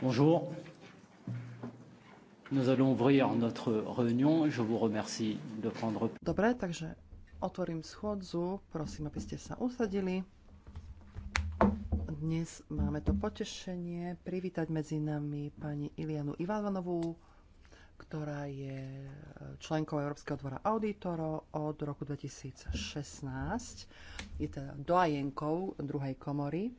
Bonjour. Nous allons ouvrir notre réunion. Je vous remercie de prendre... Dobre, takže otvorím schodzu. Prosím, aby ste sa usadili. Dnes máme to potešenie privítať medzi nami pani Ilianu Ivanovú, ktorá je e, členkou Európskeho dvora auditorov od roku 2016. Je teda doajenkou druhej komory,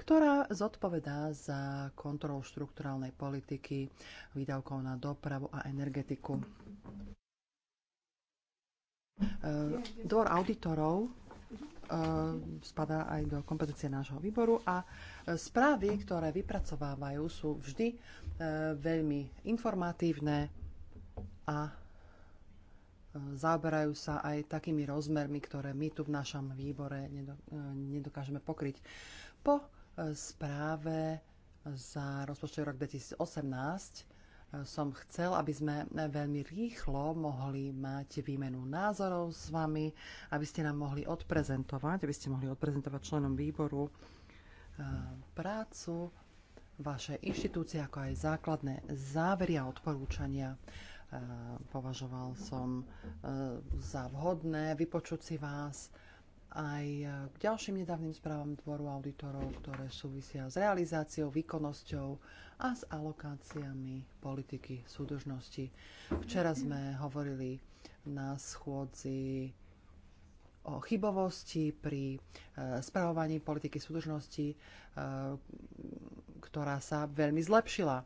ktorá zodpovedá za kontrolu štruktúralnej politiky, výdavkov na dopravu a energetiku. E, dvor auditorov e, spadá aj do kompetencie nášho výboru a správy, ktoré vypracovávajú, sú vždy veľmi informatívne, a e, zaoberajú sa aj takými rozmermi, ktoré my tu v našom výbore e, nedokážeme pokryť. Po e, správe za rozpočtový rok 2018 som chcel, aby sme veľmi rýchlo mohli mať výmenu názorov s vami, aby ste nám mohli odprezentovať, aby ste mohli odprezentovať členom výboru prácu vaše inštitúcie, ako aj základné závery a odporúčania. Eh, považoval som eh, za vhodné vypočuť si vás aj eh, k ďalším nedávnym správam dvoru auditorov, ktoré súvisia s realizáciou, výkonnosťou a s alokáciami politiky súdržnosti. Včera sme hovorili na schôdzi o chybovosti pri spravovaní politiky súdržnosti, ktorá sa veľmi zlepšila.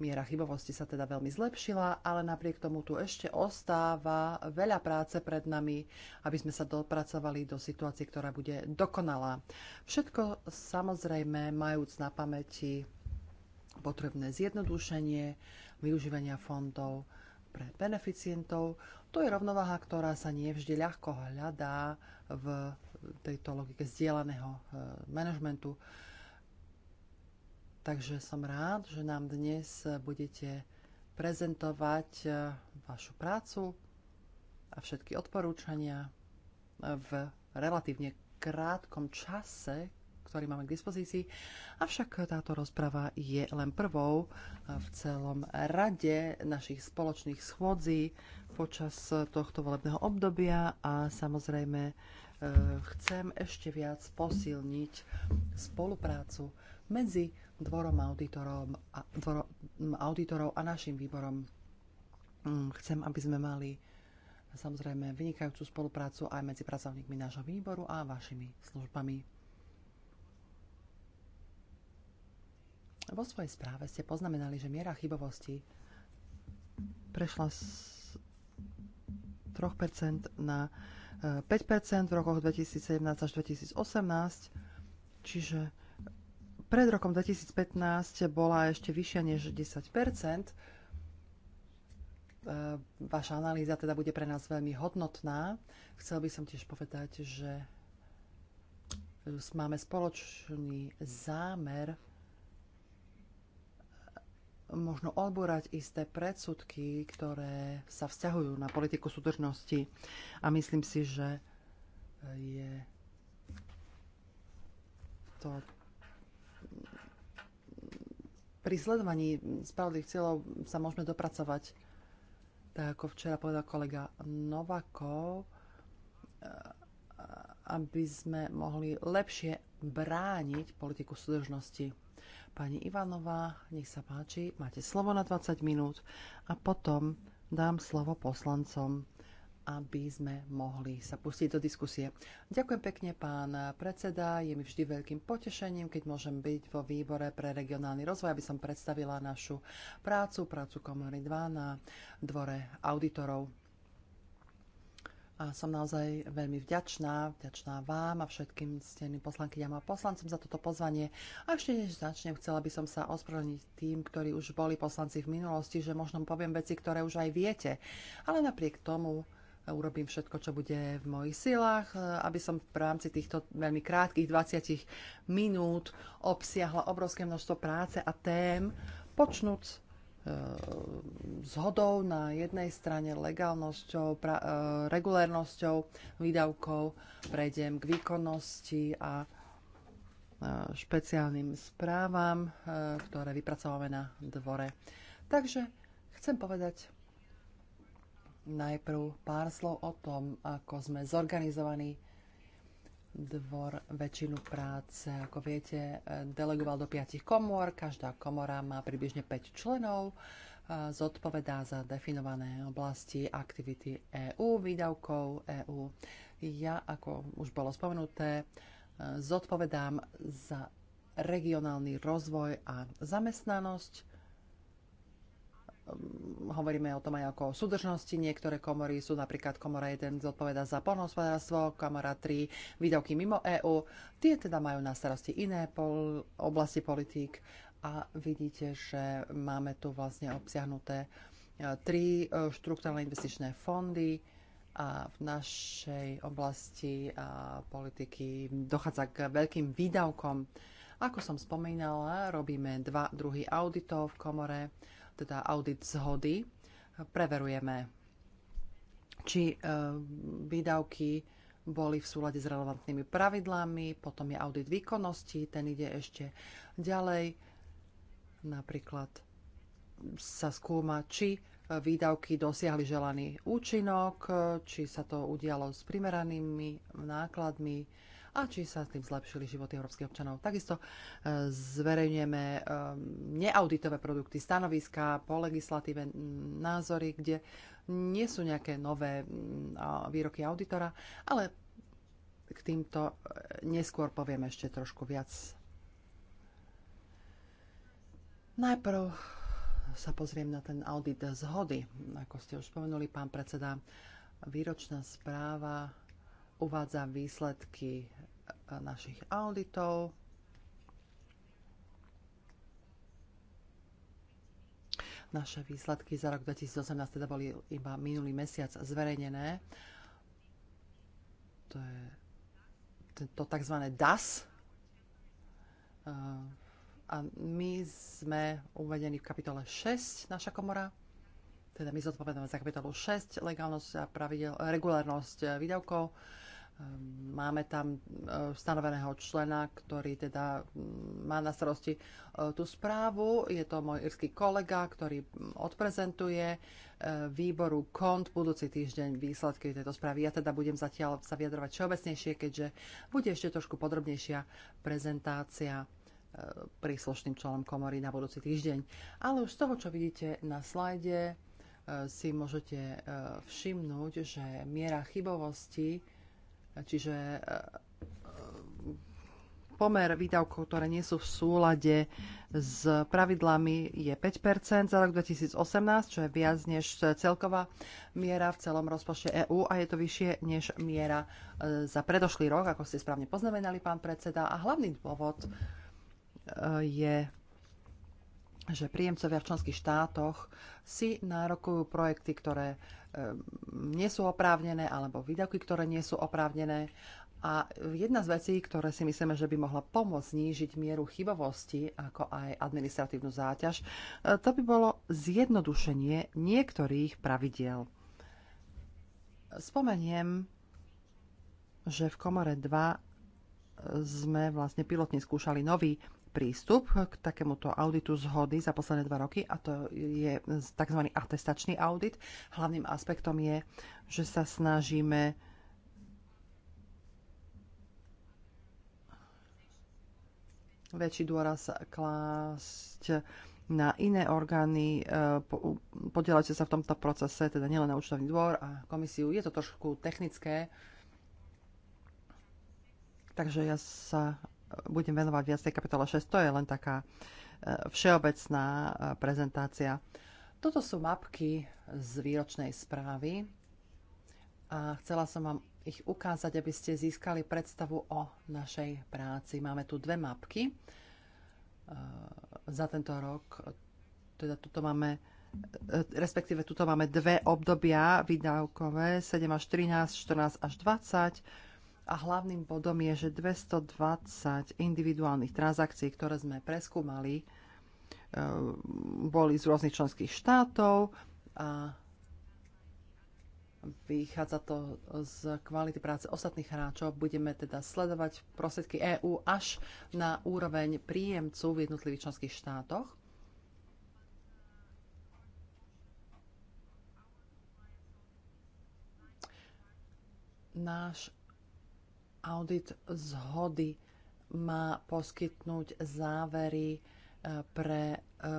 Miera chybovosti sa teda veľmi zlepšila, ale napriek tomu tu ešte ostáva veľa práce pred nami, aby sme sa dopracovali do situácie, ktorá bude dokonalá. Všetko samozrejme majúc na pamäti potrebné zjednodušenie využívania fondov pre beneficientov. To je rovnováha, ktorá sa nie vždy ľahko hľadá v tejto logike zdieľaného eh, manažmentu. Takže som rád, že nám dnes budete prezentovať eh, vašu prácu a všetky odporúčania eh, v relatívne krátkom čase, ktorý máme k dispozícii. Avšak táto rozprava je len prvou eh, v celom rade našich spoločných schôdzí počas tohto volebného obdobia a samozrejme chcem ešte viac posilniť spoluprácu medzi dvorom auditorom a, dvorom auditorov a našim výborom. Mm, chcem, aby sme mali samozrejme vynikajúcu spoluprácu aj medzi pracovníkmi nášho výboru a vašimi službami. Vo svojej správe ste poznamenali, že miera chybovosti prešla z 3% na 5% e, v rokoch 2017 až 2018, čiže pred rokom 2015 bola ešte vyššia než 10 e, Vaša analýza teda bude pre nás veľmi hodnotná. Chcel by som tiež povedať, že máme spoločný zámer e, možno odborať isté predsudky, ktoré sa vzťahujú na politiku súdržnosti. A myslím si, že je to pri sledovaní spravodlivých cieľov sa môžeme dopracovať. Tak ako včera povedal kolega Novakov, eh, aby sme mohli lepšie brániť politiku súdržnosti. Pani Ivanová, nech sa páči, máte slovo na 20 minút a potom dám slovo poslancom aby sme mohli sa pustiť do diskusie. Ďakujem pekne, pán predseda. Je mi vždy veľkým potešením, keď môžem byť vo výbore pre regionálny rozvoj, aby som predstavila našu prácu, prácu Komory 2 na dvore auditorov. A som naozaj veľmi vďačná, vďačná vám a všetkým steným poslankyňam a poslancom za toto pozvanie. A ešte než začnem, chcela by som sa ospravedlniť tým, ktorí už boli poslanci v minulosti, že možno poviem veci, ktoré už aj viete. Ale napriek tomu urobím všetko, čo bude v mojich silách, e, aby som v rámci týchto veľmi krátkých 20 minút obsiahla obrovské množstvo práce a tém, počnúc e, zhodou na jednej strane legálnosťou, pra, e, regulérnosťou výdavkov, prejdem k výkonnosti a špeciálnym správam, ktoré vypracovávame na dvore. Takže chcem povedať, Najprv pár slov o tom, ako sme zorganizovaní. Dvor väčšinu práce, ako viete, eh, delegoval do piatich komor. Každá komora má približne 5 členov. Eh, zodpovedá za definované oblasti aktivity EÚ, výdavkov EÚ. Ja, ako už bolo spomenuté, eh, zodpovedám za regionálny rozvoj a zamestnanosť. Ehm, hovoríme o tom aj ako o súdržnosti. Niektoré komory sú napríklad komora 1 zodpoveda za polnohospodárstvo, komora 3 výdavky mimo EÚ. Tie teda majú na starosti iné pol, oblasti politík a vidíte, že máme tu vlastne obsiahnuté e, tri e, štruktúrne investičné fondy a v našej oblasti a politiky dochádza k veľkým výdavkom. Ako som spomínala, robíme dva druhy auditov v komore teda audit zhody, preverujeme, či e, výdavky boli v súlade s relevantnými pravidlami, potom je audit výkonnosti, ten ide ešte ďalej. Napríklad sa skúma, či e, výdavky dosiahli želaný účinok, e, či sa to udialo s primeranými nákladmi, a či sa tým zlepšili životy európskych občanov. Takisto e, zverejňujeme e, neauditové produkty, stanoviska po legislatíve, názory, kde nie sú nejaké nové výroky auditora, ale k týmto e, neskôr poviem ešte trošku viac. Najprv sa pozriem na ten audit zhody. Ako ste už spomenuli, pán predseda, výročná správa uvádza výsledky našich auditov. Naše výsledky za rok 2018 teda boli iba minulý mesiac zverejnené. To je to tzv. DAS. A my sme uvedení v kapitole 6, naša komora. Teda my zodpovedáme za kapitolu 6, legálnosť a pravidel, regulárnosť výdavkov Ehm, máme tam e, stanoveného člena, ktorý teda mm, má na starosti e, tú správu. Je to môj irský kolega, ktorý mm, odprezentuje e, výboru KONT budúci týždeň výsledky tejto správy. Ja teda budem zatiaľ sa vyjadrovať všeobecnejšie, keďže bude ešte trošku podrobnejšia prezentácia príslušným členom komory na budúci týždeň. Ale už z toho, čo vidíte na slajde, si môžete všimnúť, že miera chybovosti Čiže e, pomer výdavkov, ktoré nie sú v súlade s pravidlami, je 5 za rok 2018, čo je viac než celková miera v celom rozpočte EÚ a je to vyššie než miera e, za predošlý rok, ako ste správne poznamenali, pán predseda. A hlavný dôvod e, je že príjemcovia v členských štátoch si nárokujú projekty, ktoré nie sú oprávnené alebo výdavky, ktoré nie sú oprávnené. A jedna z vecí, ktoré si myslíme, že by mohla pomôcť znížiť mieru chybovosti, ako aj administratívnu záťaž, e, to by bolo zjednodušenie niektorých pravidiel. Spomeniem, že v Komore 2 sme vlastne pilotne skúšali nový prístup k takémuto auditu zhody za posledné dva roky a to je tzv. atestačný audit. Hlavným aspektom je, že sa snažíme väčší dôraz klásť na iné orgány e, podielajúce sa v tomto procese, teda nielen na účtovný dvor a komisiu. Je to trošku technické, takže ja sa budem venovať viac tej kapitole 6. To je len taká e, všeobecná e, prezentácia. Toto sú mapky z výročnej správy a chcela som vám ich ukázať, aby ste získali predstavu o našej práci. Máme tu dve mapky e, za tento rok. Teda tuto máme respektíve tuto máme dve obdobia výdavkové, 7 až 13, 14 až 20 a hlavným bodom je, že 220 individuálnych transakcií, ktoré sme preskúmali, e, boli z rôznych členských štátov a vychádza to z kvality práce ostatných hráčov. Budeme teda sledovať prostriedky EÚ až na úroveň príjemcu v jednotlivých členských štátoch. Náš Audit zhody má poskytnúť závery e, pre e,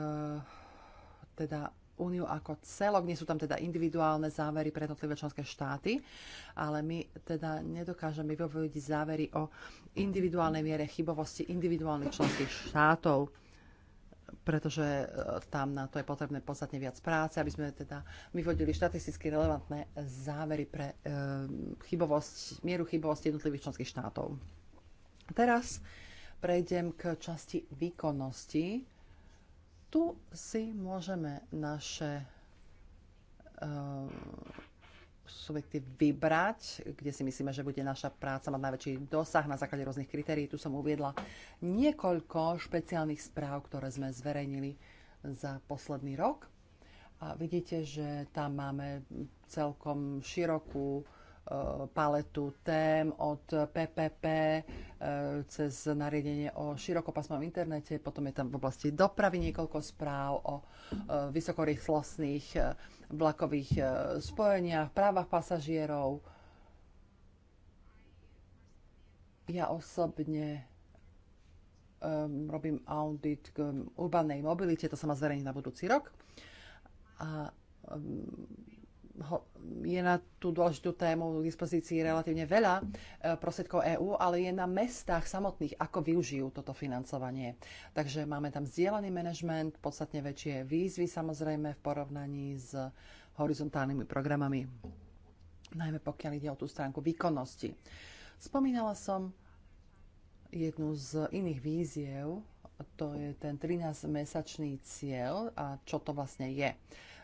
teda úniu ako celok. Nie sú tam teda individuálne závery pre jednotlivé členské štáty, ale my teda nedokážeme vyvodiť závery o individuálnej miere chybovosti individuálnych členských štátov pretože e, tam na to je potrebné podstatne viac práce, aby sme teda vyvodili štatisticky relevantné závery pre e, chybovosť, mieru chybovosti jednotlivých členských štátov. Teraz prejdem k časti výkonnosti. Tu si môžeme naše e, subjekty vybrať, kde si myslíme, že bude naša práca mať najväčší dosah na základe rôznych kritérií. Tu som uviedla niekoľko špeciálnych správ, ktoré sme zverejnili za posledný rok. A vidíte, že tam máme celkom širokú e, paletu tém od PPP e, cez nariadenie o širokopasmovom internete, potom je tam v oblasti dopravy niekoľko správ o e, vysokorýchlostných vlakových e, spojeniach, právach pasažierov. Ja osobne um, robím audit k urbanej mobilite, to sa má zverejniť na budúci rok. A um, je na tú dôležitú tému k dispozícii relatívne veľa e, prostriedkov EÚ, ale je na mestách samotných, ako využijú toto financovanie. Takže máme tam zdieľaný manažment, podstatne väčšie výzvy samozrejme v porovnaní s horizontálnymi programami, najmä pokiaľ ide o tú stránku výkonnosti. Spomínala som jednu z iných víziev, to je ten 13-mesačný cieľ a čo to vlastne je.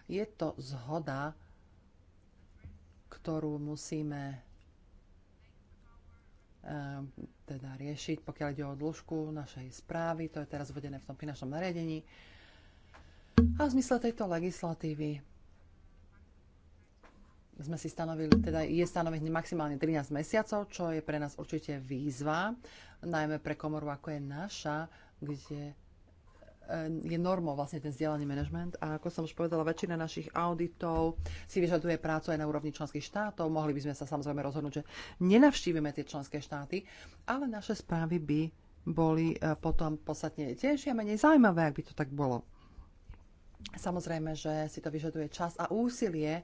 Je to zhoda ktorú musíme eh, teda riešiť, pokiaľ ide o dĺžku našej správy, to je teraz uvedené v tom finančnom nariadení. A v zmysle tejto legislatívy sme si stanovili, teda je stanovený maximálne 13 mesiacov, čo je pre nás určite výzva, najmä pre komoru ako je naša, kde E, je normou vlastne ten vzdelaný manažment a ako som už povedala, väčšina našich auditov si vyžaduje prácu aj na úrovni členských štátov. Mohli by sme sa samozrejme rozhodnúť, že nenavštívime tie členské štáty, ale naše správy by boli e, potom podstatne tiežšie a menej zaujímavé, ak by to tak bolo. Samozrejme, že si to vyžaduje čas a úsilie e,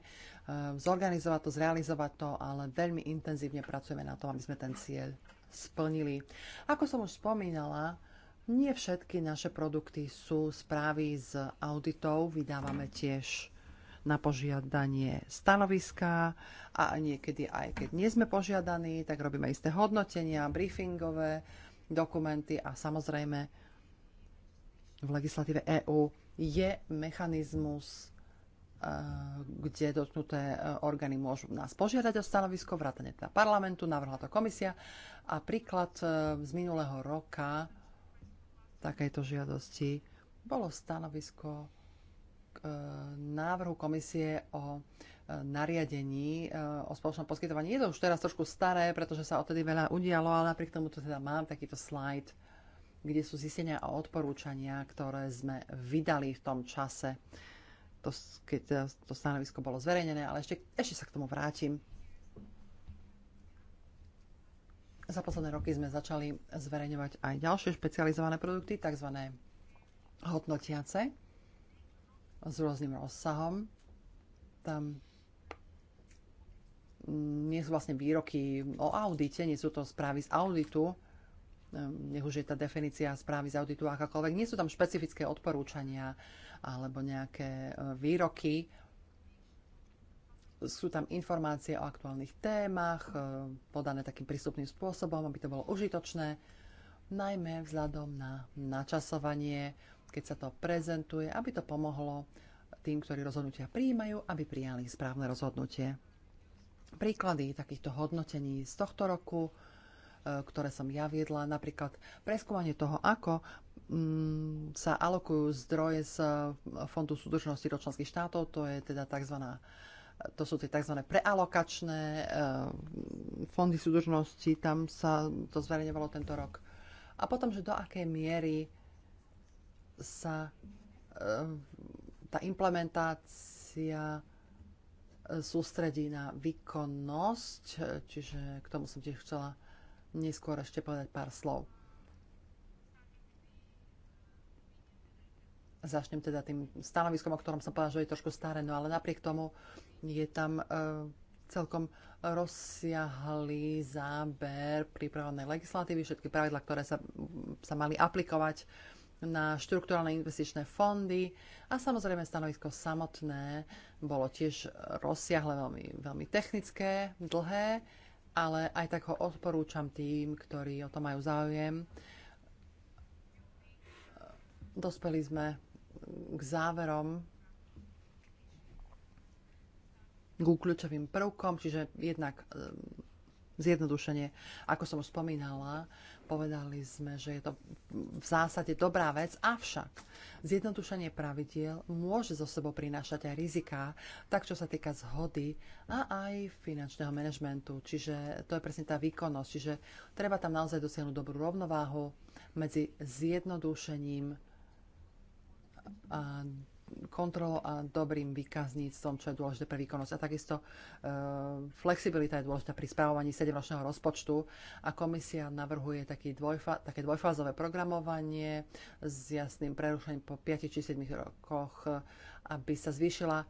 zorganizovať to, zrealizovať to, ale veľmi intenzívne pracujeme na tom, aby sme ten cieľ splnili. Ako som už spomínala, nie všetky naše produkty sú správy z auditov, vydávame tiež na požiadanie stanoviska a niekedy aj keď nie sme požiadaní, tak robíme isté hodnotenia, briefingové dokumenty a samozrejme v legislatíve EÚ je mechanizmus, e, kde dotknuté e, orgány môžu nás požiadať o stanovisko, vrátane teda parlamentu, navrhla to komisia a príklad e, z minulého roka takejto žiadosti bolo stanovisko k e, návrhu komisie o e, nariadení e, o spoločnom poskytovaní. Je to už teraz trošku staré, pretože sa odtedy veľa udialo, ale napriek tomu tu teda mám takýto slajd, kde sú zistenia a odporúčania, ktoré sme vydali v tom čase, to, keď to stanovisko bolo zverejnené, ale ešte, ešte sa k tomu vrátim. Za posledné roky sme začali zverejňovať aj ďalšie špecializované produkty, tzv. hodnotiace s rôznym rozsahom. Tam nie sú vlastne výroky o audite, nie sú to správy z auditu, ehm, nech už je tá definícia správy z auditu akákoľvek, nie sú tam špecifické odporúčania alebo nejaké e, výroky, sú tam informácie o aktuálnych témach, e, podané takým prístupným spôsobom, aby to bolo užitočné, najmä vzhľadom na načasovanie, keď sa to prezentuje, aby to pomohlo tým, ktorí rozhodnutia príjmajú, aby prijali správne rozhodnutie. Príklady takýchto hodnotení z tohto roku, e, ktoré som ja viedla, napríklad preskúmanie toho, ako mm, sa alokujú zdroje z Fondu súdržnosti do členských štátov, to je teda tzv to sú tie tzv. prealokačné eh, fondy súdržnosti, tam sa to zverejňovalo tento rok. A potom, že do akej miery sa eh, tá implementácia eh, sústredí na výkonnosť, čiže k tomu som tiež chcela neskôr ešte povedať pár slov. Začnem teda tým stanoviskom, o ktorom som povedala, že je trošku staré, no ale napriek tomu je tam e, celkom rozsiahlý záber prípravnej legislatívy, všetky pravidla, ktoré sa, sa mali aplikovať na štruktúralne investičné fondy a samozrejme stanovisko samotné bolo tiež rozsiahle, veľmi, veľmi technické, dlhé, ale aj tak ho odporúčam tým, ktorí o to majú záujem. Dospeli sme k záverom, ku kľúčovým prvkom, čiže jednak ehm, zjednodušenie. Ako som už spomínala, povedali sme, že je to v zásade dobrá vec, avšak zjednodušenie pravidiel môže zo sebou prinášať aj riziká, tak čo sa týka zhody a aj finančného manažmentu. Čiže to je presne tá výkonnosť. Čiže treba tam naozaj dosiahnuť dobrú rovnováhu medzi zjednodušením a kontrolou a dobrým výkazníctvom, čo je dôležité pre výkonnosť. A takisto e, flexibilita je dôležitá pri správovaní 7-ročného rozpočtu a komisia navrhuje taký dvojfa, také dvojfázové programovanie s jasným prerušením po 5 či 7 rokoch, aby sa zvýšila e,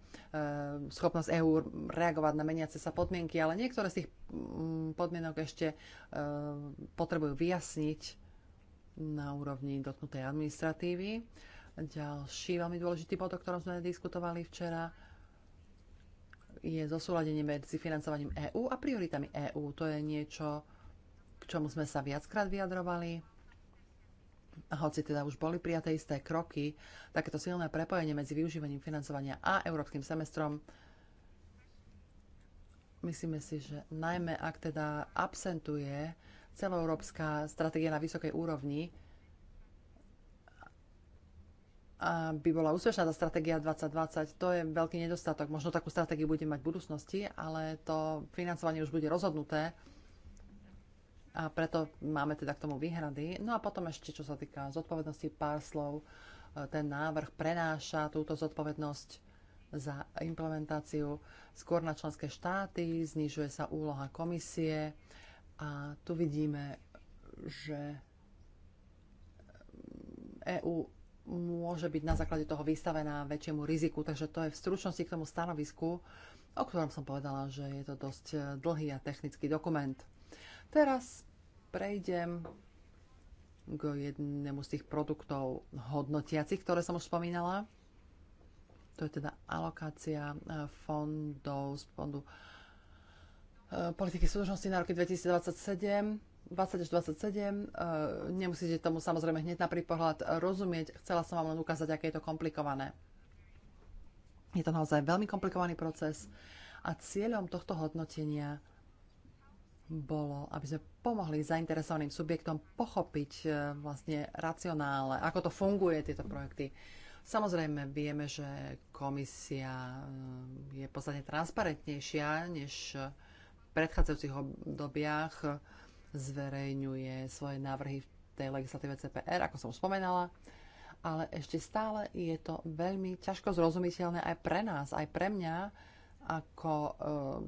schopnosť EÚ reagovať na meniace sa podmienky, ale niektoré z tých mm, podmienok ešte e, potrebujú vyjasniť na úrovni dotknutej administratívy ďalší veľmi dôležitý bod, o ktorom sme diskutovali včera, je zosúladenie medzi financovaním EÚ a prioritami EÚ. To je niečo, k čomu sme sa viackrát vyjadrovali. A hoci teda už boli prijaté isté kroky, takéto silné prepojenie medzi využívaním financovania a európskym semestrom myslíme si, že najmä ak teda absentuje celoeurópska stratégia na vysokej úrovni, by bola úspešná tá stratégia 2020, to je veľký nedostatok. Možno takú stratégiu bude mať v budúcnosti, ale to financovanie už bude rozhodnuté a preto máme teda k tomu výhrady. No a potom ešte, čo sa týka zodpovednosti pár slov, ten návrh prenáša túto zodpovednosť za implementáciu skôr na členské štáty, znižuje sa úloha komisie a tu vidíme, že EU môže byť na základe toho vystavená väčšiemu riziku. Takže to je v stručnosti k tomu stanovisku, o ktorom som povedala, že je to dosť e, dlhý a technický dokument. Teraz prejdem k jednému z tých produktov hodnotiacich, ktoré som už spomínala. To je teda alokácia e, fondov z fondu e, politiky súdržnosti na roky 2027 20 až 27. Eh, nemusíte tomu samozrejme hneď na prvý pohľad rozumieť. Chcela som vám len ukázať, aké je to komplikované. Je to naozaj veľmi komplikovaný proces a cieľom tohto hodnotenia bolo, aby sme pomohli zainteresovaným subjektom pochopiť eh, vlastne racionále, ako to funguje, tieto projekty. Samozrejme, vieme, že komisia eh, je podstatne transparentnejšia než v predchádzajúcich obdobiach zverejňuje svoje návrhy v tej legislatíve CPR, ako som spomenala, ale ešte stále je to veľmi ťažko zrozumiteľné aj pre nás, aj pre mňa, ako e,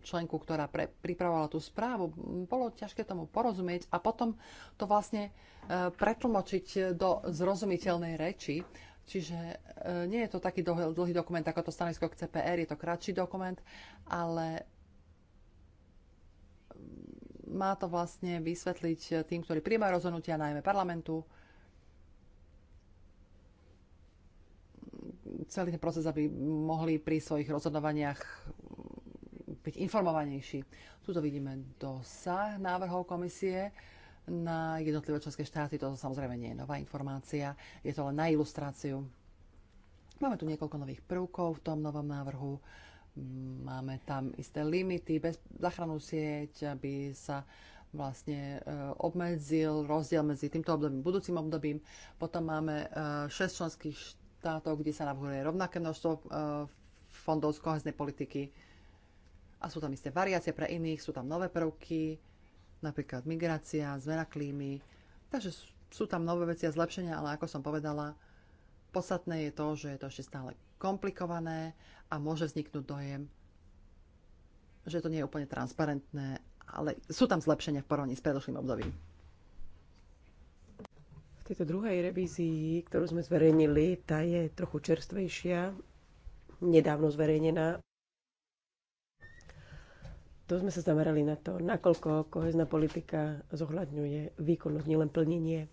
členku, ktorá pre, pripravovala tú správu, bolo ťažké tomu porozumieť a potom to vlastne e, pretlmočiť do zrozumiteľnej reči. Čiže e, nie je to taký dlhý dokument ako to stanovisko k CPR, je to kratší dokument, ale má to vlastne vysvetliť tým, ktorí príjmajú rozhodnutia, najmä parlamentu, celý ten proces, aby mohli pri svojich rozhodovaniach byť informovanejší. Tuto vidíme dosah návrhov komisie na jednotlivé členské štáty. To samozrejme nie je nová informácia, je to len na ilustráciu. Máme tu niekoľko nových prvkov v tom novom návrhu. Máme tam isté limity, bez záchrannú sieť, aby sa vlastne e, obmedzil rozdiel medzi týmto obdobím a budúcim obdobím. Potom máme 6 e, členských štátov, kde sa navrhuje rovnaké množstvo e, fondov z koheznej politiky a sú tam isté variácie pre iných, sú tam nové prvky, napríklad migrácia, zmena klímy, takže sú tam nové veci a zlepšenia, ale ako som povedala, podstatné je to, že je to ešte stále komplikované a môže vzniknúť dojem, že to nie je úplne transparentné, ale sú tam zlepšenia v porovnaní s predošlým obdobím. V tejto druhej revízii, ktorú sme zverejnili, tá je trochu čerstvejšia, nedávno zverejnená. To sme sa zamerali na to, nakoľko kohezná politika zohľadňuje výkonnosť, nielen plnenie.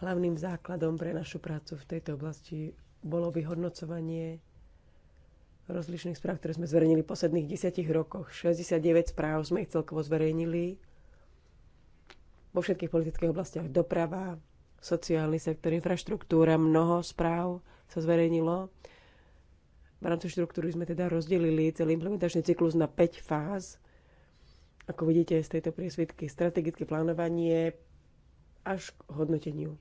Hlavným základom pre našu prácu v tejto oblasti bolo vyhodnocovanie rozličných správ, ktoré sme zverejnili v posledných desiatich rokoch. 69 správ sme ich celkovo zverejnili vo všetkých politických oblastiach. Doprava, sociálny sektor, infraštruktúra, mnoho správ sa zverejnilo. V rámci štruktúry sme teda rozdelili celý implementačný cyklus na 5 fáz. Ako vidíte z tejto priesvitky, strategické plánovanie až k hodnoteniu.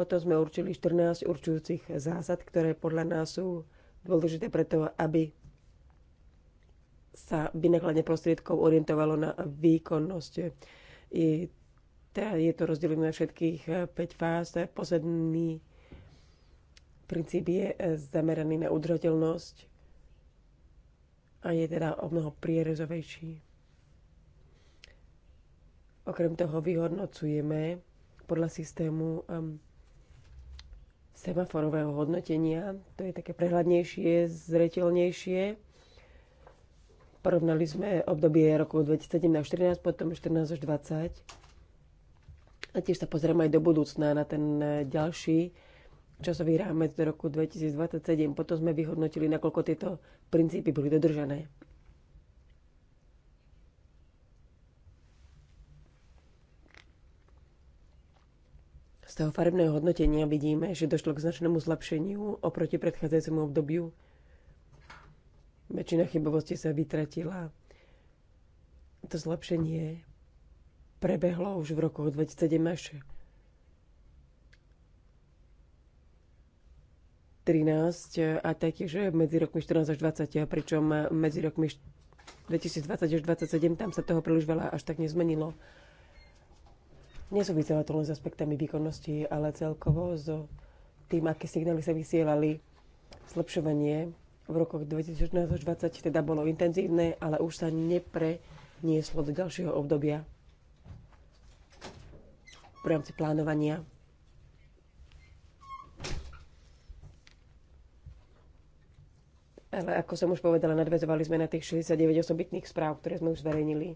Potom sme určili 14 určujúcich zásad, ktoré podľa nás sú dôležité preto, aby sa vynakladne prostriedkov orientovalo na výkonnosť. I je to rozdelené na všetkých 5 eh, fáz. Posledný princíp je eh, zameraný na udržateľnosť a je teda o mnoho prierezovejší. Okrem toho vyhodnocujeme podľa systému um, semaforového hodnotenia. To je také prehľadnejšie, zretelnejšie. Porovnali sme obdobie roku 2017-2014, potom 14 až 20. A tiež sa pozrieme aj do budúcna na ten ďalší časový rámec do roku 2027. Potom sme vyhodnotili, nakoľko tieto princípy boli dodržané. toho farebného hodnotenia vidíme, že došlo k značnému zlepšeniu oproti predchádzajúcemu obdobiu. Väčšina chybovosti sa vytratila. To zlepšenie prebehlo už v rokoch 2007 až 13 a taktiež medzi rokmi 14 až 20, pričom medzi rokmi 2020 až 2027 tam sa toho príliš veľa až tak nezmenilo. Nesúviselo to len s aspektami výkonnosti, ale celkovo so tým, aké signály sa vysielali. Zlepšovanie v rokoch 2016 až 2020 teda bolo intenzívne, ale už sa neprenieslo do ďalšieho obdobia v rámci plánovania. Ale ako som už povedala, nadvezovali sme na tých 69 osobitných správ, ktoré sme už zverejnili.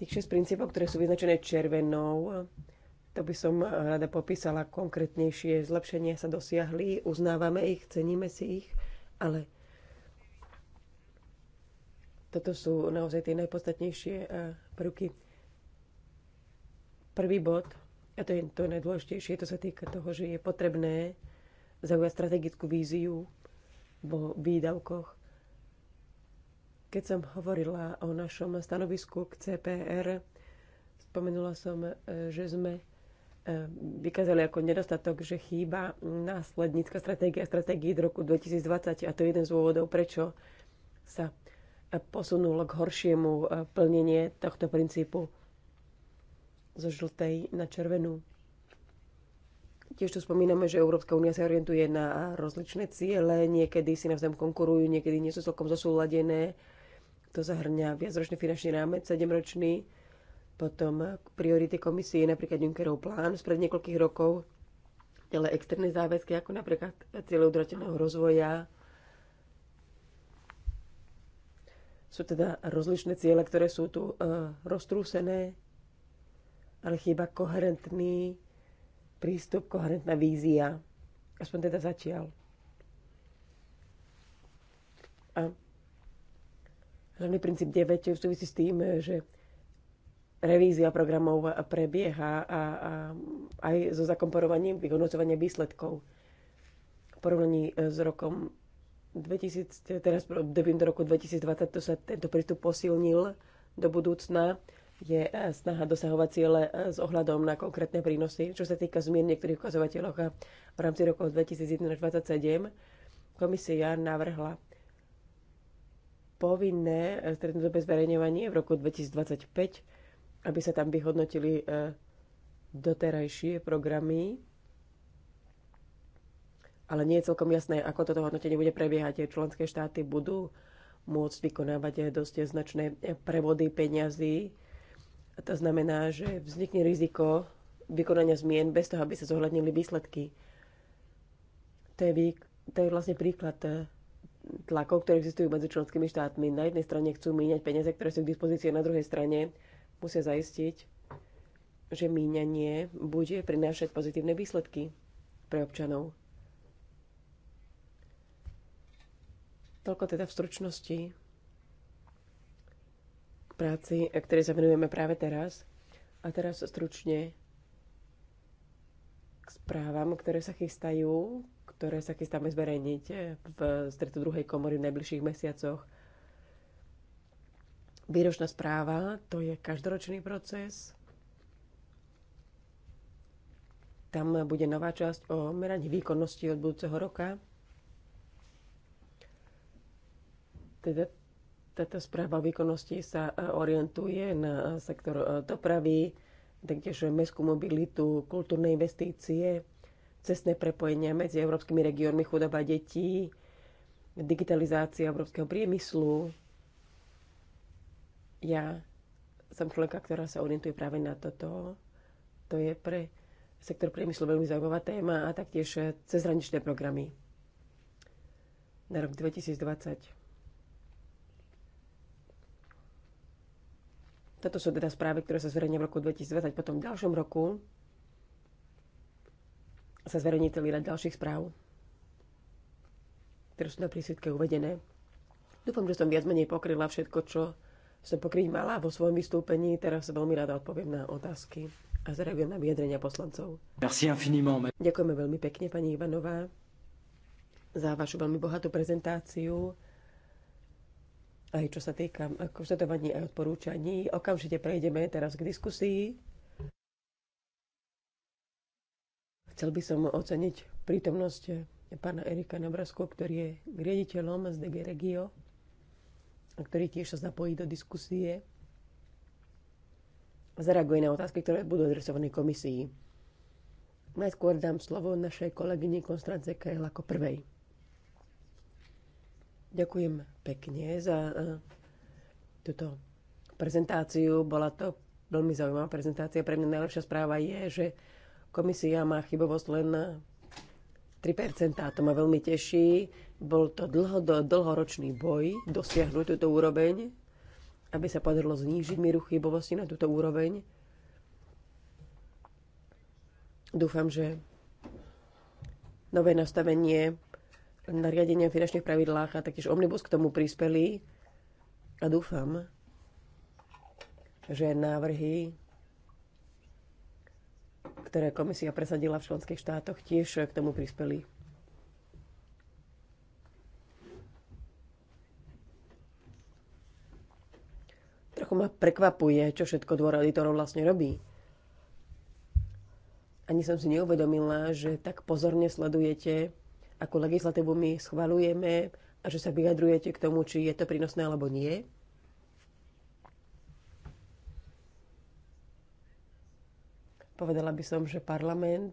Tých 6 princípov, ktoré sú vyznačené červenou, to by som rada popísala konkrétnejšie. Zlepšenia sa dosiahli, uznávame ich, ceníme si ich, ale toto sú naozaj tie najpodstatnejšie eh, prvky. Prvý bod, a to je to najdôležitejšie, to sa týka toho, že je potrebné zaujať strategickú víziu vo výdavkoch keď som hovorila o našom stanovisku k CPR, spomenula som, e, že sme e, vykázali ako nedostatok, že chýba následnícka stratégia stratégií do roku 2020 a to je jeden z dôvodov, prečo sa posunulo k horšiemu e, plnenie tohto princípu zo žltej na červenú. Tiež tu spomíname, že Európska únia sa orientuje na rozličné ciele, niekedy si navzájom konkurujú, niekedy nie sú celkom zosúladené. To zahrňa viacročný finančný rámec, 7-ročný, potom priority komisie, napríklad Junckerov plán spred niekoľkých rokov, ale externé záväzky, ako napríklad cieľe udrateľného rozvoja. Sú teda rozličné ciele, ktoré sú tu uh, roztrúsené, ale chýba koherentný prístup, koherentná vízia. Aspoň teda začiaľ. A Hlavný princíp 9 v súvisí s tým, že revízia programov prebieha a, a aj so zakomporovaním vyhodnocovania výsledkov v porovnaní e, s rokom 2000, teraz obdobím do roku 2020, to sa tento prístup posilnil do budúcna je e, snaha dosahovať ciele e, s ohľadom na konkrétne prínosy. Čo sa týka zmien niektorých ukazovateľov a v rámci rokov 2021 komisia navrhla povinné e, strednodobé zverejňovanie v roku 2025, aby sa tam vyhodnotili e, doterajšie programy, ale nie je celkom jasné, ako toto hodnotenie bude prebiehať. Členské štáty budú môcť vykonávať e, dosť značné prevody peňazí. A to znamená, že vznikne riziko vykonania zmien bez toho, aby sa zohľadnili výsledky. To je, to je vlastne príklad tlakov, ktoré existujú medzi členskými štátmi. Na jednej strane chcú míňať peniaze, ktoré sú k dispozícii, na druhej strane musia zaistiť, že míňanie bude prinášať pozitívne výsledky pre občanov. Toľko teda v stručnosti k práci, ktorej sa venujeme práve teraz. A teraz stručne k správam, ktoré sa chystajú ktoré sa chystáme zverejniť eh, v stretu druhej komory v najbližších mesiacoch. Výročná správa, to je každoročný proces. Tam bude nová časť o meraní výkonnosti od budúceho roka. Teda táto správa o výkonnosti sa eh, orientuje na eh, sektor dopravy, taktiež mestskú mobilitu, kultúrne investície, cestné prepojenia medzi európskymi regiónmi, chudoba detí, digitalizácia európskeho priemyslu. Ja som človeka, ktorá sa orientuje práve na toto. To je pre sektor priemyslu veľmi zaujímavá téma a taktiež cezhraničné programy na rok 2020. Toto sú teda správy, ktoré sa zverejnia v roku 2020, potom v ďalšom roku sa zverejní celý rad ďalších správ, ktoré sú na prísvitke uvedené. Dúfam, že som viac menej pokryla všetko, čo som pokryť mala vo svojom vystúpení. Teraz veľmi rada odpoviem na otázky a zareagujem na vyjadrenia poslancov. Merci infiniment. Ďakujeme veľmi pekne, pani Ivanová, za vašu veľmi bohatú prezentáciu aj čo sa týka konštatovaní a odporúčaní. Okamžite prejdeme teraz k diskusii. Chcel by som oceniť prítomnosť pána Erika Nebrasko, ktorý je riaditeľom z DG Regio a ktorý tiež sa zapojí do diskusie a zareaguje na otázky, ktoré budú adresované komisii. Najskôr dám slovo našej kolegyni Konstance Krejl ako prvej. Ďakujem pekne za e, túto prezentáciu. Bola to veľmi zaujímavá prezentácia. Pre mňa najlepšia správa je, že Komisia má chybovosť len 3%. a To ma veľmi teší. Bol to dlho, dlhoročný boj dosiahnuť túto úroveň, aby sa podarilo znížiť mieru chybovosti na túto úroveň. Dúfam, že nové nastavenie nariadenia v finančných pravidlách a taktiež Omnibus k tomu prispeli. A dúfam, že návrhy ktoré komisia presadila v členských štátoch, tiež k tomu prispeli. Trochu ma prekvapuje, čo všetko dvor editorov vlastne robí. Ani som si neuvedomila, že tak pozorne sledujete, akú legislatívu my schvalujeme a že sa vyjadrujete k tomu, či je to prínosné alebo nie. Povedala by som, že parlament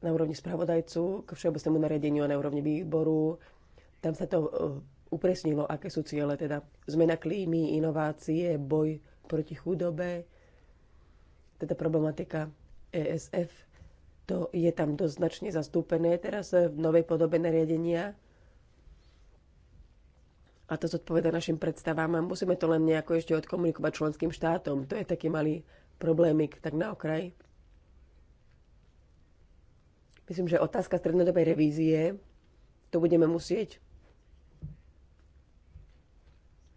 na úrovni spravodajcu k všeobecnému nariadeniu a na úrovni výboru, tam sa to e, upresnilo, aké sú ciele, teda zmena klímy, inovácie, boj proti chudobe, teda problematika ESF, to je tam dosť značne zastúpené teraz v novej podobe nariadenia a to zodpoveda našim predstavám a musíme to len nejako ešte odkomunikovať členským štátom. To je taký malý problémik, tak na okraj. Myslím, že otázka strednodobej revízie, to budeme musieť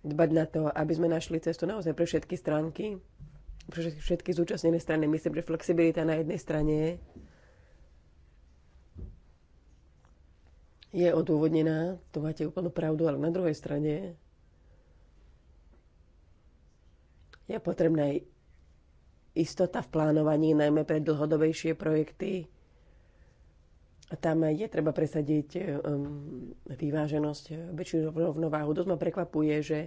dbať na to, aby sme našli cestu naozaj pre všetky stránky, pre všetky zúčastnené strany. Myslím, že flexibilita na jednej strane je odôvodnená, to máte úplnú pravdu, ale na druhej strane je potrebná aj istota v plánovaní, najmä pre dlhodobejšie projekty. A tam je treba presadiť um, vyváženosť, väčšiu rovnováhu. Dosť ma prekvapuje, že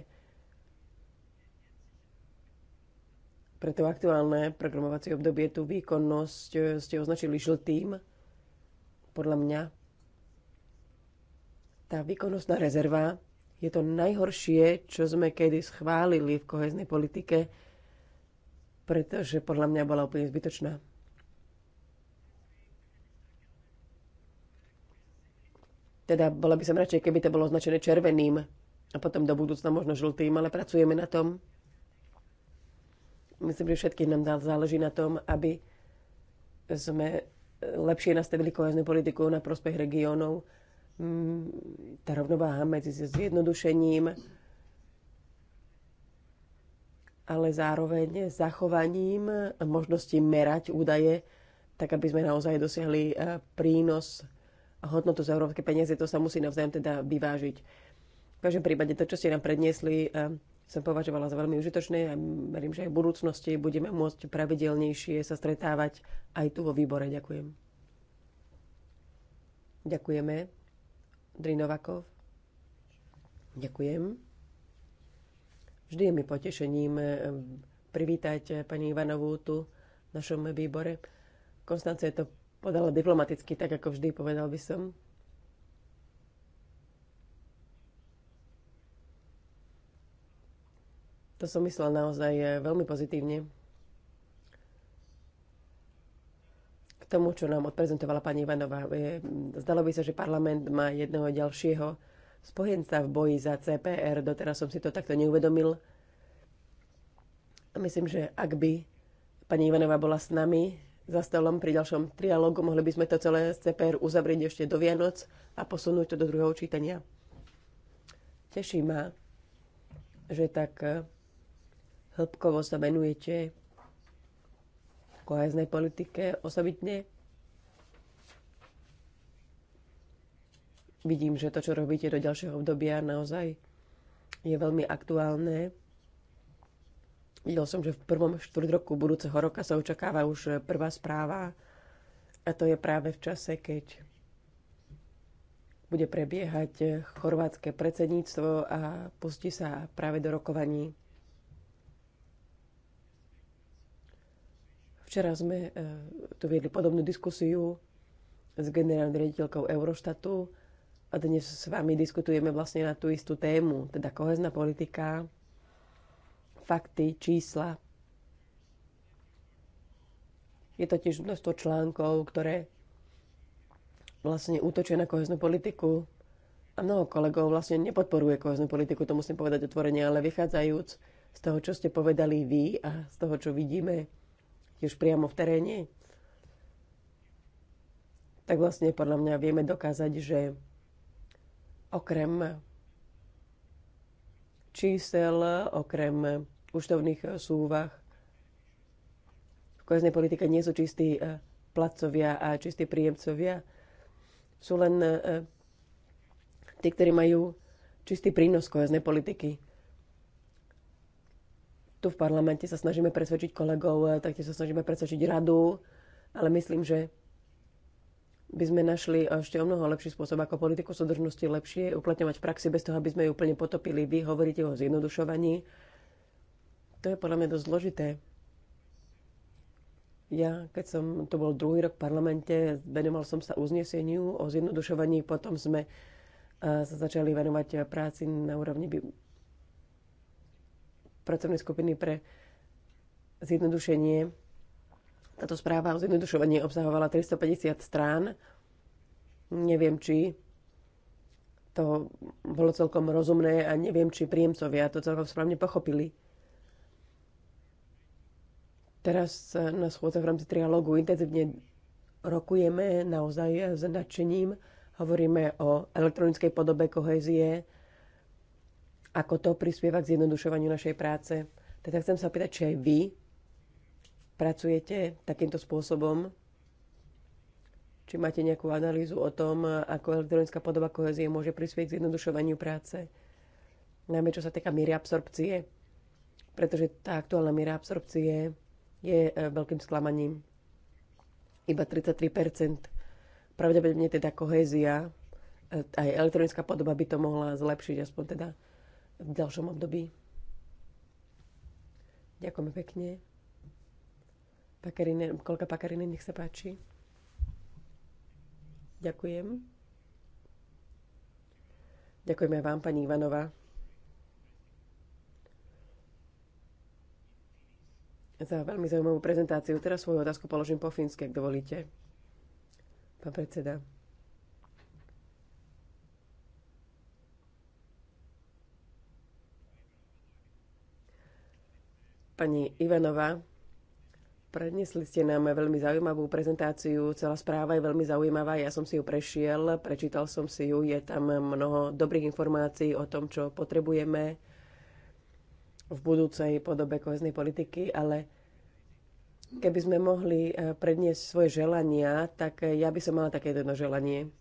Pre to aktuálne programovacie obdobie tú výkonnosť eh, ste označili žltým. Podľa mňa tá výkonnostná rezerva je to najhoršie, čo sme kedy schválili v koheznej politike, pretože podľa mňa bola úplne zbytočná. Teda bola by som radšej, keby to bolo označené červeným a potom do budúcna možno žltým, ale pracujeme na tom. Myslím, že všetkých nám záleží na tom, aby sme lepšie nastavili koheznú politiku na prospech regiónov, Mm, tá rovnováha medzi zjednodušením, ale zároveň zachovaním možnosti merať údaje, tak aby sme naozaj dosiahli e, prínos a hodnotu za európske peniaze. To sa musí navzájom teda vyvážiť. V každom prípade to, čo ste nám predniesli, e, som považovala za veľmi užitočné a verím, že aj v budúcnosti budeme môcť pravidelnejšie sa stretávať aj tu vo výbore. Ďakujem. Ďakujeme. Drinovakov. Ďakujem. Vždy je mi potešením eh, privítať eh, pani Ivanovú tu v našom výbore. Konstance to podala diplomaticky, tak ako vždy povedal by som. To som myslel naozaj eh, veľmi pozitívne. tomu, čo nám odprezentovala pani Ivanová. E, zdalo by sa, že parlament má jedného ďalšieho spojenca v boji za CPR. Doteraz som si to takto neuvedomil. A myslím, že ak by pani Ivanová bola s nami za stolom pri ďalšom trialógu, mohli by sme to celé z CPR uzavrieť ešte do Vianoc a posunúť to do druhého čítania. Teší ma, že tak e, hĺbkovo sa venujete koheznej politike osobitne. Vidím, že to, čo robíte do ďalšieho obdobia, naozaj je veľmi aktuálne. Videl som, že v prvom štvrt roku budúceho roka sa očakáva už prvá správa a to je práve v čase, keď bude prebiehať chorvátske predsedníctvo a pustí sa práve do rokovaní Včera sme e, tu viedli podobnú diskusiu s generálnou riaditeľkou Eurostatu a dnes s vami diskutujeme vlastne na tú istú tému, teda kohezná politika, fakty, čísla. Je totiž množstvo článkov, ktoré vlastne útočia na koheznú politiku a mnoho kolegov vlastne nepodporuje koheznú politiku, to musím povedať otvorene, ale vychádzajúc z toho, čo ste povedali vy a z toho, čo vidíme tiež priamo v teréne, tak vlastne podľa mňa vieme dokázať, že okrem čísel, okrem účtovných súvah, v koheznej politike nie sú čistí e, placovia a čistí príjemcovia. Sú len e, e, tí, ktorí majú čistý prínos koheznej politiky tu v parlamente sa snažíme presvedčiť kolegov, e, taktiež sa snažíme presvedčiť radu, ale myslím, že by sme našli ešte o mnoho lepší spôsob, ako politiku súdržnosti lepšie uplatňovať v praxi bez toho, aby sme ju úplne potopili. Vy hovoríte o zjednodušovaní. To je podľa mňa dosť zložité. Ja, keď som, to bol druhý rok v parlamente, venoval som sa uzneseniu o zjednodušovaní, potom sme e, sa začali venovať práci na úrovni pracovnej skupiny pre zjednodušenie. Táto správa o zjednodušovaní obsahovala 350 strán. Neviem, či to bolo celkom rozumné a neviem, či príjemcovia to celkom správne pochopili. Teraz na schôdze v rámci trialógu intenzívne rokujeme naozaj s nadšením. Hovoríme o elektronickej podobe kohézie, ako to prispieva k zjednodušovaniu našej práce. Teda chcem sa opýtať, či aj vy pracujete takýmto spôsobom, či máte nejakú analýzu o tom, ako elektronická podoba kohezie môže prispieť k zjednodušovaniu práce, najmä čo sa týka miery absorpcie, pretože tá aktuálna miera absorpcie je e, veľkým sklamaním. Iba 33 Pravdepodobne teda kohézia, e, aj elektronická podoba by to mohla zlepšiť, aspoň teda v ďalšom období. Ďakujeme pekne. Pakarine, koľka pakarine, nech sa páči. Ďakujem. Ďakujeme vám, pani Ivanová, za veľmi zaujímavú prezentáciu. Teraz svoju otázku položím po fínske, ak dovolíte. Pán predseda. Pani Ivanová, prednesli ste nám veľmi zaujímavú prezentáciu. Celá správa je veľmi zaujímavá. Ja som si ju prešiel, prečítal som si ju. Je tam mnoho dobrých informácií o tom, čo potrebujeme v budúcej podobe koheznej politiky, ale keby sme mohli eh, predniesť svoje želania, tak eh, ja by som mala také jedno želanie.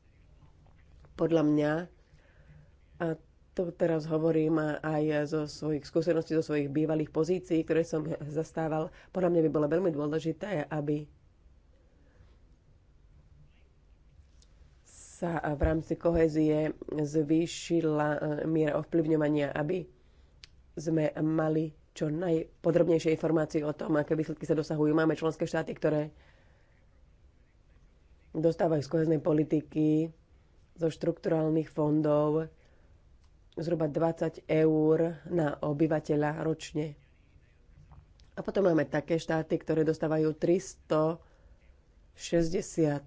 Podľa mňa a to teraz hovorím aj zo svojich skúseností, zo svojich bývalých pozícií, ktoré som zastával. Podľa mňa by bolo veľmi dôležité, aby sa v rámci kohezie zvýšila e, miera ovplyvňovania, aby sme mali čo najpodrobnejšie informácie o tom, aké výsledky sa dosahujú. Máme členské štáty, ktoré dostávajú z koheznej politiky, zo štrukturálnych fondov, zhruba 20 eur na obyvateľa ročne. A potom máme také štáty, ktoré dostávajú 360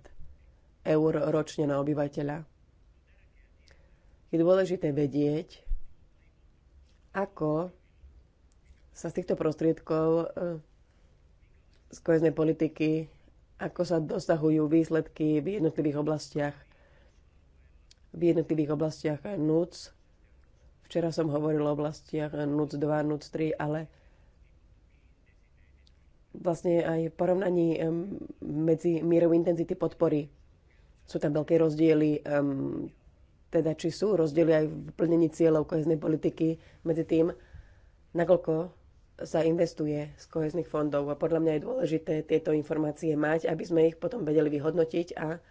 eur ročne na obyvateľa. Je dôležité vedieť, ako sa z týchto prostriedkov eh, z koheznej politiky, ako sa dosahujú výsledky v jednotlivých oblastiach v jednotlivých oblastiach NUC Včera som hovoril o oblastiach NUC 2, NUC 3, ale vlastne aj v porovnaní medzi mierou intenzity podpory sú tam veľké rozdiely, teda či sú rozdiely aj v plnení cieľov koheznej politiky medzi tým, nakoľko sa investuje z kohezných fondov. A podľa mňa je dôležité tieto informácie mať, aby sme ich potom vedeli vyhodnotiť a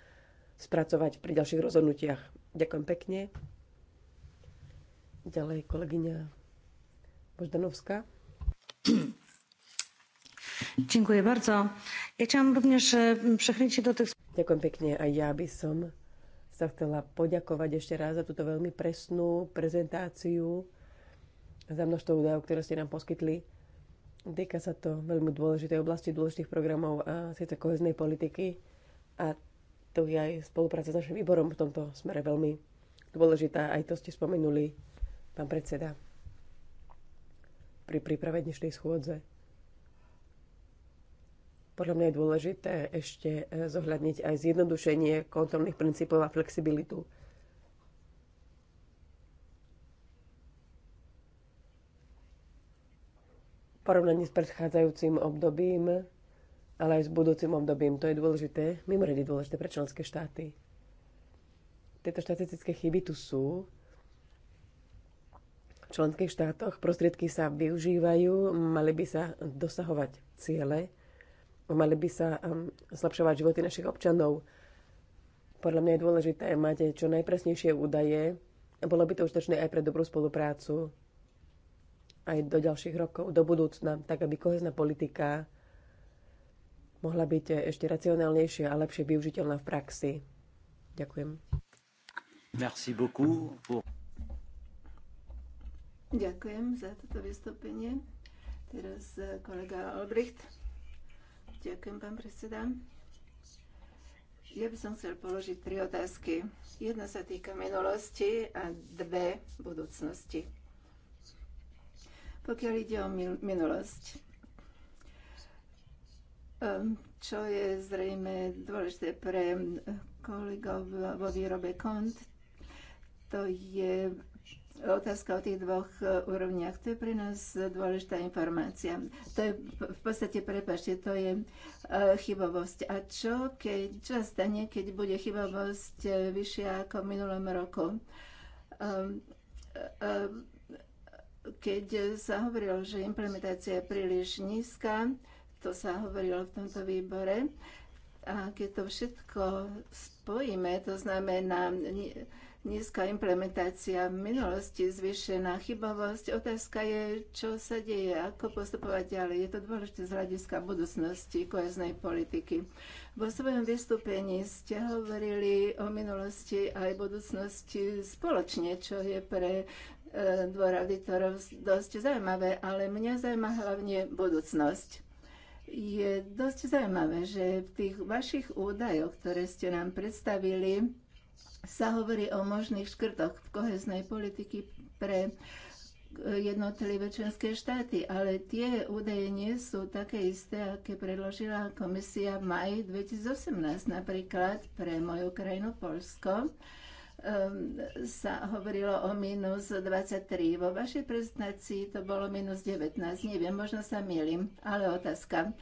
spracovať pri ďalších rozhodnutiach. Ďakujem pekne. Ďalej kolegyňa Boždanovská. Ďakujem bardzo. Ja chcem również e, przechylić się do tych... Ďakujem pekne. A ja by som sa chcela poďakovať ešte raz za túto veľmi presnú prezentáciu, za množstvo údajov, ktoré ste nám poskytli. Týka sa to veľmi dôležitej oblasti, dôležitých programov a sice koheznej politiky. A tu je aj spolupráca s našim výborom v tomto smere veľmi dôležitá. Aj to ste spomenuli Pán predseda, pri príprave dnešnej schôdze podľa mňa je dôležité ešte e, zohľadniť aj zjednodušenie kontrolných princípov a flexibilitu. porovnaní s predchádzajúcim obdobím, ale aj s budúcim obdobím. To je dôležité, mimoriadne dôležité pre členské štáty. Tieto štatistické chyby tu sú, členských štátoch. Prostriedky sa využívajú, mali by sa dosahovať ciele, mali by sa um, zlepšovať životy našich občanov. Podľa mňa je dôležité mať čo najpresnejšie údaje. Bolo by to užitočné aj pre dobrú spoluprácu aj do ďalších rokov, do budúcna, tak aby kohezná politika mohla byť ešte racionálnejšia a lepšie využiteľná v praxi. Ďakujem. Merci beaucoup pour... Ďakujem za toto vystúpenie. Teraz e, kolega Albrecht. Ďakujem, pán predseda. Ja by som chcel položiť tri otázky. Jedna sa týka minulosti a dve budúcnosti. Pokiaľ ide o minulosť, čo je zrejme dôležité pre kolegov vo výrobe kont, to je otázka o tých dvoch e, úrovniach. To je pre nás dôležitá informácia. To je v podstate, prepašte, to je e, chybovosť. A čo, keď, čo stane, keď bude chybovosť e, vyššia ako v minulom roku? Ehm, keď sa hovorilo, že implementácia je príliš nízka, to sa hovorilo v tomto výbore, a keď to všetko spojíme, to znamená nízka implementácia v minulosti, zvýšená chybovosť. Otázka je, čo sa deje, ako postupovať ďalej. Je to dôležité z hľadiska budúcnosti koheznej politiky. Vo svojom vystúpení ste hovorili o minulosti aj budúcnosti spoločne, čo je pre e, dvor auditorov dosť zaujímavé, ale mňa zaujíma hlavne budúcnosť. Je dosť zaujímavé, že v tých vašich údajoch, ktoré ste nám predstavili, sa hovorí o možných škrtoch v koheznej politiky pre jednotlivé členské štáty, ale tie údaje nie sú také isté, aké predložila komisia v maji 2018, napríklad pre moju krajinu Polsko Ehm, sa hovorilo o minus 23. Vo vašej prezentácii to bolo minus 19. Neviem, možno sa milím, ale otázka.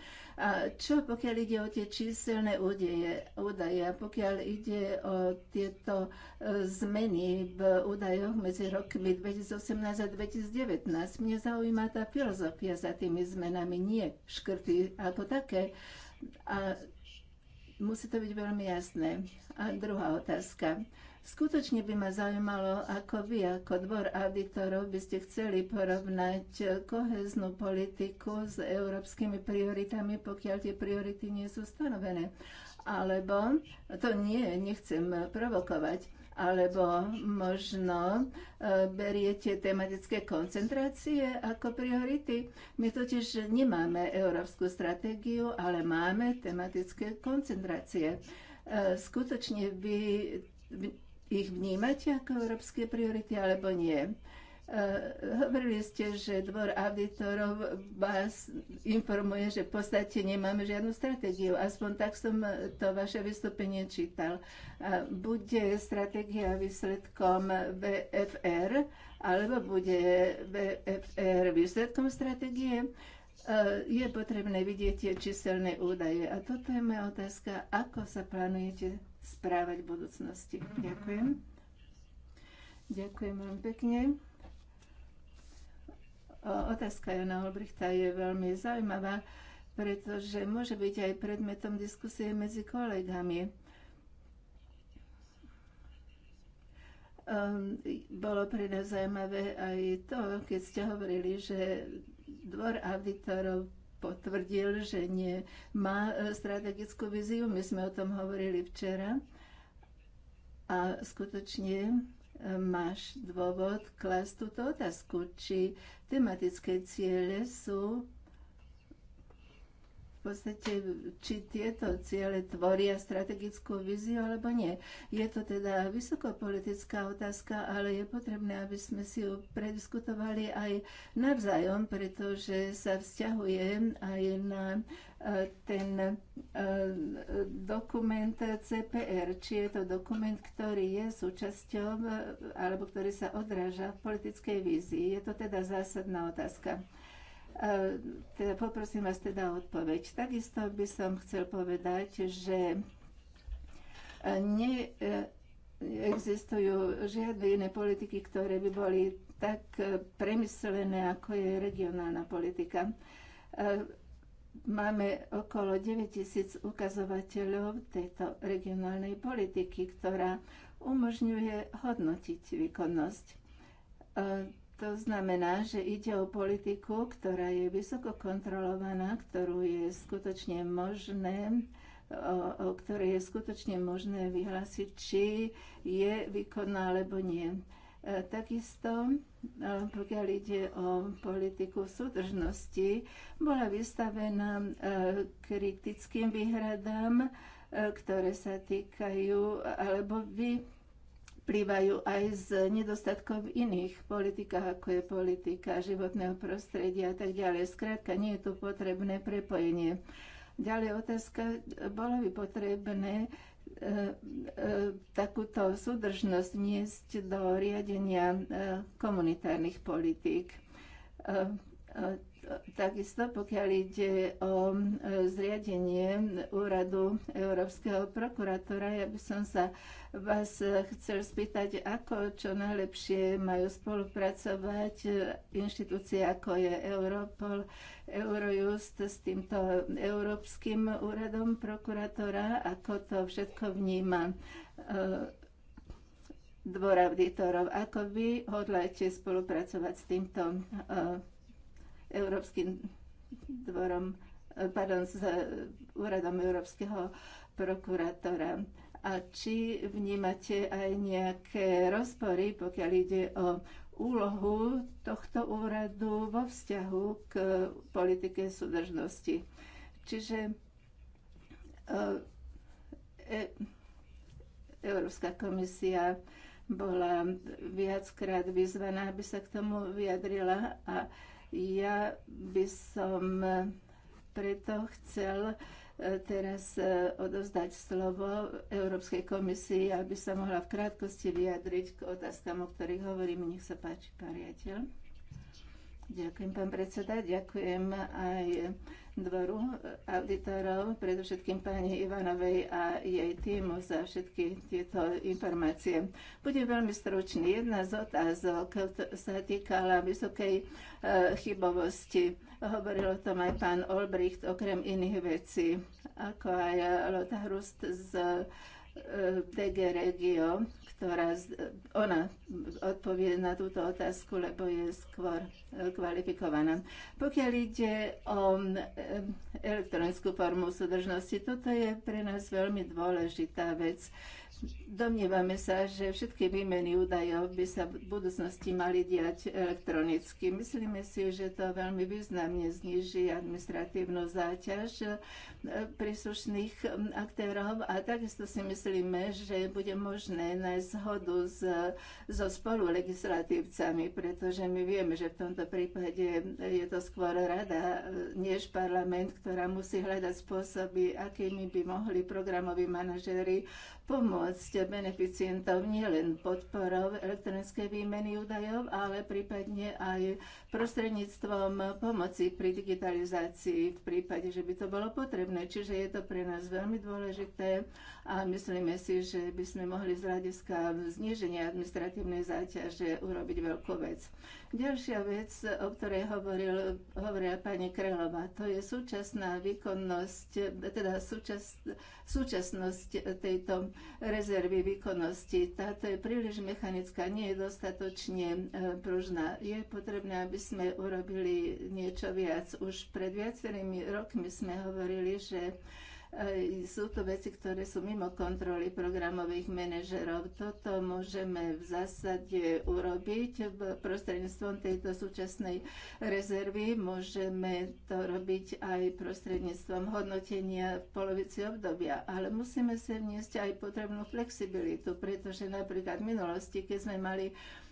A čo pokiaľ ide o tie číselné údaje, údaje a pokiaľ ide o tieto e, zmeny v údajoch medzi rokmi 2018 a 2019? Mne zaujíma tá filozofia za tými zmenami, nie škrty ako také. A musí to byť veľmi jasné. A druhá otázka Skutočne by ma zaujímalo, ako vy ako dvor auditorov by ste chceli porovnať koheznú politiku s európskymi prioritami, pokiaľ tie priority nie sú stanovené. Alebo, to nie, nechcem provokovať, alebo možno e, beriete tematické koncentrácie ako priority. My totiž nemáme európsku stratégiu, ale máme tematické koncentrácie. E, skutočne by ich vnímať ako európske priority alebo nie. E, hovorili ste, že dvor auditorov vás informuje, že v podstate nemáme žiadnu stratégiu. Aspoň tak som to vaše vystúpenie čítal. Bude stratégia výsledkom VFR, alebo bude VFR výsledkom stratégie? E, je potrebné vidieť tie číselné údaje. A toto je moja otázka, ako sa plánujete správať v budúcnosti. Ďakujem. Ďakujem vám pekne. Otázka Jana Olbrichta je veľmi zaujímavá, pretože môže byť aj predmetom diskusie medzi kolegami. Ehm, bolo pre nás zaujímavé aj to, keď ste hovorili, že dvor auditorov potvrdil, že nemá má e, strategickú viziu. My sme o tom hovorili včera. A skutočne e, máš dôvod klásť túto otázku, či tematické ciele sú v podstate, či tieto ciele tvoria strategickú víziu alebo nie. Je to teda vysokopolitická otázka, ale je potrebné, aby sme si ju prediskutovali aj navzájom, pretože sa vzťahuje aj na e, ten e, dokument CPR, či je to dokument, ktorý je súčasťou e, alebo ktorý sa odráža v politickej vízii. Je to teda zásadná otázka. Teda poprosím vás teda o odpoveď. Takisto by som chcel povedať, že e, neexistujú e, žiadne iné politiky, ktoré by boli tak e, premyslené, ako je regionálna politika. Máme okolo 9000 ukazovateľov tejto regionálnej politiky, ktorá umožňuje hodnotiť výkonnosť. To znamená, že ide o politiku, ktorá je vysoko kontrolovaná, ktorú je skutočne možné o, o je skutočne možné vyhlásiť, či je výkonná alebo nie. E, takisto, e, pokiaľ ide o politiku súdržnosti, bola vystavená e, kritickým výhradám, ktoré sa týkajú alebo vy vyplývajú aj z nedostatkov v iných politikách, ako je politika životného prostredia a tak ďalej. Skrátka, nie je tu potrebné prepojenie. Ďalej otázka, bolo by potrebné e, e, takúto súdržnosť niesť do riadenia e, komunitárnych politík Takisto pokiaľ ide o e, zriadenie úradu Európskeho prokurátora, ja by som sa vás chcel spýtať, ako čo najlepšie majú spolupracovať inštitúcie ako je Europol, Eurojust s týmto Európskym úradom prokurátora, ako to všetko vníma e, dvora auditorov. Ako vy hodláte spolupracovať s týmto e, Európskym dvorom, eh, pardon, s úradom Európskeho prokurátora. A či vnímate aj nejaké rozpory, pokiaľ ide o úlohu tohto úradu vo vzťahu k politike súdržnosti. Čiže eh, e, Európska komisia bola viackrát vyzvaná, aby sa k tomu vyjadrila a ja by som eh, preto chcel eh, teraz eh, odovzdať slovo Európskej komisii, aby sa mohla v krátkosti vyjadriť k otázkam, o ktorých hovorím. Nech sa páči, pán riaditeľ. Ďakujem, pán predseda. Ďakujem aj dvoru auditorov, predovšetkým pani Ivanovej a jej týmu za všetky tieto informácie. Budem veľmi stručný. Jedna z otázok sa týkala vysokej e, chybovosti. Hovoril o tom aj pán Olbricht, okrem iných vecí, ako aj Lothar Rust z e, DG Regio, ktorá ona odpovie na túto otázku, lebo je skôr e, kvalifikovaná. Pokiaľ ide o e, e, elektronickú formu súdržnosti, toto je pre nás veľmi dôležitá vec. Domnievame sa, že všetky výmeny údajov by sa v budúcnosti mali diať elektronicky. Myslíme si, že to veľmi významne zniží administratívnu záťaž e, príslušných aktérov a takisto si myslíme, že bude možné nájsť zhodu s, so spolulegislatívcami, pretože my vieme, že v tomto prípade je to skôr rada e, než parlament, ktorá musí hľadať spôsoby, akými by mohli programoví manažéri pomôcť beneficientov nielen podporou elektronickej výmeny údajov, ale prípadne aj prostredníctvom pomoci pri digitalizácii v prípade, že by to bolo potrebné. Čiže je to pre nás veľmi dôležité a myslíme si, že by sme mohli z hľadiska zníženia administratívnej záťaže urobiť veľkú vec. Ďalšia vec, o ktorej hovoril, hovorila pani Krelová, to je súčasná výkonnosť, teda súčas, súčasnosť tejto rezervy výkonnosti. Táto je príliš mechanická, nie je dostatočne eh, pružná. Je potrebné, aby sme urobili niečo viac. Už pred viacerými rokmi sme hovorili, že e, sú to veci, ktoré sú mimo kontroly programových manažerov. Toto môžeme v zásade urobiť prostredníctvom tejto súčasnej rezervy. Môžeme to robiť aj prostredníctvom hodnotenia v polovici obdobia, ale musíme si vniesť aj potrebnú flexibilitu, pretože napríklad v minulosti, keď sme mali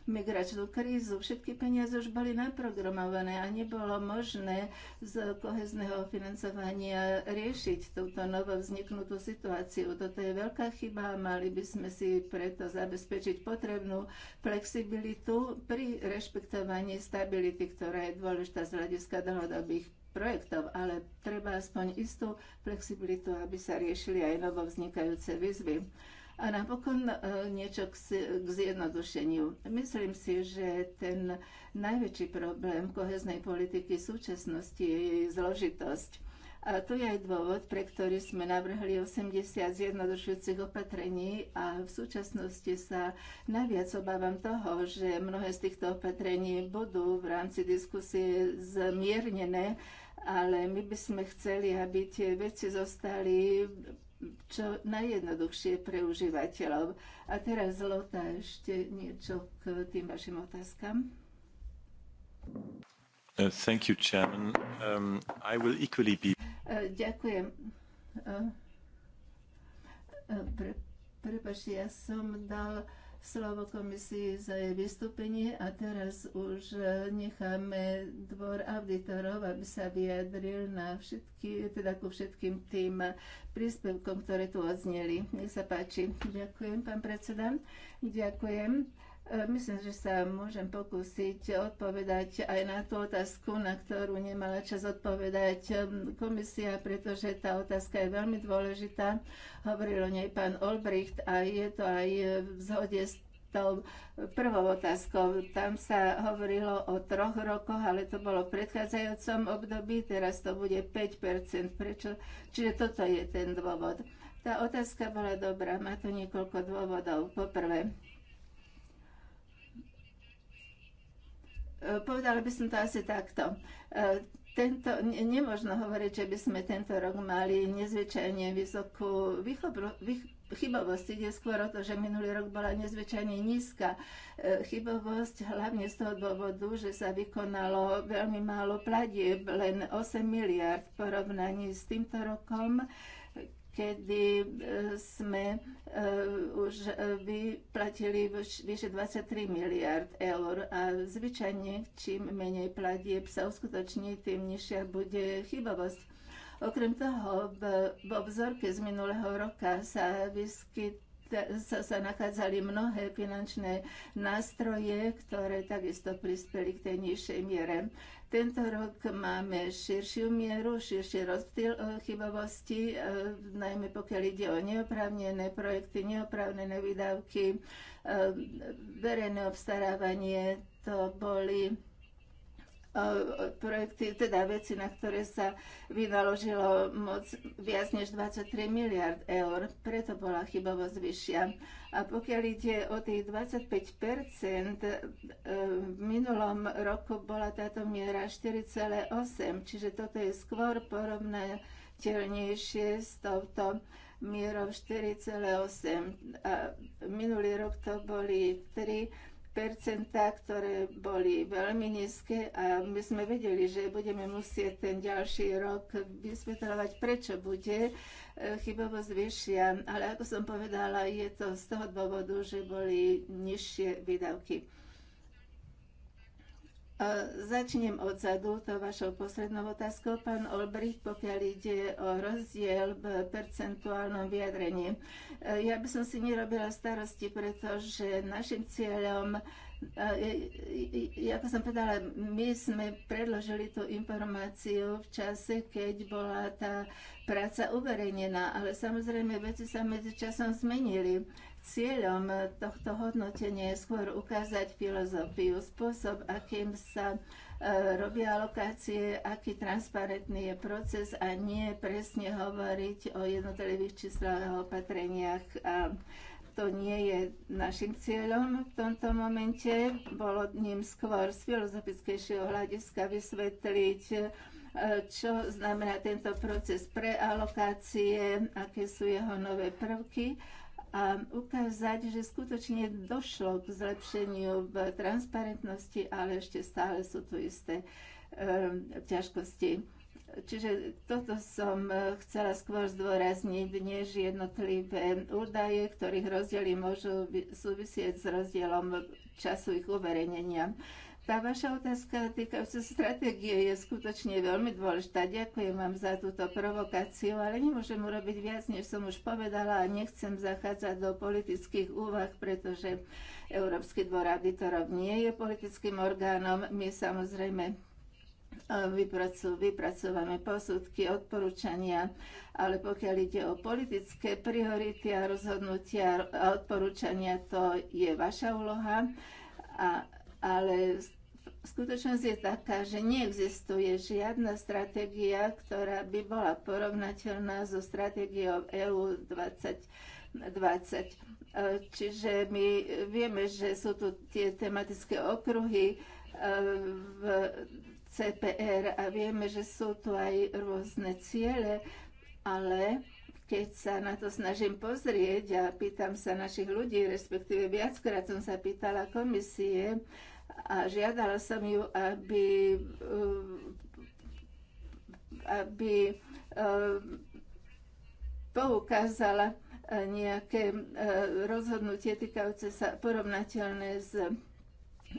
migračnú krízu. Všetky peniaze už boli naprogramované a nebolo možné z kohezného financovania riešiť túto vzniknutú situáciu. Toto je veľká chyba a mali by sme si preto zabezpečiť potrebnú flexibilitu pri rešpektovaní stability, ktorá je dôležitá z hľadiska dlhodobých projektov, ale treba aspoň istú flexibilitu, aby sa riešili aj novo vznikajúce výzvy. A napokon e, niečo k zjednodušeniu. Myslím si, že ten najväčší problém koheznej politiky v súčasnosti je jej zložitosť. A to je aj dôvod, pre ktorý sme navrhli 80 zjednodušujúcich opatrení a v súčasnosti sa najviac obávam toho, že mnohé z týchto opatrení budú v rámci diskusie zmiernené, ale my by sme chceli, aby tie veci zostali čo najjednoduchšie pre užívateľov. A teraz Lota ešte niečo k tým vašim otázkam. Uh, thank you, Chairman. Um, I will equally be... Uh, ďakujem. Uh, uh pre, prepašte, ja som dal uh, slovo komisii za jej vystúpenie a teraz už necháme dvor auditorov, aby sa vyjadril na všetky, teda ku všetkým tým príspevkom, ktoré tu odzneli. Nech sa páči. Ďakujem, pán predseda. Ďakujem. E, myslím, že sa môžem pokúsiť odpovedať aj na tú otázku, na ktorú nemala čas odpovedať um, komisia, pretože tá otázka je veľmi dôležitá. Hovoril o nej pán Olbricht a je to aj v zhode s tou prvou otázkou. Tam sa hovorilo o troch rokoch, ale to bolo v predchádzajúcom období, teraz to bude 5%. Prečo? Čiže toto je ten dôvod. Tá otázka bola dobrá, má to niekoľko dôvodov. Poprvé, Povedala by som to asi takto. E, tento, ne, nemožno hovoriť, že by sme tento rok mali nezvyčajne vysokú výchobru, vych, chybovosť. Ide skôr o to, že minulý rok bola nezvyčajne nízka e, chybovosť, hlavne z toho dôvodu, že sa vykonalo veľmi málo pladieb, len 8 miliard v porovnaní s týmto rokom. E, kedy e, sme e, už e, vyplatili vyše 23 miliard eur a zvyčajne čím menej platieb sa uskutoční, tým nižšia bude chybovosť. Okrem toho, vo vzorke z minulého roka sa vyskyt sa, nachádzali mnohé finančné nástroje, ktoré takisto prispeli k tej nižšej miere. Tento rok máme širšiu mieru, širšie rozptyl e, chybovosti, e, najmä pokiaľ ide o neoprávnené projekty, neoprávnené výdavky, e, verejné obstarávanie, to boli E, projekty, teda veci, na ktoré sa vynaložilo moc viac než 23 miliard eur, preto bola chybovosť vyššia. A pokiaľ ide o tých 25 e, v minulom roku bola táto miera 4,8, čiže toto je skôr porovnateľnejšie s touto mierou 4,8. A minulý rok to boli 3 ktoré boli veľmi nízke a my sme vedeli, že budeme musieť ten ďalší rok vysvetľovať, prečo bude e, chybovosť vyššia. Ale ako som povedala, je to z toho dôvodu, že boli nižšie výdavky. Začnem odzadu, to vašou poslednou otázkou, pán Olbrich, pokiaľ ide o rozdiel v percentuálnom vyjadrení. E, ja by som si nerobila starosti, pretože našim cieľom e, e, ako som povedala, my sme predložili tú informáciu v čase, keď bola tá práca uverejnená, ale samozrejme veci sa medzi časom zmenili. Cieľom tohto hodnotenia je skôr ukázať filozofiu, spôsob, akým sa e, robia alokácie, aký transparentný je proces a nie presne hovoriť o jednotlivých číslach a opatreniach. A to nie je našim cieľom v tomto momente. Bolo ním skôr z filozofickejšieho hľadiska vysvetliť, e, čo znamená tento proces prealokácie, aké sú jeho nové prvky a ukázať, že skutočne došlo k zlepšeniu v transparentnosti, ale ešte stále sú tu isté um, ťažkosti. Čiže toto som e, chcela skôr zdôrazniť, než jednotlivé údaje, ktorých rozdiely môžu súvisieť s rozdielom času ich uverejnenia. Uh, tá vaša otázka týkajúca stratégie je skutočne veľmi dôležitá. Ďakujem vám za túto provokáciu, ale nemôžem urobiť viac, než som už povedala a nechcem zachádzať do politických úvah, pretože Európsky dvor auditorov nie je politickým orgánom. My samozrejme eh, vypracovame posudky, odporúčania, ale pokiaľ ide o politické priority a rozhodnutia a odporúčania, to je vaša úloha. A, ale skutočnosť je taká, že neexistuje žiadna stratégia, ktorá by bola porovnateľná so stratégiou EU 2020. Čiže my vieme, že sú tu tie tematické okruhy e, v CPR a vieme, že sú tu aj rôzne ciele, ale keď sa na to snažím pozrieť a pýtam sa našich ľudí, respektíve viackrát som sa pýtala komisie, a žiadala som ju, aby, eh, aby eh, poukázala eh, nejaké rozhodnutie týkajúce sa porovnateľné s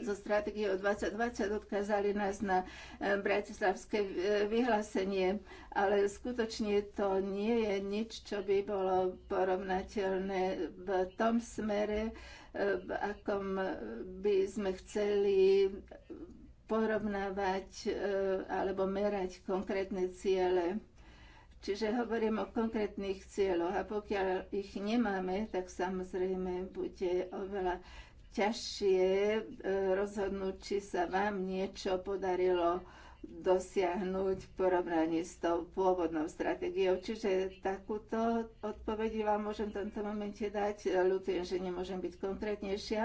zo o 2020 odkázali nás na bratislavské vyhlásenie, ale skutočne to nie je nič, čo by bolo porovnateľné v tom smere, v akom by sme chceli porovnávať e, alebo merať konkrétne ciele. Čiže hovorím o konkrétnych cieľoch a pokiaľ ich nemáme, tak samozrejme bude oveľa ťažšie e, rozhodnúť, či sa vám niečo podarilo dosiahnuť v porovnaní s tou pôvodnou stratégiou. Čiže takúto odpoveď vám môžem v tomto momente dať. Ľutujem, že nemôžem byť konkrétnejšia.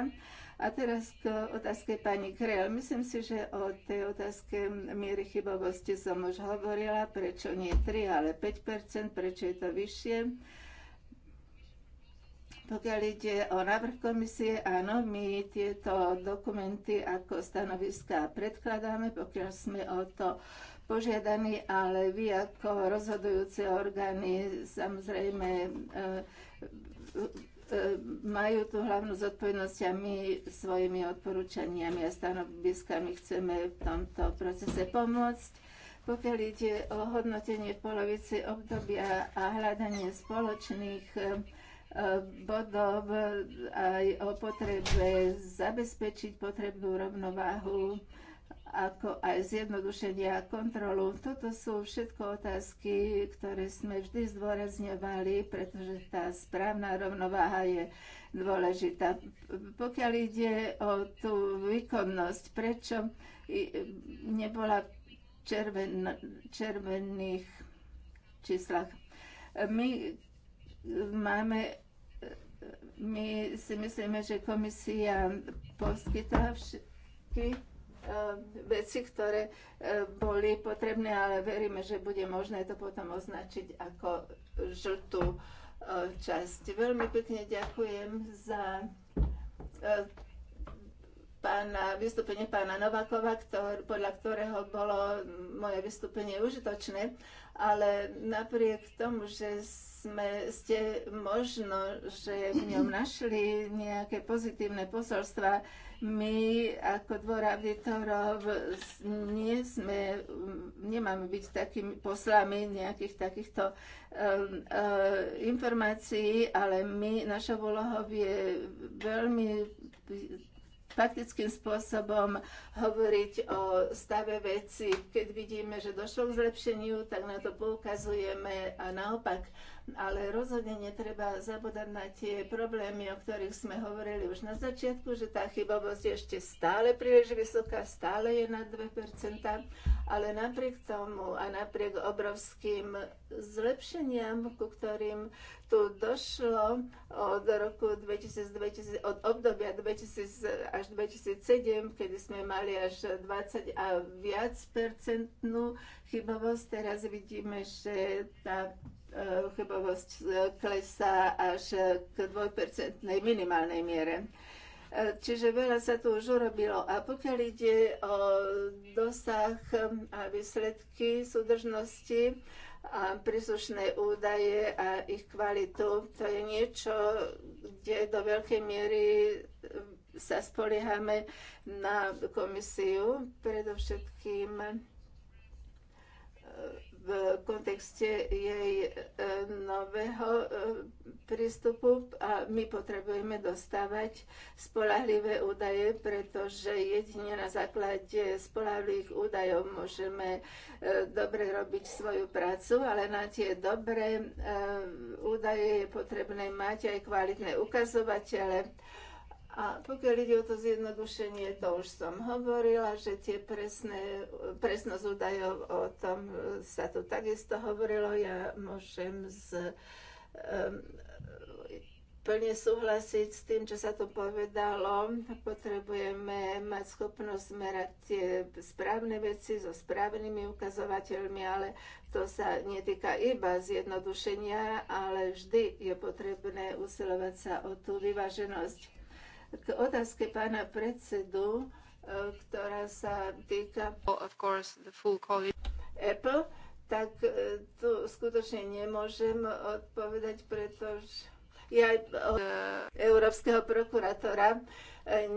A teraz k otázke pani Kreel. Myslím si, že o tej otázke miery chybovosti som už hovorila, prečo nie 3, ale 5 prečo je to vyššie. Pokiaľ ide o návrh komisie, áno, my tieto dokumenty ako stanoviská predkladáme, pokiaľ sme o to požiadaní, ale vy ako rozhodujúce orgány samozrejme e, e, majú tú hlavnú zodpovednosť a my svojimi odporúčaniami a stanoviskami chceme v tomto procese pomôcť. Pokiaľ ide o hodnotenie polovici obdobia a hľadanie spoločných bodov e, aj o potrebe zabezpečiť potrebnú rovnováhu ako aj zjednodušenia a kontrolu. Toto sú všetko otázky, ktoré sme vždy zdôrazňovali, pretože tá správna rovnováha je dôležitá. Pokiaľ ide o tú výkonnosť, prečo nebola červen, červených číslach? My máme my si myslíme, že komisia poskytla všetky e, veci, ktoré e, boli potrebné, ale veríme, že bude možné to potom označiť ako žltú e, časť. Veľmi pekne ďakujem za pána, vystúpenie pána Novakova, ktor, podľa ktorého bolo moje vystúpenie užitočné, ale napriek tomu, že sme, ste možno, že v ňom našli nejaké pozitívne posolstva, my ako dvor auditorov nie sme, nemáme byť takými poslami nejakých takýchto um, uh, informácií, ale my, naša úlohou je veľmi faktickým spôsobom hovoriť o stave veci. Keď vidíme, že došlo k zlepšeniu, tak na to poukazujeme a naopak ale rozhodne netreba zabúdať na tie problémy, o ktorých sme hovorili už na začiatku, že tá chybovosť je ešte stále príliš vysoká, stále je na 2%, ale napriek tomu a napriek obrovským zlepšeniam, ku ktorým tu došlo od roku 2000, 2000, od obdobia 2000 až 2007, kedy sme mali až 20 a viac percentnú chybovosť. Teraz vidíme, že tá chybovosť e, klesá až k dvojpercentnej minimálnej miere. E, čiže veľa sa tu už urobilo. A pokiaľ ide o dosah a výsledky súdržnosti a príslušné údaje a ich kvalitu, to je niečo, kde do veľkej miery sa spoliehame na komisiu, predovšetkým e, v kontexte jej e, nového e, prístupu a my potrebujeme dostávať spolahlivé údaje, pretože jedine na základe spolahlivých údajov môžeme e, dobre robiť svoju prácu, ale na tie dobré údaje je potrebné mať aj kvalitné ukazovatele, a pokiaľ ide o to zjednodušenie, to už som hovorila, že tie presné, presnosť údajov o tom e, sa tu takisto hovorilo. Ja môžem z, um, e, plne súhlasiť s tým, čo sa tu povedalo. Potrebujeme mať schopnosť merať tie správne veci so správnymi ukazovateľmi, ale to sa netýka iba zjednodušenia, ale vždy je potrebné usilovať sa o tú vyváženosť k otázke pána predsedu, e, ktorá sa týka of course, the full Apple, tak e, tu skutočne nemôžem odpovedať, pretože ja od e, európskeho prokurátora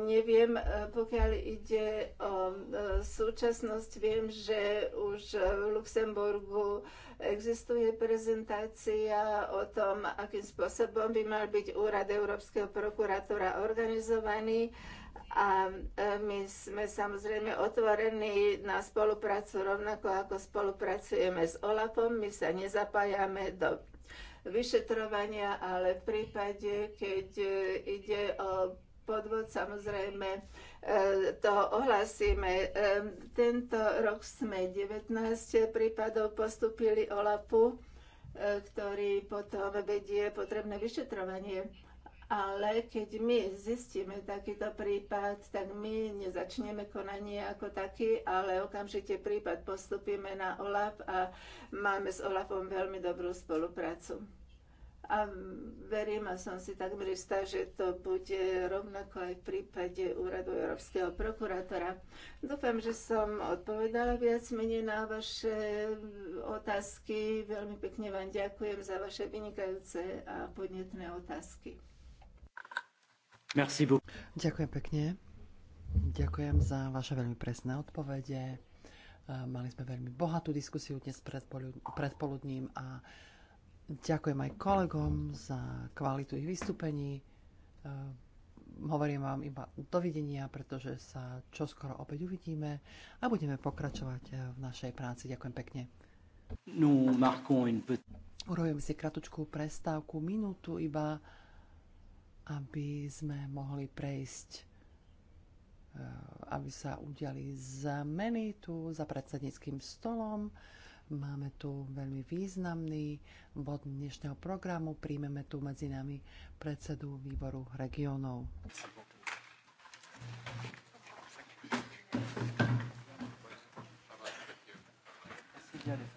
Neviem, e, pokiaľ ide o e, súčasnosť, viem, že už v Luxemburgu existuje prezentácia o tom, akým spôsobom by mal byť úrad Európskeho prokurátora organizovaný a e, my sme samozrejme otvorení na spoluprácu rovnako ako spolupracujeme s OLAFom. My sa nezapájame do vyšetrovania, ale v prípade, keď ide o podvod, samozrejme e, to ohlasíme. E, tento rok sme 19 prípadov postupili OLAPu, e, ktorý potom vedie potrebné vyšetrovanie. Ale keď my zistíme takýto prípad, tak my nezačneme konanie ako taký, ale okamžite prípad postupíme na OLAP a máme s OLAPom veľmi dobrú spoluprácu. A verím a som si takmer istá, že to bude rovnako aj v prípade úradu Európskeho prokurátora. Dúfam, že som odpovedala viac menej na vaše otázky. Veľmi pekne vám ďakujem za vaše vynikajúce a podnetné otázky. Merci beaucoup. Ďakujem pekne. Ďakujem za vaše veľmi presné odpovede. Mali sme veľmi bohatú diskusiu dnes predpoludním a Ďakujem aj kolegom za kvalitu ich vystúpení. E, hovorím vám iba dovidenia, pretože sa čoskoro opäť uvidíme a budeme pokračovať e, v našej práci. Ďakujem pekne. Urobím si kratučkú prestávku, minútu iba, aby sme mohli prejsť e, aby sa udiali zmeny tu za predsedníckým stolom. Máme tu veľmi významný bod dnešného programu. Príjmeme tu medzi nami predsedu výboru regionov. Ďakujem.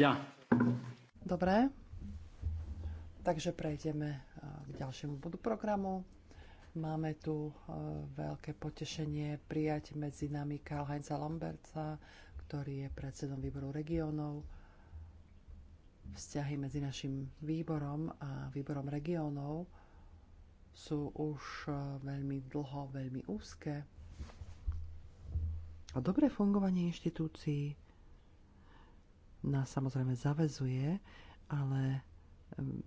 Ja. Dobre. Takže prejdeme e, k ďalšiemu bodu programu. Máme tu e, veľké potešenie prijať medzi nami Karl Heinza Lamberca, ktorý je predsedom výboru regiónov. Vzťahy medzi našim výborom a výborom regiónov sú už e, veľmi dlho, veľmi úzke. A dobré fungovanie inštitúcií nás samozrejme zavezuje, ale mm,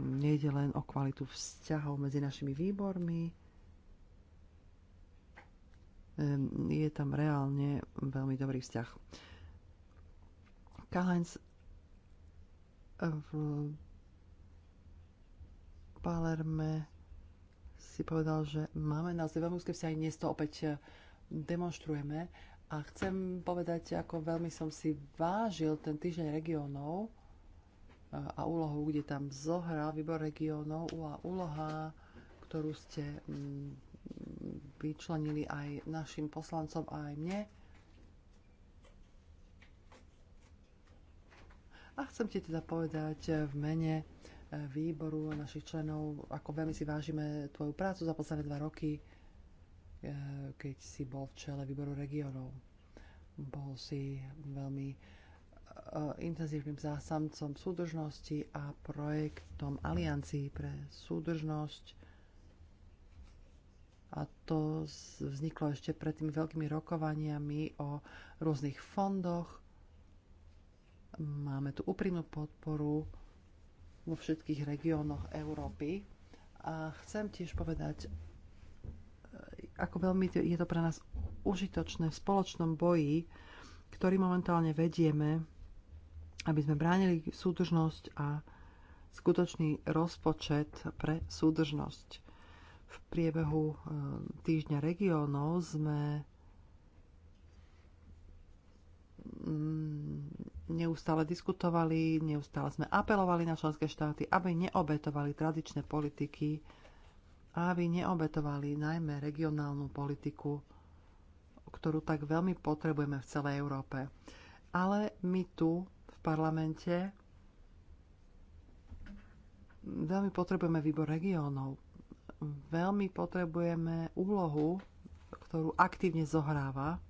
nejde len o kvalitu vzťahov medzi našimi výbormi. Ehm, je tam reálne veľmi dobrý vzťah. Kahens eh, v Palerme si povedal, že máme naozaj veľmi úzke vzťahy, dnes to opäť eh, demonstrujeme a chcem povedať, ako veľmi som si vážil ten týždeň regiónov e, a úlohu, kde tam zohral výbor regiónov a úloha, ktorú ste mm, vyčlenili aj našim poslancom a aj mne. A chcem ti teda povedať e, v mene e, výboru a našich členov, ako veľmi si vážime tvoju prácu za posledné dva roky Eh, keď si bol v čele výboru regionov. Bol si veľmi eh, intenzívnym zásamcom súdržnosti a projektom Aliancii pre súdržnosť. A to vzniklo ešte pred tými veľkými rokovaniami o rôznych fondoch. Máme tu úprimnú podporu vo všetkých regiónoch Európy. A chcem tiež povedať ako veľmi je to pre nás užitočné v spoločnom boji, ktorý momentálne vedieme, aby sme bránili súdržnosť a skutočný rozpočet pre súdržnosť. V priebehu eh, týždňa regiónov sme mm, neustále diskutovali, neustále sme apelovali na členské štáty, aby neobetovali tradičné politiky aby neobetovali najmä regionálnu politiku, ktorú tak veľmi potrebujeme v celej Európe. Ale my tu v parlamente veľmi potrebujeme výbor regiónov. Veľmi potrebujeme úlohu, ktorú aktívne zohráva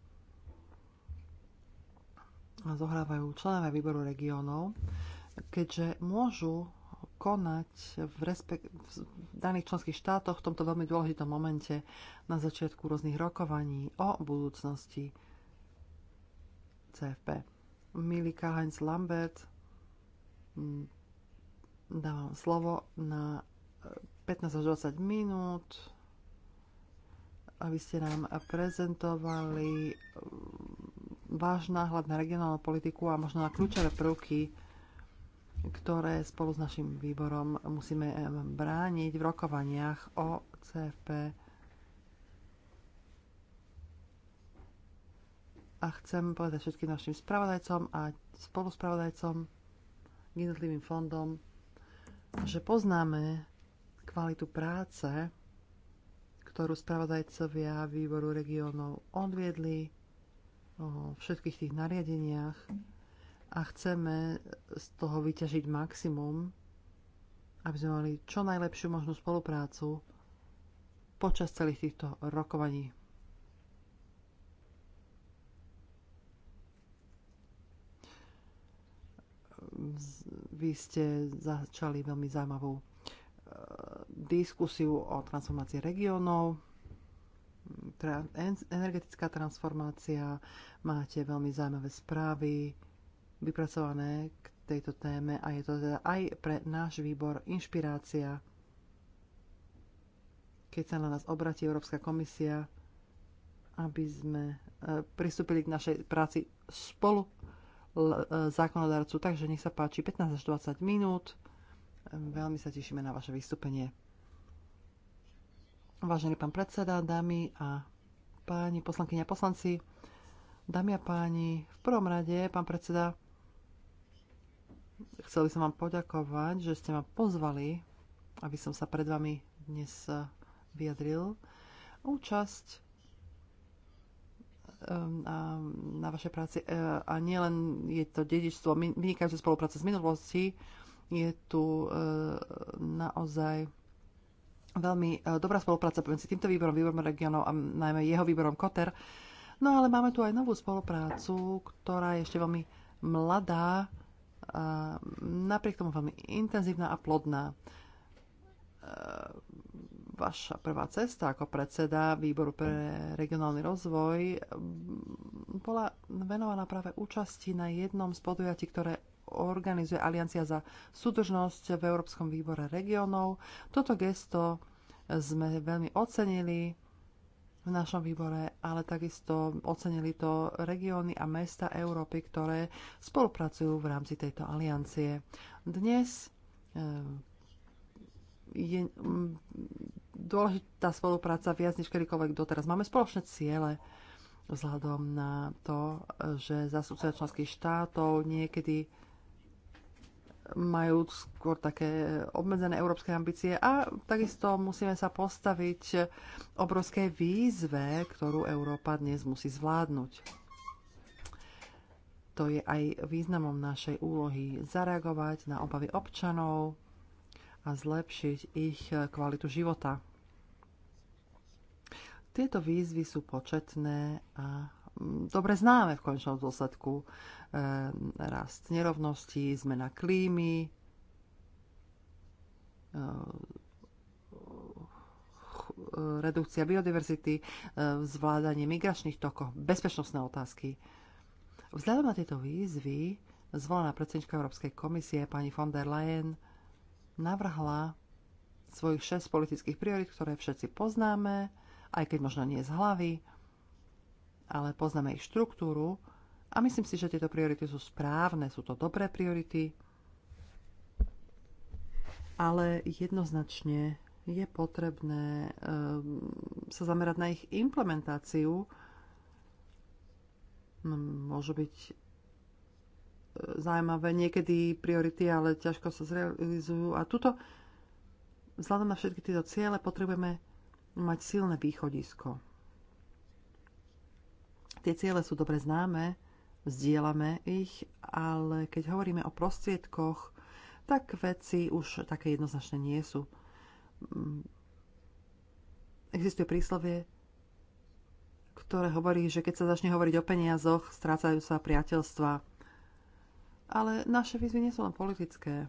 a zohrávajú členové výboru regiónov, keďže môžu konať v, respek- v daných členských štátoch v tomto veľmi dôležitom momente na začiatku rôznych rokovaní o budúcnosti CFP. Milika Heinz Lambert, dávam slovo na 15 až 20 minút, aby ste nám prezentovali váš náhľad na regionálnu politiku a možno na kľúčové prvky ktoré spolu s našim výborom musíme brániť v rokovaniach o CFP. A chcem povedať všetkým našim spravodajcom a spoluspravodajcom k jednotlivým fondom, že poznáme kvalitu práce, ktorú spravodajcovia výboru regiónov odviedli o všetkých tých nariadeniach a chceme z toho vyťažiť maximum, aby sme mali čo najlepšiu možnú spoluprácu počas celých týchto rokovaní. Vy ste začali veľmi zaujímavú e, diskusiu o transformácii regiónov energetická transformácia, máte veľmi zaujímavé správy vypracované k tejto téme a je to teda aj pre náš výbor inšpirácia, keď sa na nás obratí Európska komisia, aby sme e, pristúpili k našej práci spolu e, zákonodarcu. Takže nech sa páči 15 až 20 minút. Veľmi sa tešíme na vaše vystúpenie. Vážený pán predseda, dámy a páni, poslankyňa poslanci, dámy a páni, v prvom rade, pán predseda, Chcel by som vám poďakovať, že ste ma pozvali, aby som sa pred vami dnes e, vyjadril. Účasť na, na vašej práci e, a nielen je to dedičstvo, vynikajúce spolupráce z minulosti, je tu e, naozaj veľmi dobrá spolupráca medzi týmto výborom, výborom regionov a najmä jeho výborom Koter. No ale máme tu aj novú spoluprácu, ktorá je ešte veľmi mladá napriek tomu veľmi intenzívna a plodná. E, vaša prvá cesta ako predseda Výboru pre regionálny rozvoj bola venovaná práve účasti na jednom z podujatí, ktoré organizuje Aliancia za súdržnosť v Európskom výbore regionov. Toto gesto sme veľmi ocenili v našom výbore, ale takisto ocenili to regióny a mesta Európy, ktoré spolupracujú v rámci tejto aliancie. Dnes eh, je mm, dôležitá spolupráca viac než kedykoľvek doteraz. Máme spoločné ciele vzhľadom na to, že za členských štátov niekedy majú skôr také obmedzené európske ambície a takisto musíme sa postaviť obrovskej výzve, ktorú Európa dnes musí zvládnuť. To je aj významom našej úlohy zareagovať na obavy občanov a zlepšiť ich kvalitu života. Tieto výzvy sú početné a dobre známe v končnom dôsledku. E, rast nerovnosti, zmena klímy, e, e, redukcia biodiverzity, zvládanie migračných tokov, bezpečnostné otázky. Vzhľadom na tieto výzvy zvolená predsednička Európskej komisie pani von der Leyen navrhla svojich 6 politických priorit, ktoré všetci poznáme, aj keď možno nie z hlavy, ale poznáme ich štruktúru a myslím si, že tieto priority sú správne, sú to dobré priority, ale jednoznačne je potrebné ehm, sa zamerať na ich implementáciu. Môže byť e, zaujímavé niekedy priority, ale ťažko sa zrealizujú. A tuto, vzhľadom na všetky tieto ciele, potrebujeme mať silné východisko. Tie ciele sú dobre známe, vzdielame ich, ale keď hovoríme o prostriedkoch, tak veci už také jednoznačné nie sú. Mm. Existuje príslovie, ktoré hovorí, že keď sa začne hovoriť o peniazoch, strácajú sa priateľstva. Ale naše výzvy nie sú len politické.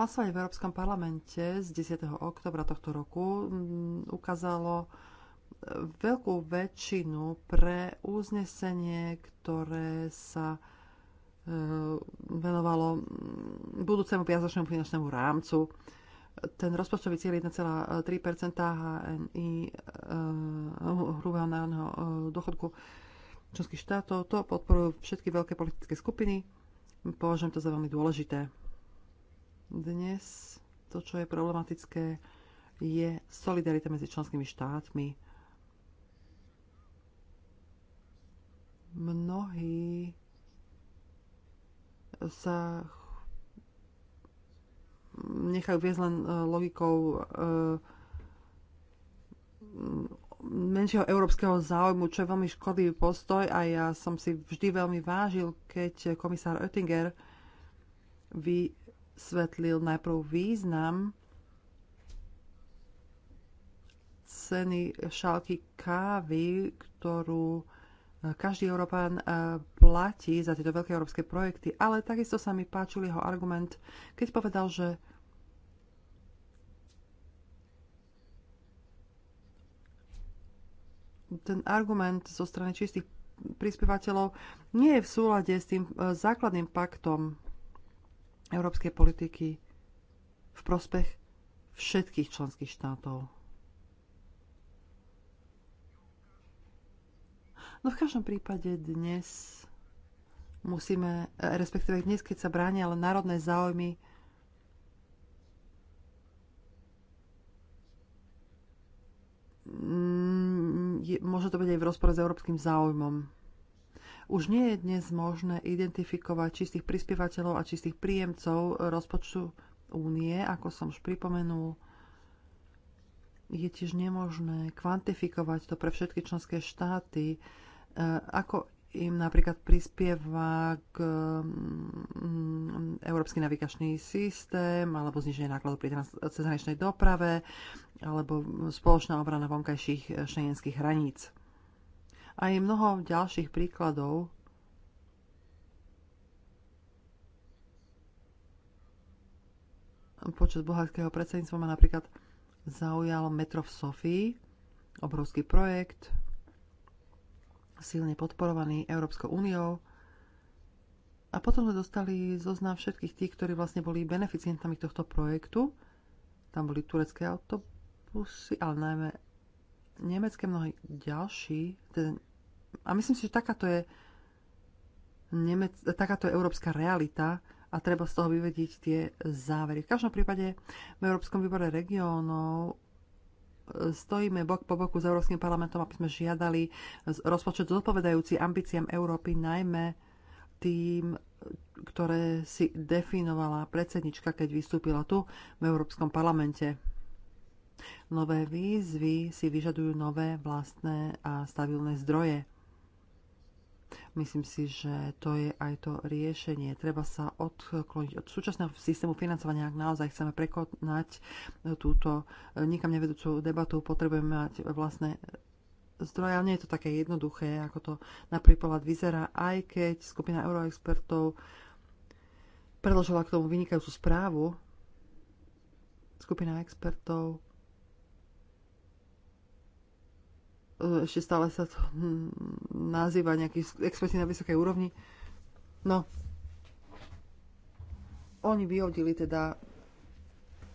Hlasovanie v Európskom parlamente z 10. oktobra tohto roku mm, ukázalo, veľkú väčšinu pre uznesenie, ktoré sa e, venovalo budúcemu piazočnému finančnému rámcu. Ten rozpočtový cieľ 1,3 HNI e, hrubého národného e, dochodku členských štátov, to podporujú všetky veľké politické skupiny. Považujem to za veľmi dôležité. Dnes to, čo je problematické, je solidarita medzi členskými štátmi mnohí sa nechajú viesť len e, logikou e, menšieho európskeho záujmu, čo je veľmi škodlivý postoj a ja som si vždy veľmi vážil, keď komisár Oettinger vysvetlil najprv význam ceny šálky kávy, ktorú každý Európán eh, platí za tieto veľké európske projekty, ale takisto sa mi páčil jeho argument, keď povedal, že ten argument zo strany čistých prispievateľov nie je v súlade s tým eh, základným paktom európskej politiky v prospech všetkých členských štátov. No v každom prípade dnes musíme, e, respektíve dnes, keď sa bránia ale národné záujmy, mm, je, môže to byť aj v rozpore s európskym záujmom. Už nie je dnes možné identifikovať čistých prispievateľov a čistých príjemcov rozpočtu únie, ako som už pripomenul. Je tiež nemožné kvantifikovať to pre všetky členské štáty, Eh, ako im napríklad prispieva k mm, Európsky navigačný systém alebo zniženie nákladov pri cezhraničnej doprave alebo spoločná obrana vonkajších eh, šengenských hraníc. A je mnoho ďalších príkladov, počas bohatského predsedníctva ma napríklad zaujalo metro v Sofii, obrovský projekt, silne podporovaný Európskou úniou. A potom sme dostali zoznam všetkých tých, ktorí vlastne boli beneficientami tohto projektu. Tam boli turecké autobusy, ale najmä nemecké mnohí ďalší. Teda, a myslím si, že takáto je, Nemec, takáto je európska realita a treba z toho vyvediť tie závery. V každom prípade v Európskom výbore regiónov stojíme bok po boku s Európskym parlamentom, aby sme žiadali rozpočet zodpovedajúci ambíciám Európy, najmä tým, ktoré si definovala predsednička, keď vystúpila tu v Európskom parlamente. Nové výzvy si vyžadujú nové vlastné a stabilné zdroje. Myslím si, že to je aj to riešenie. Treba sa odkloniť od súčasného systému financovania, ak naozaj chceme prekonať e, túto e, nikam nevedúcu debatu, potrebujeme mať vlastné zdroje, ale nie je to také jednoduché, ako to na prípoľad vyzerá, aj keď skupina euroexpertov predložila k tomu vynikajúcu správu. Skupina expertov E, ešte stále sa to hm, nazýva nejakí experti na vysokej úrovni. No, oni vyhodili teda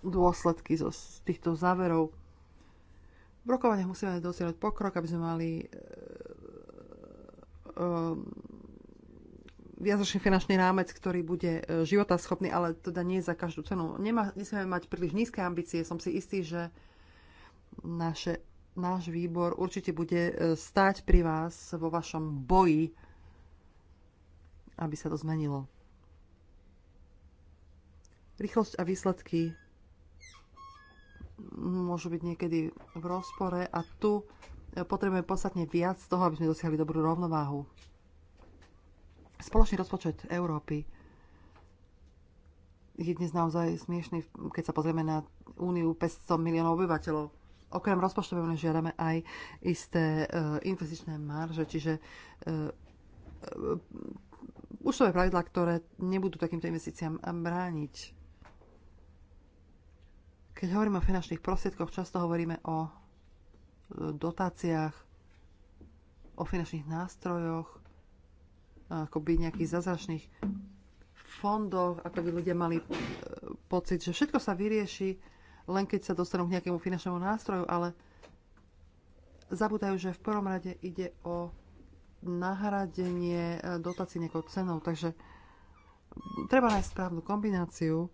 dôsledky zo, z týchto záverov. V rokovaniach musíme dosiahnuť pokrok, aby sme mali e, e, viacročný finančný rámec, ktorý bude života schopný, ale teda nie za každú cenu. Nemá, nesmieme mať príliš nízke ambície. Som si istý, že naše náš výbor určite bude e, stáť pri vás vo vašom boji, aby sa to zmenilo. Rýchlosť a výsledky môžu byť niekedy v rozpore a tu e, potrebujeme podstatne viac toho, aby sme dosiahli dobrú rovnováhu. Spoločný rozpočet Európy je dnes naozaj smiešný, keď sa pozrieme na úniu 500 miliónov obyvateľov okrem rozpočtového žiadame aj isté e, investičné marže, čiže e, e, účtové pravidlá, ktoré nebudú takýmto investíciám brániť. Keď hovoríme o finančných prostriedkoch, často hovoríme o dotáciách, o finančných nástrojoch, akoby nejakých zázračných fondoch, ako by ľudia mali pocit, že všetko sa vyrieši len keď sa dostanú k nejakému finančnému nástroju, ale zabúdajú, že v prvom rade ide o nahradenie e, dotácií nejakou cenou. Takže treba nájsť správnu kombináciu.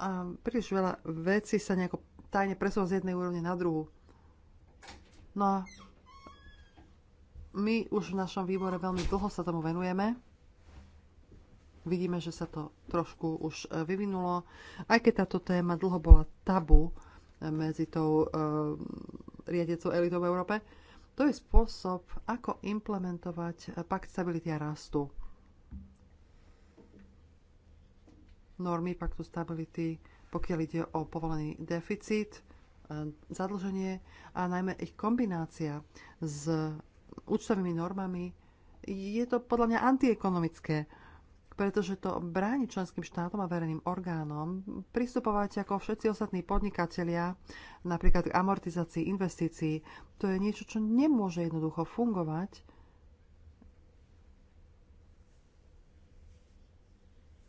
A príliš veľa vecí sa nejako tajne presúva z jednej úrovne na druhú. No a my už v našom výbore veľmi dlho sa tomu venujeme. Vidíme, že sa to trošku už e, vyvinulo, aj keď táto téma dlho bola tabu e, medzi tou uh, e, riadiacou elitou v Európe. To je spôsob, ako implementovať pakt stability a rastu. Normy paktu stability, pokiaľ ide o povolený deficit, zadlženie a najmä ich kombinácia s účtovými normami, je to podľa mňa antiekonomické pretože to bráni členským štátom a verejným orgánom pristupovať ako všetci ostatní podnikatelia, napríklad k amortizácii investícií. To je niečo, čo nemôže jednoducho fungovať.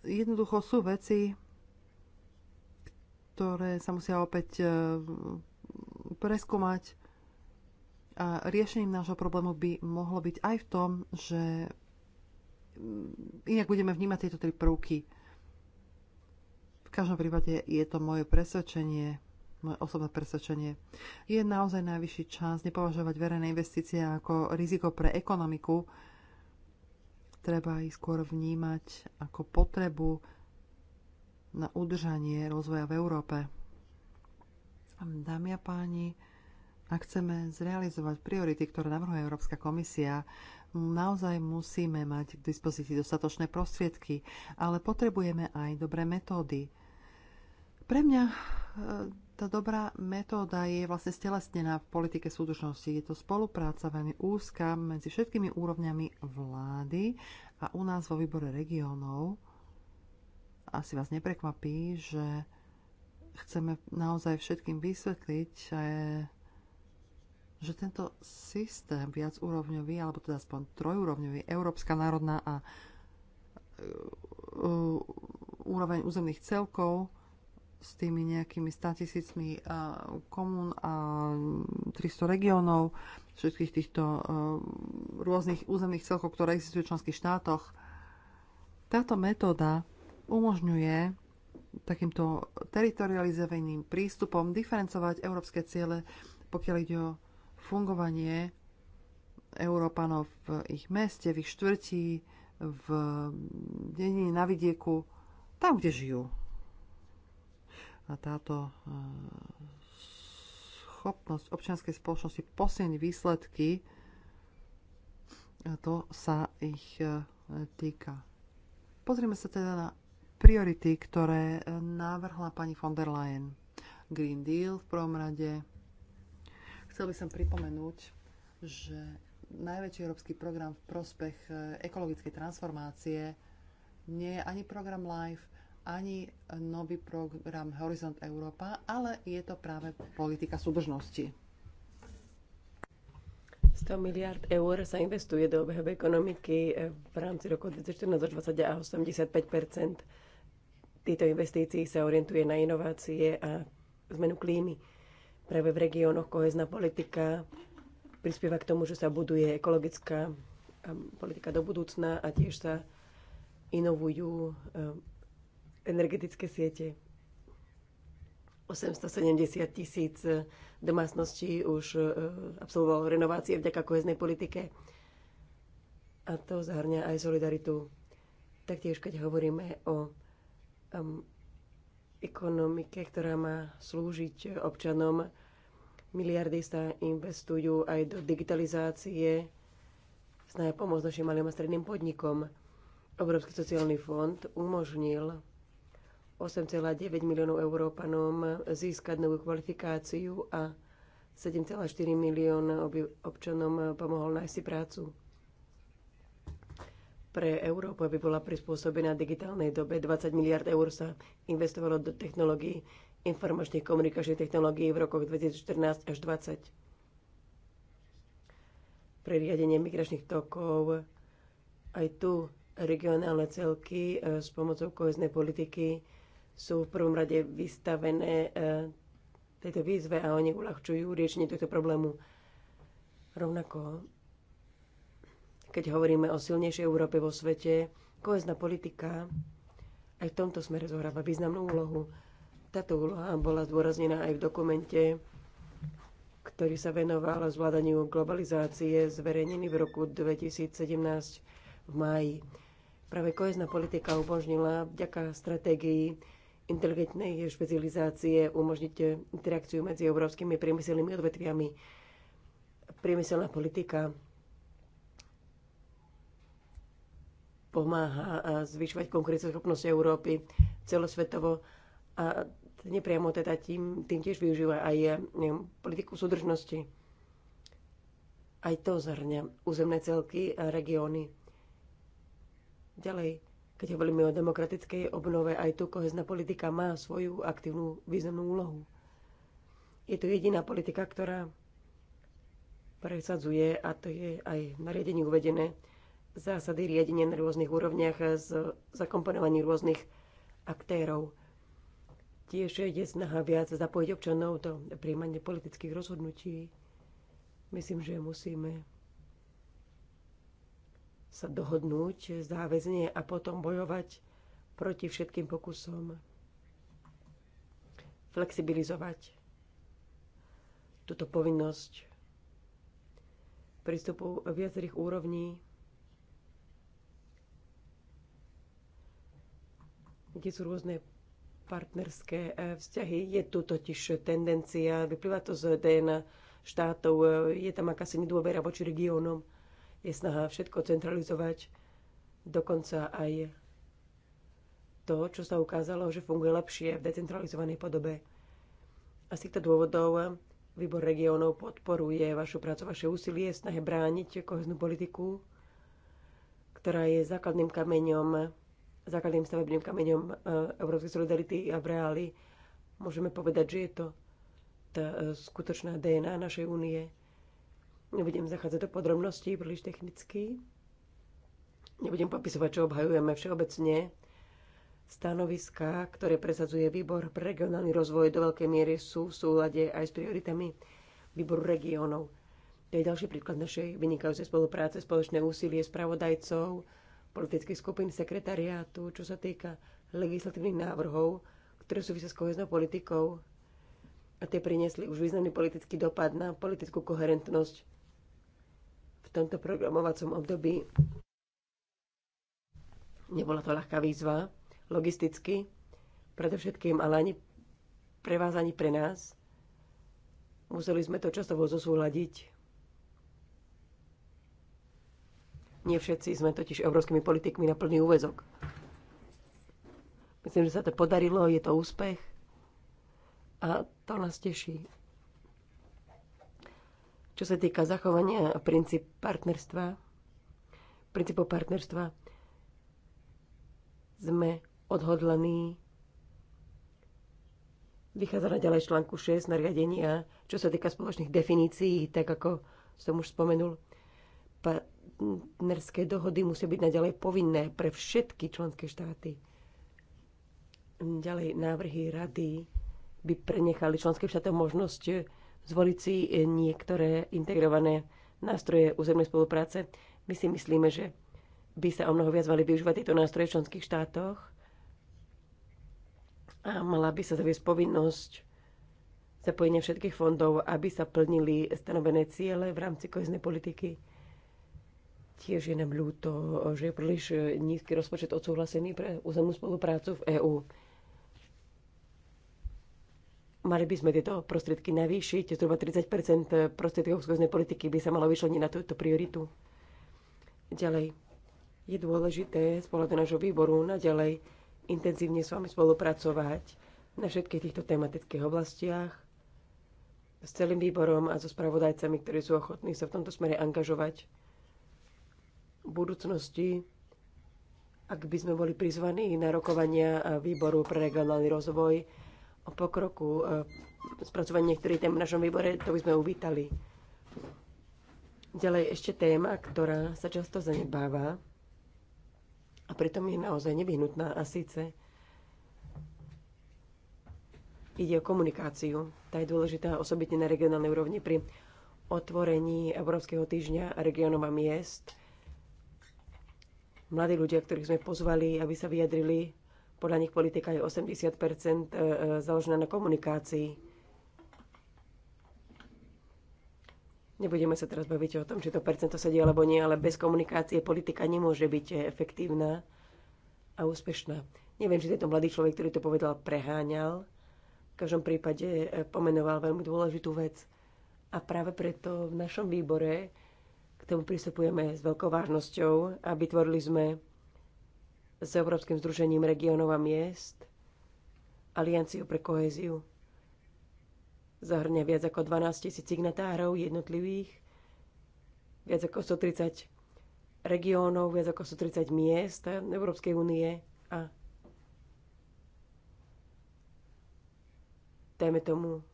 Jednoducho sú veci, ktoré sa musia opäť e, preskúmať. A riešením nášho problému by mohlo byť aj v tom, že inak budeme vnímať tieto tri prvky. V každom prípade je to moje presvedčenie, moje osobné presvedčenie. Je naozaj najvyšší čas nepovažovať verejné investície ako riziko pre ekonomiku. Treba ich skôr vnímať ako potrebu na udržanie rozvoja v Európe. Dámy a páni, ak chceme zrealizovať priority, ktoré navrhuje Európska komisia, naozaj musíme mať k dispozícii dostatočné prostriedky, ale potrebujeme aj dobré metódy. Pre mňa e, tá dobrá metóda je vlastne stelesnená v politike súdržnosti. Je to spolupráca veľmi úzka medzi všetkými úrovňami vlády a u nás vo výbore regiónov. Asi vás neprekvapí, že chceme naozaj všetkým vysvetliť, že že tento systém viacúrovňový, alebo teda aspoň trojúrovňový, Európska národná a e, e, úroveň územných celkov s tými nejakými 100 tisícmi e, komún a 300 regiónov, všetkých týchto rôznych územných celkov, ktoré existujú v členských štátoch. Táto metóda umožňuje takýmto teritorializovaným prístupom diferencovať európske ciele, pokiaľ ide o fungovanie Európanov v ich meste, v ich štvrti, v dení na vidieku, tam, kde žijú. A táto e, schopnosť občianskej spoločnosti posieť výsledky, e, to sa ich e, týka. Pozrieme sa teda na priority, ktoré navrhla pani von der Leyen. Green Deal v prvom rade, Chcel by som pripomenúť, že najväčší európsky program v prospech e, ekologickej transformácie nie je ani program LIFE, ani nový program Horizont Európa, ale je to práve politika súdržnosti. 100 miliard eur sa investuje do obehov ekonomiky e, v rámci roku 2014 a 85 týchto investícií sa orientuje na inovácie a zmenu klímy. Práve v regiónoch kohezná politika prispieva k tomu, že sa buduje ekologická um, politika do budúcna a tiež sa inovujú um, energetické siete. 870 tisíc uh, domácností už uh, absolvovalo renovácie vďaka koheznej politike a to zahrňa aj solidaritu. Taktiež, keď hovoríme o um, ekonomike, ktorá má slúžiť občanom, Miliardy sa investujú aj do digitalizácie, snaja pomôcť našim malým a stredným podnikom. Európsky sociálny fond umožnil 8,9 miliónov Európanom získať novú kvalifikáciu a 7,4 milión občanom pomohol nájsť si prácu. Pre Európu, aby bola prispôsobená digitálnej dobe, 20 miliard eur sa investovalo do technológií informačných komunikačných technológií v rokoch 2014 až 2020. Pre riadenie migračných tokov aj tu regionálne celky e, s pomocou koheznej politiky sú v prvom rade vystavené e, tejto výzve a oni uľahčujú riešenie tohto problému. Rovnako, keď hovoríme o silnejšej Európe vo svete, kohezná politika aj v tomto smere zohráva významnú úlohu táto úloha bola zdôraznená aj v dokumente, ktorý sa venoval zvládaniu globalizácie, zverejnený v roku 2017 v máji. Práve kohezná politika umožnila vďaka stratégii inteligentnej špecializácie umožniť interakciu medzi európskymi priemyselnými odvetviami. Priemyselná politika pomáha zvyšovať konkurencieschopnosť Európy celosvetovo a nepriamo teda tým, tým tiež využíva aj eh, neviem, politiku súdržnosti. Aj to zhrňa územné celky a regióny. Ďalej, keď hovoríme o demokratickej obnove, aj tu kohezná politika má svoju aktívnu významnú úlohu. Je to jediná politika, ktorá presadzuje, a to je aj v nariadení uvedené, zásady riadenia na rôznych úrovniach a zakomponovaní rôznych aktérov. Tiež je snaha viac zapojiť občanov do príjmania politických rozhodnutí. Myslím, že musíme sa dohodnúť záväzne a potom bojovať proti všetkým pokusom flexibilizovať túto povinnosť prístupu viacerých úrovní, kde sú rôzne partnerské e, vzťahy. Je tu totiž tendencia, vyplýva to z DNA štátov, e, je tam akási nedôvera voči regiónom, je snaha všetko centralizovať, dokonca aj to, čo sa ukázalo, že funguje lepšie v decentralizovanej podobe. A z týchto dôvodov Výbor regiónov podporuje vašu prácu, vaše úsilie snahe brániť koheznú politiku, ktorá je základným kameňom základným stavebným kameňom e, Európskej solidarity a v reáli môžeme povedať, že je to tá e, skutočná DNA našej únie. Nebudem zachádzať do podrobností, príliš technicky. Nebudem popisovať, čo obhajujeme všeobecne. Stanoviska, ktoré presadzuje výbor pre regionálny rozvoj, do veľkej miery sú v súlade aj s prioritami výboru regiónov. To je ďalší príklad našej vynikajúcej spolupráce, spoločné úsilie spravodajcov, politických skupín sekretariátu, čo sa týka legislatívnych návrhov, ktoré súvisia s koheznou politikou a tie priniesli už významný politický dopad na politickú koherentnosť v tomto programovacom období. Nebola to ľahká výzva logisticky, predovšetkým, ale ani pre vás, ani pre nás. Museli sme to často zosúľadiť Nie všetci sme totiž európskymi politikmi na plný úvezok. Myslím, že sa to podarilo, je to úspech a to nás teší. Čo sa týka zachovania princíp partnerstva, princípov partnerstva, sme odhodlaní na ďalej článku 6 nariadenia, čo sa týka spoločných definícií, tak ako som už spomenul, partnerské dohody musia byť naďalej povinné pre všetky členské štáty. Ďalej návrhy rady by prenechali členským štátom možnosť zvoliť si niektoré integrované nástroje územnej spolupráce. My si myslíme, že by sa o mnoho viac mali využívať tieto nástroje v členských štátoch a mala by sa zaviesť povinnosť zapojenia všetkých fondov, aby sa plnili stanovené ciele v rámci koheznej politiky Tiež je nám ľúto, že je príliš nízky rozpočet odsúhlasený pre územnú spoluprácu v EÚ. Mali by sme tieto prostriedky navýšiť, zhruba 30 prostriedkov skôznej politiky by sa malo vyšleniť na túto prioritu. Ďalej, je dôležité z pohľadu nášho výboru naďalej intenzívne s vami spolupracovať na všetkých týchto tematických oblastiach s celým výborom a so spravodajcami, ktorí sú ochotní sa v tomto smere angažovať budúcnosti, ak by sme boli prizvaní na rokovania e, výboru pre regionálny rozvoj o pokroku e, spracovania niektorých tém v našom výbore, to by sme uvítali. Ďalej ešte téma, ktorá sa často zanedbáva a pritom je naozaj nevyhnutná a síce ide o komunikáciu. Tá je dôležitá osobitne na regionálnej úrovni pri otvorení Európskeho týždňa regionov a miest – Mladí ľudia, ktorých sme pozvali, aby sa vyjadrili, podľa nich politika je 80 e, e, založená na komunikácii. Nebudeme sa teraz baviť o tom, či to percento sedí alebo nie, ale bez komunikácie politika nemôže byť efektívna a úspešná. Neviem, či tento mladý človek, ktorý to povedal, preháňal. V každom prípade e, pomenoval veľmi dôležitú vec. A práve preto v našom výbore k tomu pristupujeme s veľkou vážnosťou a vytvorili sme s Európskym združením regionov a miest Alianciu pre kohéziu. Zahrňa viac ako 12 tisíc signatárov jednotlivých, viac ako 130 regiónov, viac ako 130 miest Európskej únie a dajme tomu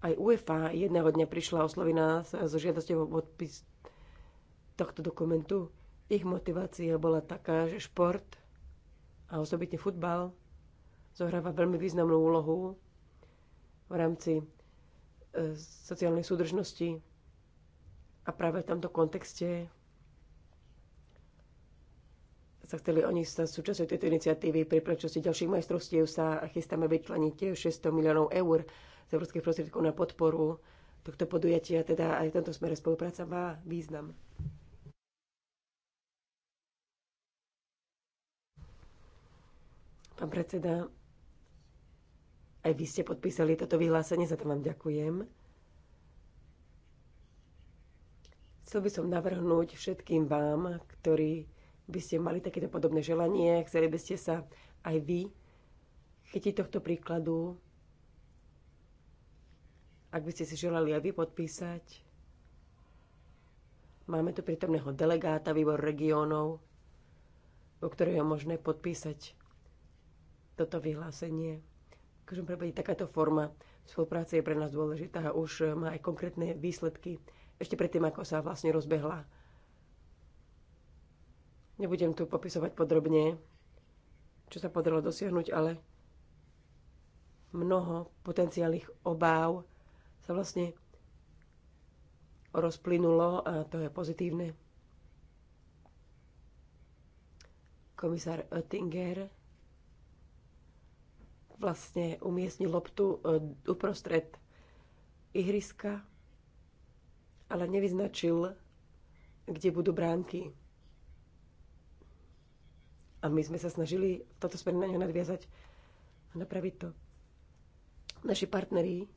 Aj UEFA jedného dňa prišla osloviť nás so žiadosťou o podpis tohto dokumentu. Ich motivácia bola taká, že šport a osobitne futbal zohráva veľmi významnú úlohu v rámci e, sociálnej súdržnosti a práve v tomto kontexte sa chceli oni sa súčasťou tejto iniciatívy pri prečnosti ďalších majstrovstiev sa chystáme vyčleniť 600 miliónov eur z európskych prostriedkov na podporu tohto podujatia. Teda aj v tomto smere spolupráca má význam. Pán predseda, aj vy ste podpísali toto vyhlásenie, za to vám ďakujem. Chcel by som navrhnúť všetkým vám, ktorí by ste mali takéto podobné želanie, chceli by ste sa aj vy chytiť tohto príkladu ak by ste si želali aj vy podpísať, máme tu prítomného delegáta výbor regiónov, o ktorého je možné podpísať toto vyhlásenie. V každom prípade takáto forma spolupráce je pre nás dôležitá a už má aj konkrétne výsledky ešte predtým, ako sa vlastne rozbehla. Nebudem tu popisovať podrobne, čo sa podarilo dosiahnuť, ale mnoho potenciálnych obáv sa vlastne rozplynulo a to je pozitívne. Komisár Oettinger vlastne umiestni loptu e, uprostred ihriska, ale nevyznačil, kde budú bránky. A my sme sa snažili v toto smer na ňo nadviazať a napraviť to. Naši partneri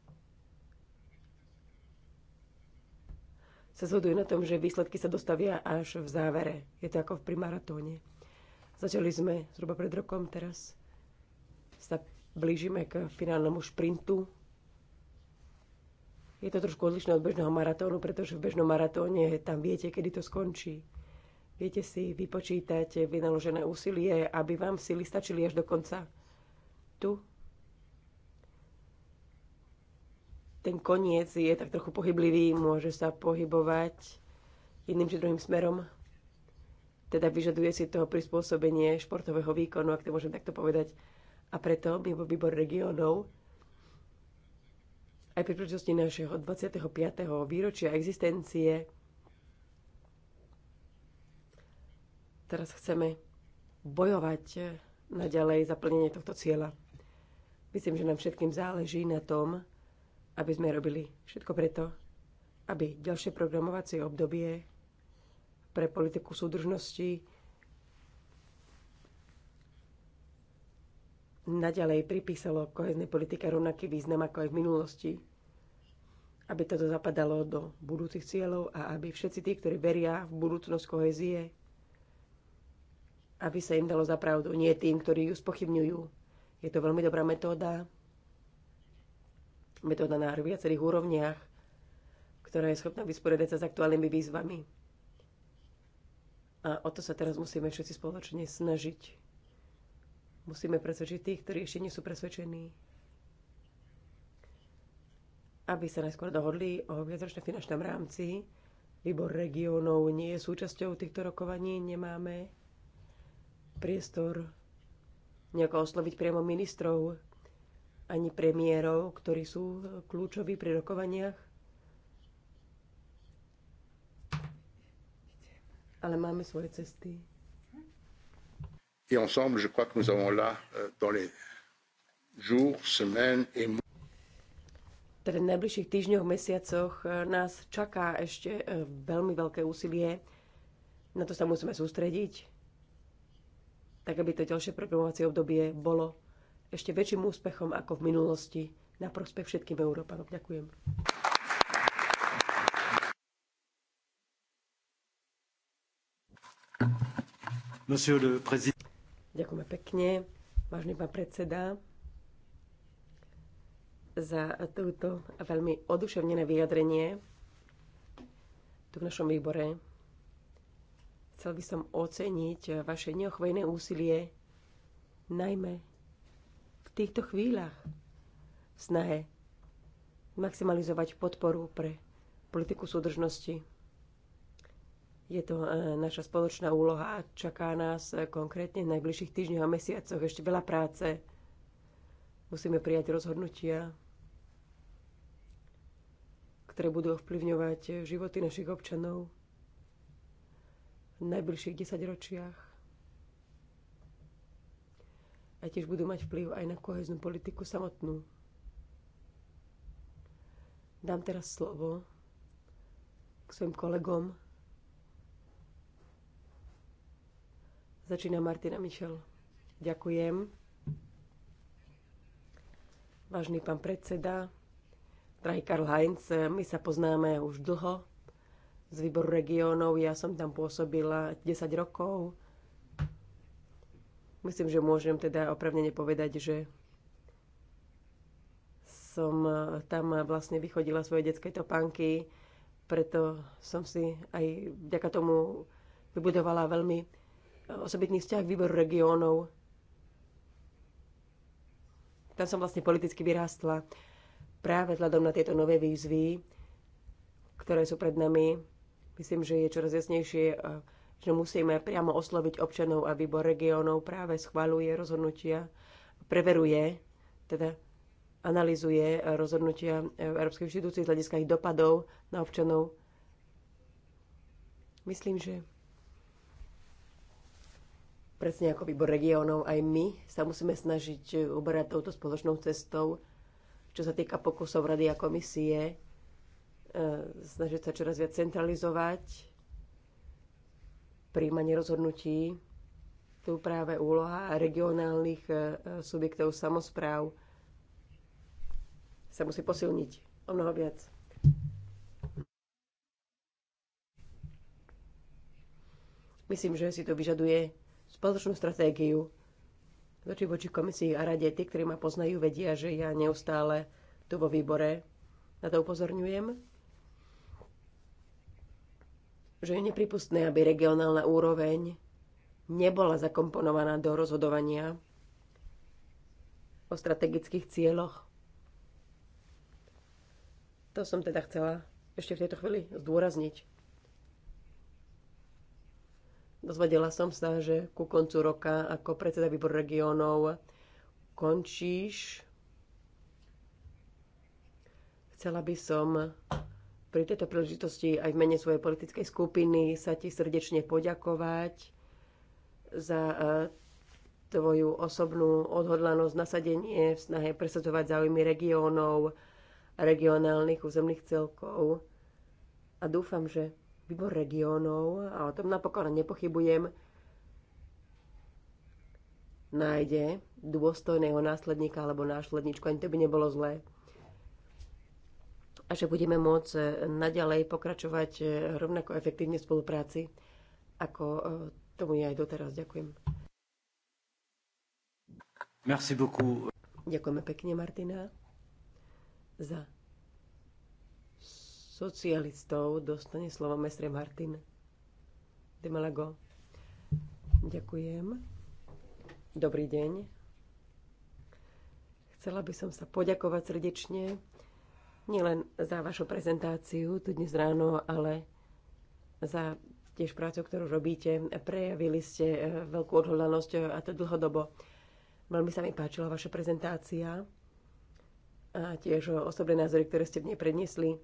sa zhoduje na tom, že výsledky sa dostavia až v závere. Je to ako pri maratóne. Začali sme zhruba pred rokom, teraz sa blížime k finálnemu šprintu. Je to trošku odlišné od bežného maratónu, pretože v bežnom maratóne tam viete, kedy to skončí. Viete si vypočítať vynaložené úsilie, aby vám sily stačili až do konca. Tu ten koniec je tak trochu pohyblivý, môže sa pohybovať jedným či druhým smerom. Teda vyžaduje si toho prispôsobenie športového výkonu, ak to môžem takto povedať. A preto by vo výbor regiónov aj pri príležitosti našeho 25. výročia existencie teraz chceme bojovať naďalej za plnenie tohto cieľa. Myslím, že nám všetkým záleží na tom, aby sme robili všetko preto, aby ďalšie programovacie obdobie pre politiku súdržnosti naďalej pripísalo koheznej politike rovnaký význam ako aj v minulosti, aby toto zapadalo do budúcich cieľov a aby všetci tí, ktorí veria v budúcnosť kohezie, aby sa im dalo zapravdu, nie tým, ktorí ju spochybňujú. Je to veľmi dobrá metóda, metóda na viacerých úrovniach, ktorá je schopná vysporiadať sa s aktuálnymi výzvami. A o to sa teraz musíme všetci spoločne snažiť. Musíme presvedčiť tých, ktorí ešte nie sú presvedčení, aby sa najskôr dohodli o viacročnom finančnom rámci. Výbor regiónov nie je súčasťou týchto rokovaní, nemáme priestor nejako osloviť priamo ministrov ani premiérov, ktorí sú kľúčoví pri rokovaniach. Ale máme svoje cesty. Et ensemble, je crois que nous avons là, euh, dans les jours, semaines et mois, teda v najbližších týždňoch, mesiacoch eh, nás čaká ešte eh, veľmi veľké úsilie. Na to sa musíme sústrediť, tak aby to ďalšie programovacie obdobie bolo ešte väčším úspechom ako v minulosti na prospech všetkým Európanom. Ďakujem. Ďakujem pekne, vážny pán predseda, za túto veľmi oduševnené vyjadrenie tu v našom výbore. Chcel by som oceniť vaše neochvejné úsilie, najmä týchto chvíľach v snahe maximalizovať podporu pre politiku súdržnosti. Je to e, naša spoločná úloha a čaká nás e, konkrétne v najbližších týždňoch a mesiacoch ešte veľa práce. Musíme prijať rozhodnutia, ktoré budú ovplyvňovať životy našich občanov v najbližších desaťročiach a tiež budú mať vplyv aj na koheznú politiku samotnú. Dám teraz slovo k svojim kolegom. Začína Martina Mišel. Ďakujem. Vážny pán predseda, drahý Karl Heinz, my sa poznáme už dlho z výboru regiónov. Ja som tam pôsobila 10 rokov Myslím, že môžem teda opravnene povedať, že som e, tam vlastne vychodila svoje detské topánky, preto som si aj vďaka tomu vybudovala veľmi e, osobitný vzťah výboru regiónov. Tam som vlastne politicky vyrástla práve vzhľadom na tieto nové výzvy, ktoré sú pred nami. Myslím, že je čoraz jasnejšie, e, že musíme priamo osloviť občanov a výbor regiónov práve schvaluje rozhodnutia, preveruje, teda analizuje rozhodnutia Európskej inštitúcií z hľadiska ich dopadov na občanov. Myslím, že presne ako výbor regiónov, aj my sa musíme snažiť uberať touto spoločnou cestou, čo sa týka pokusov Rady a komisie, e, snažiť sa čoraz viac centralizovať príjmaní rozhodnutí. Tu práve úloha regionálnych e, subjektov samozpráv sa musí posilniť o mnoho viac. Myslím, že si to vyžaduje spoločnú stratégiu voči voči komisii a rade. Tí, ktorí ma poznajú, vedia, že ja neustále tu vo výbore na to upozorňujem že je nepripustné, aby regionálna úroveň nebola zakomponovaná do rozhodovania o strategických cieľoch. To som teda chcela ešte v tejto chvíli zdôrazniť. Dozvedela som sa, že ku koncu roka ako predseda výboru regionov končíš. Chcela by som pri tejto príležitosti aj v mene svojej politickej skupiny sa ti srdečne poďakovať za e, tvoju osobnú odhodlanosť, nasadenie v snahe presadzovať záujmy regiónov, regionálnych územných celkov. A dúfam, že výbor regiónov, a o tom napokon nepochybujem, nájde dôstojného následníka alebo následničku. Ani to by nebolo zlé a že budeme môcť e, naďalej pokračovať e, rovnako efektívne spolupráci, ako e, tomu ja aj doteraz. Ďakujem. Merci beaucoup. Ďakujeme pekne, Martina, za socialistov dostane slovo mestre Martin de Malago. Ďakujem. Dobrý deň. Chcela by som sa poďakovať srdečne nielen za vašu prezentáciu tu dnes ráno, ale za tiež prácu, ktorú robíte. Prejavili ste e, veľkú odhodlanosť e, a to dlhodobo. Veľmi sa mi páčila vaša prezentácia a tiež osobné názory, ktoré ste v nej predniesli.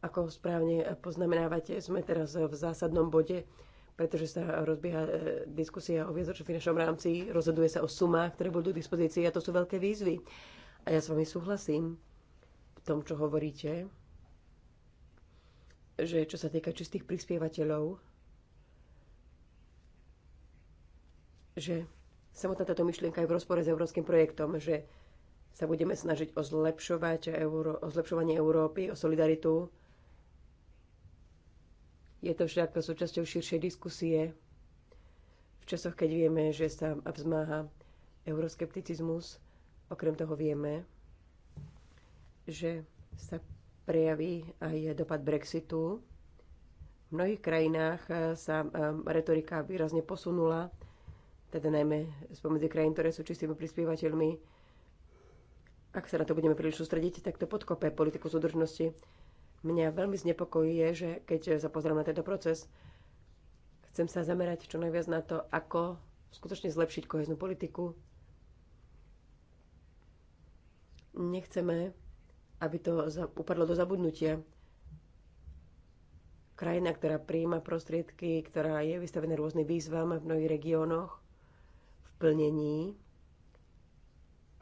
Ako správne poznamenávate, sme teraz v zásadnom bode, pretože sa rozbieha e, diskusia o viacročnom finančnom rámci, rozhoduje sa o sumách, ktoré budú k dispozícii a to sú veľké výzvy. A ja s vami súhlasím v tom, čo hovoríte, že čo sa týka čistých prispievateľov, že samotná táto myšlienka je v rozpore s európskym projektom, že sa budeme snažiť o, zlepšovať o zlepšovanie Európy, o solidaritu. Je to však súčasťou širšej diskusie v časoch, keď vieme, že sa vzmáha euroskepticizmus Okrem toho vieme, že sa prejaví aj dopad Brexitu. V mnohých krajinách eh, sa eh, retorika výrazne posunula, teda najmä spomedzi krajín, ktoré sú čistými prispievateľmi. Ak sa na to budeme príliš sústrediť, tak to podkope politiku súdržnosti. Mňa veľmi znepokojuje, že keď sa pozriem na tento proces, chcem sa zamerať čo najviac na to, ako skutočne zlepšiť koheznú politiku, Nechceme, aby to upadlo do zabudnutia. Krajina, ktorá prijíma prostriedky, ktorá je vystavená rôznym výzvam v mnohých regiónoch, v plnení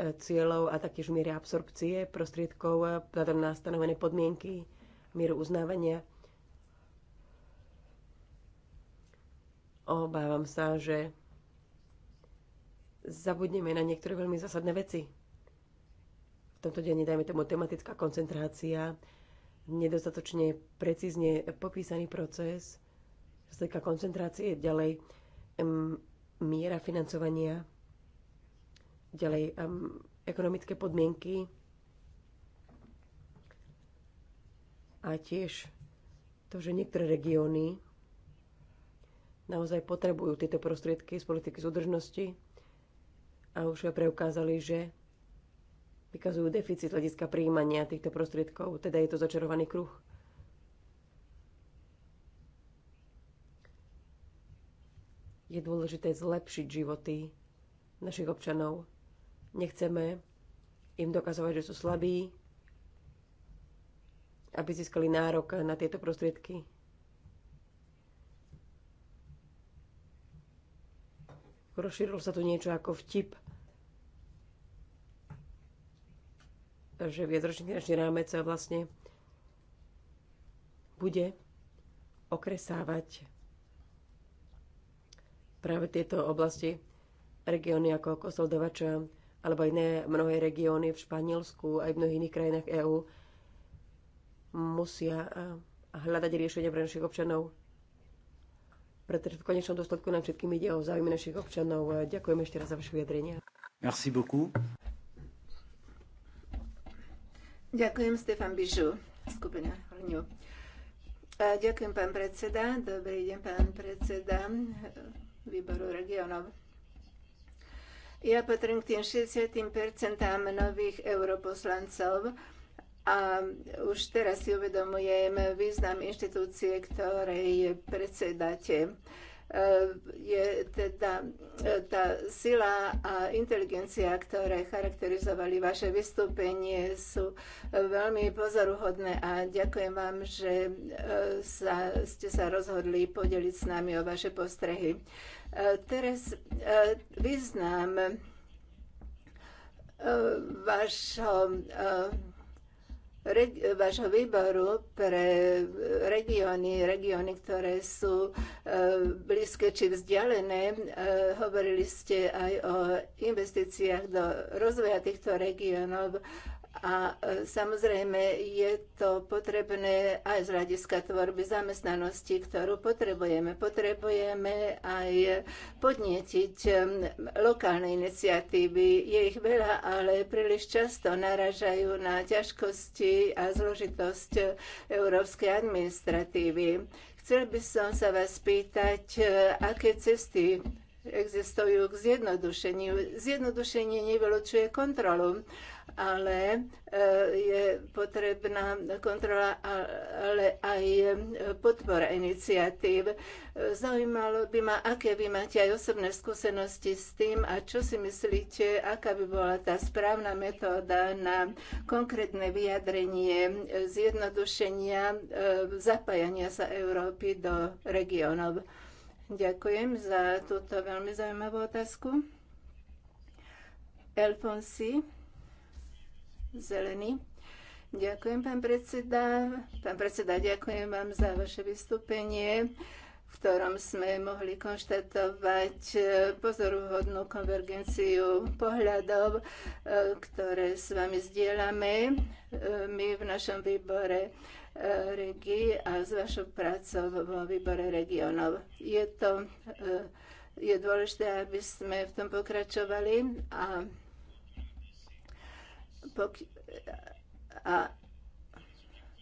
e, cieľov a taktiež miery absorpcie prostriedkov e, vzhľadom na stanovené podmienky, mieru uznávania. Obávam sa, že zabudneme na niektoré veľmi zásadné veci tomto dení, dajme tomu tematická koncentrácia, nedostatočne precízne popísaný proces, čo týka koncentrácie, ďalej miera financovania, ďalej um, ekonomické podmienky a tiež to, že niektoré regióny naozaj potrebujú tieto prostriedky z politiky súdržnosti a už preukázali, že vykazujú deficit hľadiska príjmania týchto prostriedkov, teda je to začarovaný kruh. Je dôležité zlepšiť životy našich občanov. Nechceme im dokazovať, že sú slabí, aby získali nárok na tieto prostriedky. Rozšírilo sa tu niečo ako vtip – že viedročný finančný rámec vlastne bude okresávať práve tieto oblasti, regióny ako Kosoldovača, Dovača, alebo iné mnohé regióny v Španielsku aj v mnohých iných krajinách EÚ musia hľadať riešenia pre našich občanov. Pretože v konečnom dôsledku nám všetkým ide o záujmy našich občanov. Ďakujem ešte raz za vaše vyjadrenia. Merci beaucoup. Ďakujem, Stefan Bižu, skupina Hrňu. Ďakujem, pán predseda. Dobrý deň, pán predseda výboru regionov. Ja patrím k tým 60% nových europoslancov a už teraz si uvedomujem význam inštitúcie, ktorej predsedáte. Eh, je teda eh, tá sila a inteligencia, ktoré charakterizovali vaše vystúpenie, sú eh, veľmi pozoruhodné a ďakujem vám, že sa, ste sa rozhodli podeliť s nami o vaše postrehy. Teraz význam vášho regi- vášho výboru pre regióny, regióny, ktoré sú e, blízke či vzdialené. E, hovorili ste aj o investíciách do rozvoja týchto regiónov a e, samozrejme je to potrebné aj z hľadiska tvorby zamestnanosti, ktorú potrebujeme. Potrebujeme aj podnietiť e, lokálne iniciatívy. Je ich veľa, ale príliš často naražajú na ťažkosti a zložitosť európskej administratívy. Chcel by som sa vás pýtať, e, aké cesty existujú k zjednodušeniu. Zjednodušenie nevylučuje kontrolu ale e, je potrebná kontrola, ale aj podpora iniciatív. Zaujímalo by ma, aké vy máte aj osobné skúsenosti s tým a čo si myslíte, aká by bola tá správna metóda na konkrétne vyjadrenie zjednodušenia e, zapájania sa Európy do regiónov. Ďakujem za túto veľmi zaujímavú otázku. Elfonsi. Zelený. Ďakujem, pán predseda. Pán predseda, ďakujem vám za vaše vystúpenie v ktorom sme mohli konštatovať eh, pozoruhodnú konvergenciu pohľadov, eh, ktoré s vami zdieľame. Eh, my v našom výbore regi a s vašou prácou vo výbore regionov. Je to je dôležité, aby sme v tom pokračovali a pok- a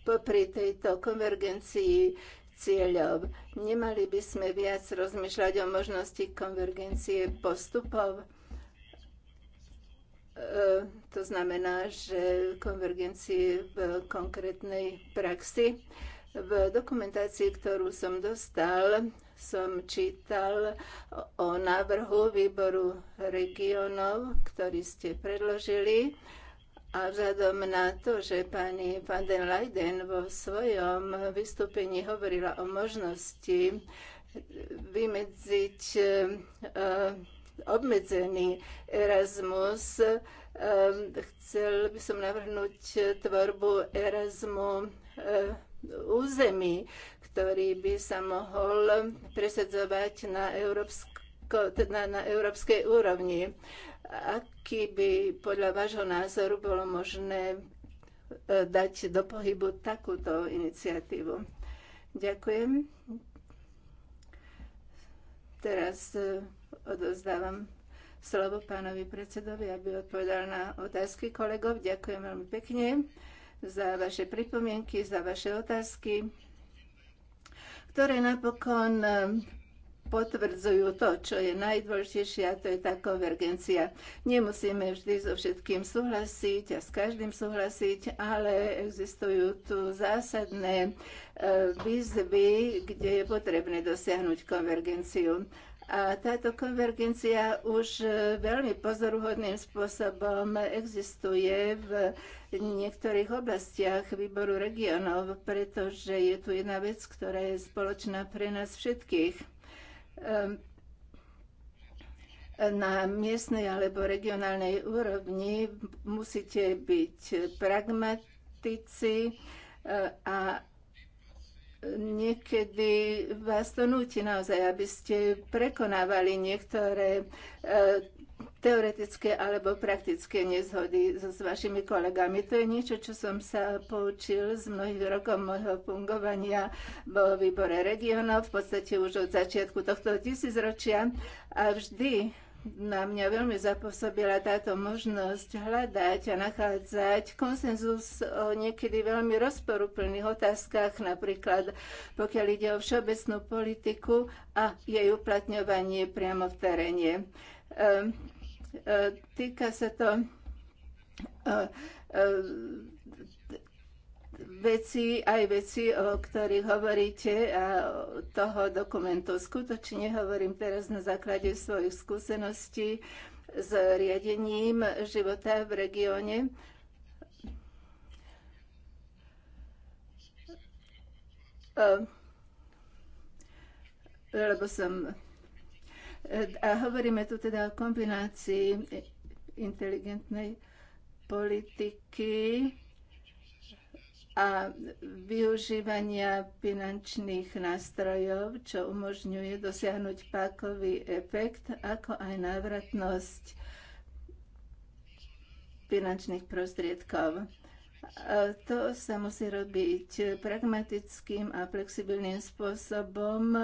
popri tejto konvergencii cieľov. Nemali by sme viac rozmýšľať o možnosti konvergencie postupov. E, to znamená, že konvergencie v konkrétnej praxi. V dokumentácii, ktorú som dostal, som čítal o návrhu výboru regionov, ktorý ste predložili. E, a vzhľadom na to, že pani van den Leiden vo svojom vystúpení hovorila o možnosti vymedziť eh, obmedzený Erasmus, eh, chcel by som navrhnúť tvorbu Erasmu eh, území, ktorý by sa mohol presadzovať na, európsko, na, na európskej úrovni. Ak by podľa vášho názoru bolo možné e, dať do pohybu takúto iniciatívu. Ďakujem. Teraz e, odozdávam slovo pánovi predsedovi, aby odpovedal na otázky kolegov. Ďakujem veľmi pekne za vaše pripomienky, za vaše otázky, ktoré napokon e, potvrdzujú to, čo je najdôležitejšie a to je tá konvergencia. Nemusíme vždy so všetkým súhlasiť a s každým súhlasiť, ale existujú tu zásadné e, výzvy, kde je potrebné dosiahnuť konvergenciu. A táto konvergencia už e, veľmi pozoruhodným spôsobom existuje v niektorých oblastiach výboru regionov, pretože je tu jedna vec, ktorá je spoločná pre nás všetkých na miestnej alebo regionálnej úrovni musíte byť pragmatici e, a niekedy vás to núti naozaj, aby ste prekonávali niektoré e, teoretické alebo praktické nezhody so, s vašimi kolegami. To je niečo, čo som sa poučil z mnohých rokov môjho fungovania vo výbore regionov, v podstate už od začiatku tohto tisícročia a vždy na mňa veľmi zapôsobila táto možnosť hľadať a nachádzať konsenzus o niekedy veľmi rozporúplných otázkach, napríklad pokiaľ ide o všeobecnú politiku a jej uplatňovanie priamo v teréne. Um, E, týka sa to e, e, veci, aj veci, o ktorých hovoríte a toho dokumentu. Skutočne hovorím teraz na základe svojich skúseností s riadením života v regióne. Lebo som a hovoríme tu teda o kombinácii inteligentnej politiky a využívania finančných nástrojov, čo umožňuje dosiahnuť pákový efekt, ako aj návratnosť finančných prostriedkov. To sa musí robiť pragmatickým a flexibilným spôsobom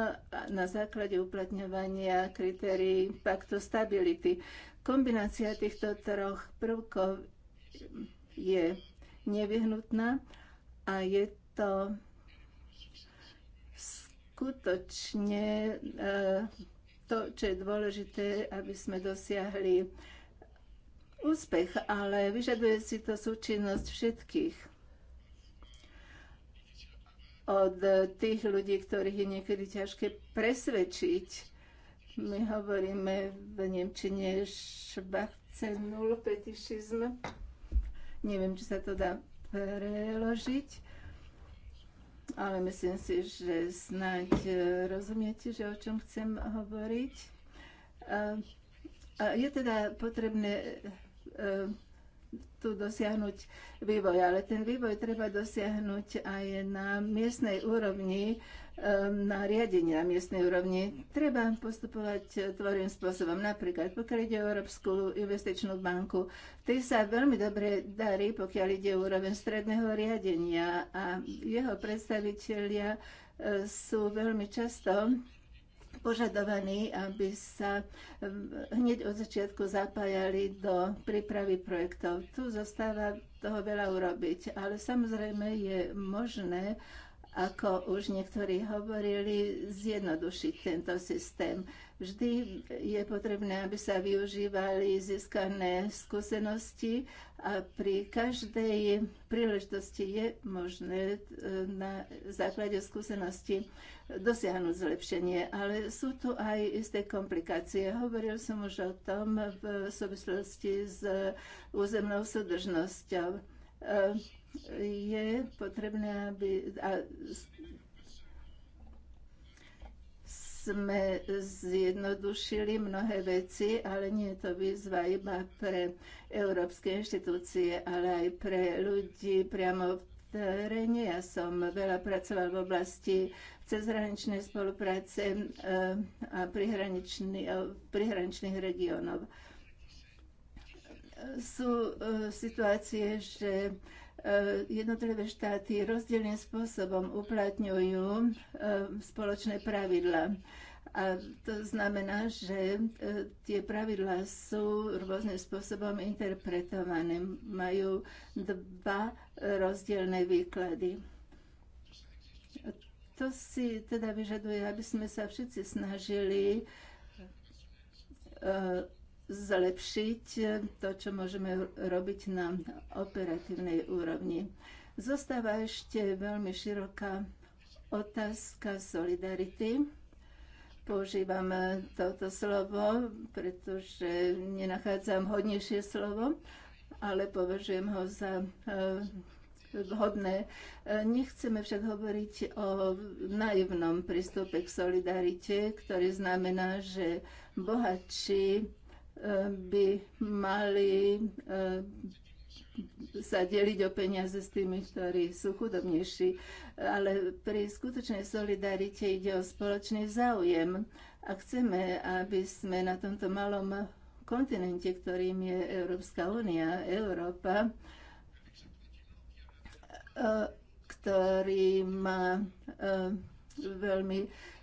na základe uplatňovania kritérií paktu stability. Kombinácia týchto troch prvkov je nevyhnutná a je to skutočne eh, to, čo je dôležité, aby sme dosiahli úspech, ale vyžaduje si to súčinnosť všetkých. Od tých ľudí, ktorých je niekedy ťažké presvedčiť. My hovoríme v Nemčine šbachcenul fetišizm. Neviem, či sa to dá preložiť ale myslím si, že snáď rozumiete, že o čom chcem hovoriť. Je teda potrebné E, tu dosiahnuť vývoj, ale ten vývoj treba dosiahnuť aj na miestnej úrovni, e, na riadení na miestnej úrovni. Treba postupovať tvorým spôsobom. Napríklad, pokiaľ ide o Európsku investičnú banku, tej sa veľmi dobre darí, pokiaľ ide o úroveň stredného riadenia a jeho predstavitelia e, sú veľmi často požadovaní, aby sa hneď od začiatku zapájali do prípravy projektov. Tu zostáva toho veľa urobiť, ale samozrejme je možné ako už niektorí hovorili, zjednodušiť tento systém. Vždy je potrebné, aby sa využívali získané skúsenosti a pri každej príležitosti je možné e, na základe skúsenosti dosiahnuť zlepšenie. Ale sú tu aj isté komplikácie. Hovoril som už o tom v súvislosti s územnou súdržnosťou e, je potrebné, aby a, sme zjednodušili mnohé veci, ale nie je to výzva iba pre európske inštitúcie, ale aj pre ľudí priamo v teréne. Ja som veľa pracoval v oblasti cezhraničnej spolupráce eh, a eh, prihraničných regiónov. Sú eh, situácie, že E, jednotlivé štáty rozdielným spôsobom uplatňujú e, spoločné pravidla. A to znamená, že e, tie pravidla sú rôznym spôsobom interpretované. Majú dva rozdielne výklady. To si teda vyžaduje, aby sme sa všetci snažili zlepšiť to, čo môžeme robiť na operatívnej úrovni. Zostáva ešte veľmi široká otázka solidarity. Používam toto slovo, pretože nenachádzam hodnejšie slovo, ale považujem ho za eh, vhodné. Nechceme však hovoriť o naivnom prístupe k solidarite, ktorý znamená, že bohatší by mali eh, sa deliť o peniaze s tými, ktorí sú chudobnejší. Ale pri skutočnej solidarite ide o spoločný záujem. A chceme, aby sme na tomto malom kontinente, ktorým je Európska únia, Európa, eh, ktorý má eh, veľmi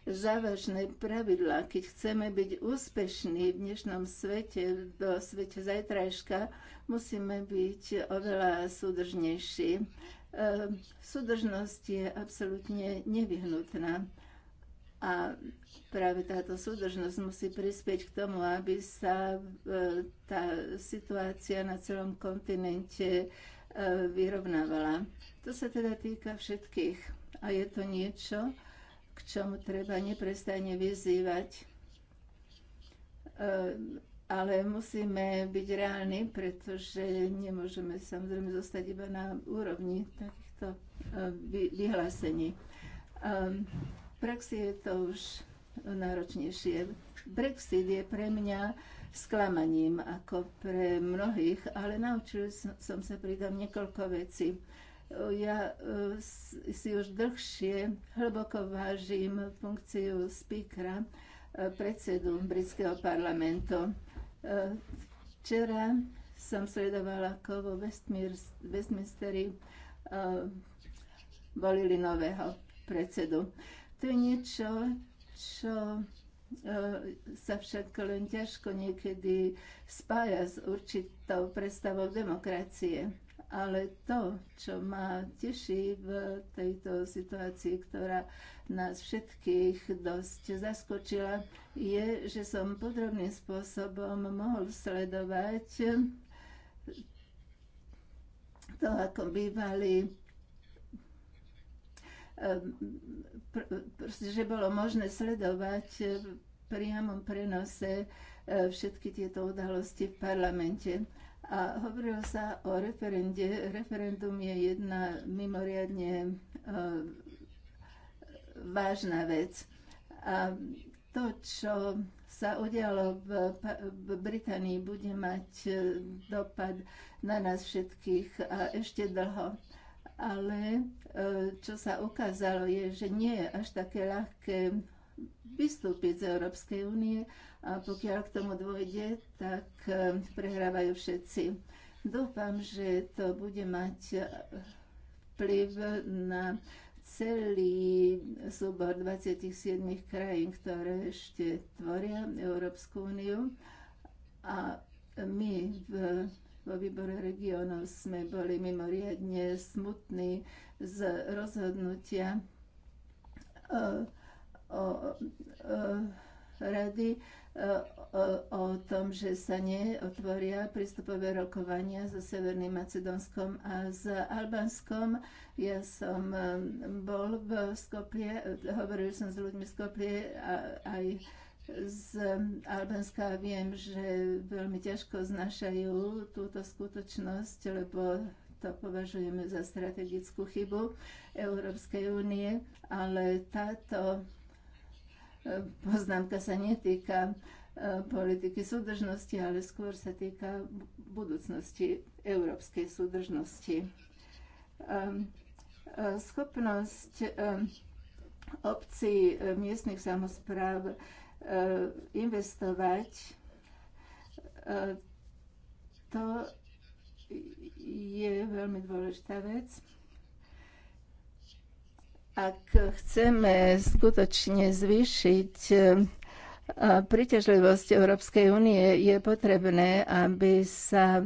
závažné pravidlá. Keď chceme byť úspešní v dnešnom svete, v svete zajtrajška, musíme byť oveľa súdržnejší. E, súdržnosť je absolútne nevyhnutná. A práve táto súdržnosť musí prispieť k tomu, aby sa e, tá situácia na celom kontinente e, vyrovnávala. To sa teda týka všetkých. A je to niečo, k čomu treba neprestajne vyzývať. E, ale musíme byť reálni, pretože nemôžeme samozrejme zostať iba na úrovni takýchto e, vyhlásení. V e, praxi je to už náročnejšie. Brexit je pre mňa sklamaním, ako pre mnohých, ale naučil som sa pritom niekoľko vecí. Ja e, si už dlhšie hlboko vážim funkciu speakera, e, predsedu britského parlamentu. E, včera som sledovala, ako vo Westminsteri volili nového predsedu. To je niečo, čo sa však len ťažko niekedy spája s určitou predstavou demokracie ale to, čo ma teší v tejto situácii, ktorá nás všetkých dosť zaskočila, je, že som podrobným spôsobom mohol sledovať to, ako bývali ehm, že bolo možné sledovať v priamom prenose ehm, všetky tieto udalosti v parlamente. A hovorilo sa o referende. Referendum je jedna mimoriadne e, vážna vec. A to, čo sa udialo v, v Británii, bude mať e, dopad na nás všetkých a ešte dlho. Ale e, čo sa ukázalo, je, že nie je až také ľahké vystúpiť z Európskej únie a pokiaľ k tomu dôjde, tak eh, prehrávajú všetci. Dúfam, že to bude mať eh, vplyv na celý súbor 27 krajín, ktoré ešte tvoria Európsku úniu. A my v, vo výbore regionov sme boli mimoriadne smutní z rozhodnutia uh, o, e, rady e, o tom, že sa neotvoria prístupové rokovania so Severným Macedónskom a s Albánskom. Ja som e, bol v Skopie, hovoril som s ľuďmi v Skopie a aj z Albánska viem, že veľmi ťažko znašajú túto skutočnosť, lebo to považujeme za strategickú chybu Európskej únie, ale táto E, poznámka sa netýka e, politiky súdržnosti, ale skôr sa týka budúcnosti európskej súdržnosti. E, schopnosť obcí miestnych samozpráv investovať, to je veľmi dôležitá vec. Ak chceme skutočne zvýšiť e, príťažlivosť Európskej únie, je potrebné, aby sa e,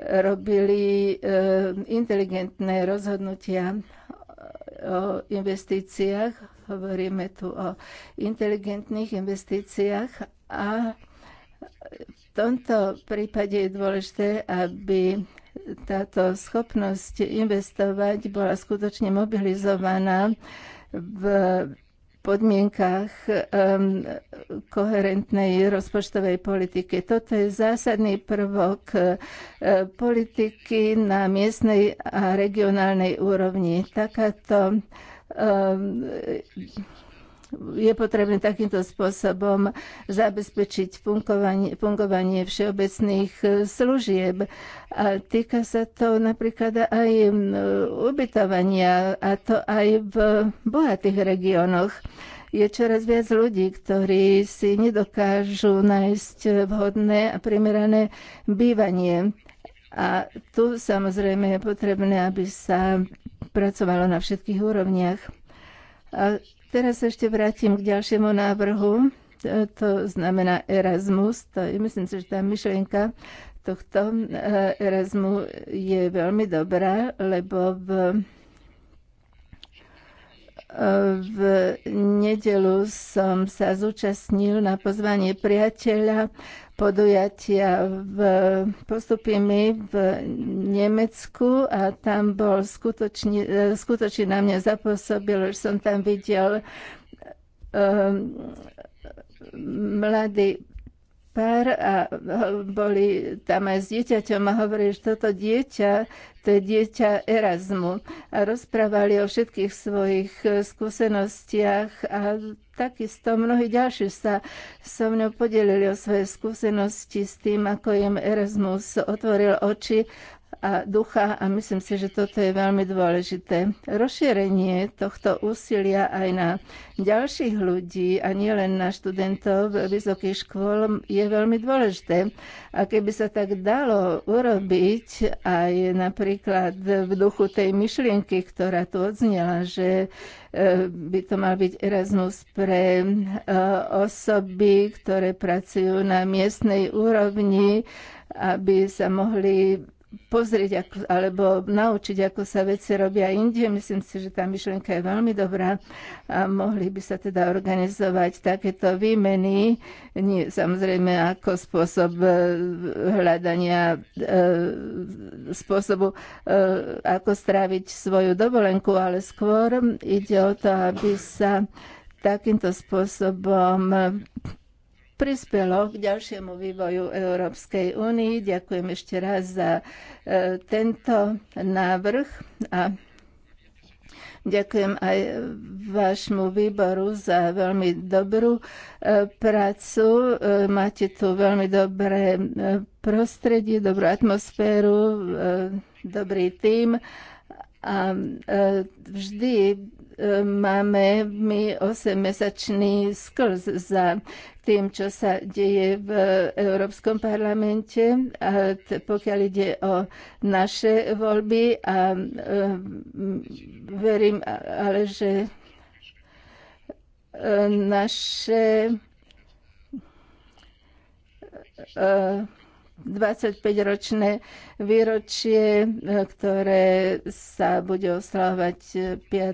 robili e, inteligentné rozhodnutia o investíciách. Hovoríme tu o inteligentných investíciách a v tomto prípade je dôležité, aby táto schopnosť investovať bola skutočne mobilizovaná v podmienkach um, koherentnej rozpočtovej politiky. Toto je zásadný prvok uh, politiky na miestnej a regionálnej úrovni. Takáto um, je potrebné takýmto spôsobom zabezpečiť fungovanie, fungovanie všeobecných e, služieb. A týka sa to napríklad aj e, ubytovania, a to aj v bohatých regiónoch. Je čoraz viac ľudí, ktorí si nedokážu nájsť vhodné a primerané bývanie. A tu samozrejme je potrebné, aby sa pracovalo na všetkých úrovniach. A Teraz ešte vrátim k ďalšiemu návrhu. E, to znamená Erasmus. To je, myslím si, že tá myšlienka tohto e, Erasmu je veľmi dobrá, lebo v e, v nedelu som sa zúčastnil na pozvanie priateľa podujatia v postupimi v Nemecku a tam bol skutočne, skutočne na mňa zapôsobil, že som tam videl um, mladý pár a boli tam aj s dieťaťom a hovorili, že toto dieťa, to je dieťa Erasmu. A rozprávali o všetkých svojich e, skúsenostiach a takisto mnohí ďalší sa so mnou podelili o svoje skúsenosti s tým, ako im Erasmus otvoril oči a ducha a myslím si, že toto je veľmi dôležité. Rozšírenie tohto úsilia aj na ďalších ľudí a nielen na študentov vysokých škôl je veľmi dôležité. A keby sa tak dalo urobiť aj napríklad v duchu tej myšlienky, ktorá tu odznela, že e, by to mal byť Erasmus pre e, osoby, ktoré pracujú na miestnej úrovni, aby sa mohli pozrieť ako, alebo naučiť, ako sa veci robia inde. Myslím si, že tá myšlienka je veľmi dobrá a mohli by sa teda organizovať takéto výmeny, nie, samozrejme ako spôsob e, hľadania e, spôsobu, e, ako stráviť svoju dovolenku, ale skôr ide o to, aby sa takýmto spôsobom prispelo k ďalšiemu vývoju Európskej únii. Ďakujem ešte raz za e, tento návrh a Ďakujem aj vášmu výboru za veľmi dobrú e, prácu. E, máte tu veľmi dobré prostredie, dobrú atmosféru, dobrý tým. a vždy máme my 8-mesačný skrz za tým, čo sa deje v Európskom parlamente, a pokiaľ ide o naše voľby a e, verím ale, že e, naše e, 25-ročné výročie, e, ktoré sa bude oslavovať 5 e, e,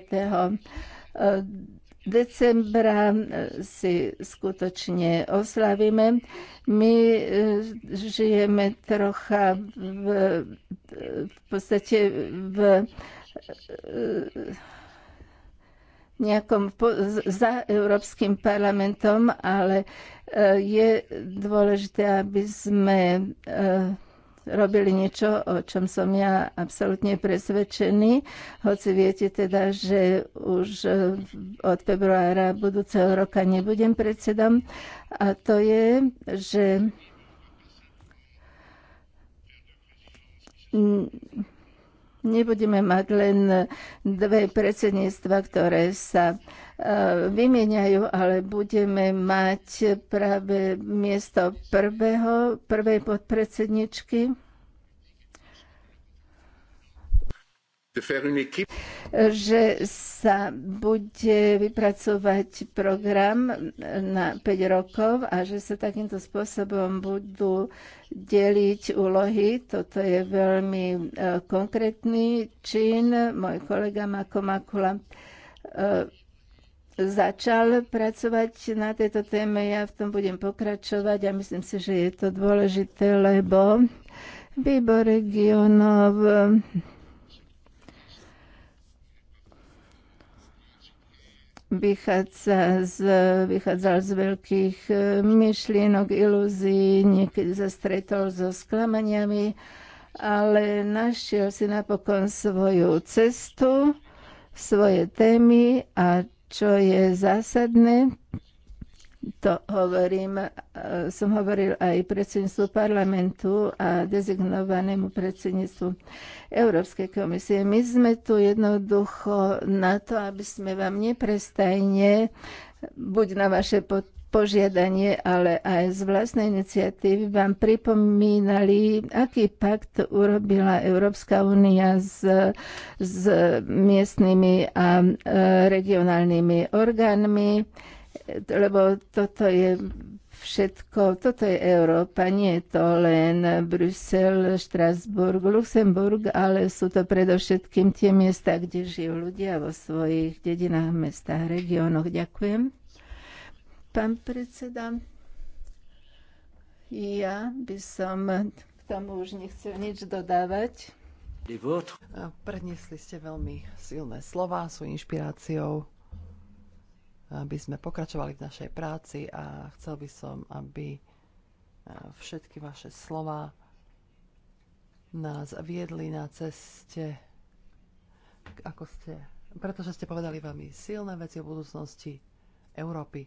decembra si skutočne oslavíme. My žijeme trocha v, v podstate v nejakom za Európskym parlamentom, ale e, je dôležité, aby sme e, robili niečo, o čom som ja absolútne presvedčený, hoci viete teda, že už e, od februára budúceho roka nebudem predsedom, a to je, že nebudeme mať len dve predsedníctva, ktoré sa e, vymieňajú, ale budeme mať práve miesto prvého, prvej podpredsedničky že sa bude vypracovať program na 5 rokov a že sa takýmto spôsobom budú deliť úlohy. Toto je veľmi e, konkrétny čin. Môj kolega Mako Makula e, začal pracovať na tejto téme. Ja v tom budem pokračovať a myslím si, že je to dôležité, lebo výbor regionov vychádza z, vychádzal z veľkých e, myšlienok, ilúzií, niekedy sa stretol so sklamaniami, ale našiel si napokon svoju cestu, svoje témy a čo je zásadné to hovorím, e, som hovoril aj predsedníctvu parlamentu a dezignovanému predsedníctvu Európskej komisie. My sme tu jednoducho na to, aby sme vám neprestajne buď na vaše požiadanie, ale aj z vlastnej iniciatívy vám pripomínali, aký pakt urobila Európska únia s, s miestnymi a e, regionálnymi orgánmi lebo toto je všetko, toto je Európa, nie je to len Brusel, Štrasburg, Luxemburg, ale sú to predovšetkým tie miesta, kde žijú ľudia vo svojich dedinách, mestách, regiónoch. Ďakujem. Pán predseda, ja by som k tomu už nechcel nič dodávať. Predniesli ste veľmi silné slova, sú inšpiráciou aby sme pokračovali v našej práci a chcel by som, aby e, všetky vaše slova nás viedli na ceste, ako ste, pretože ste povedali veľmi silné veci o budúcnosti Európy.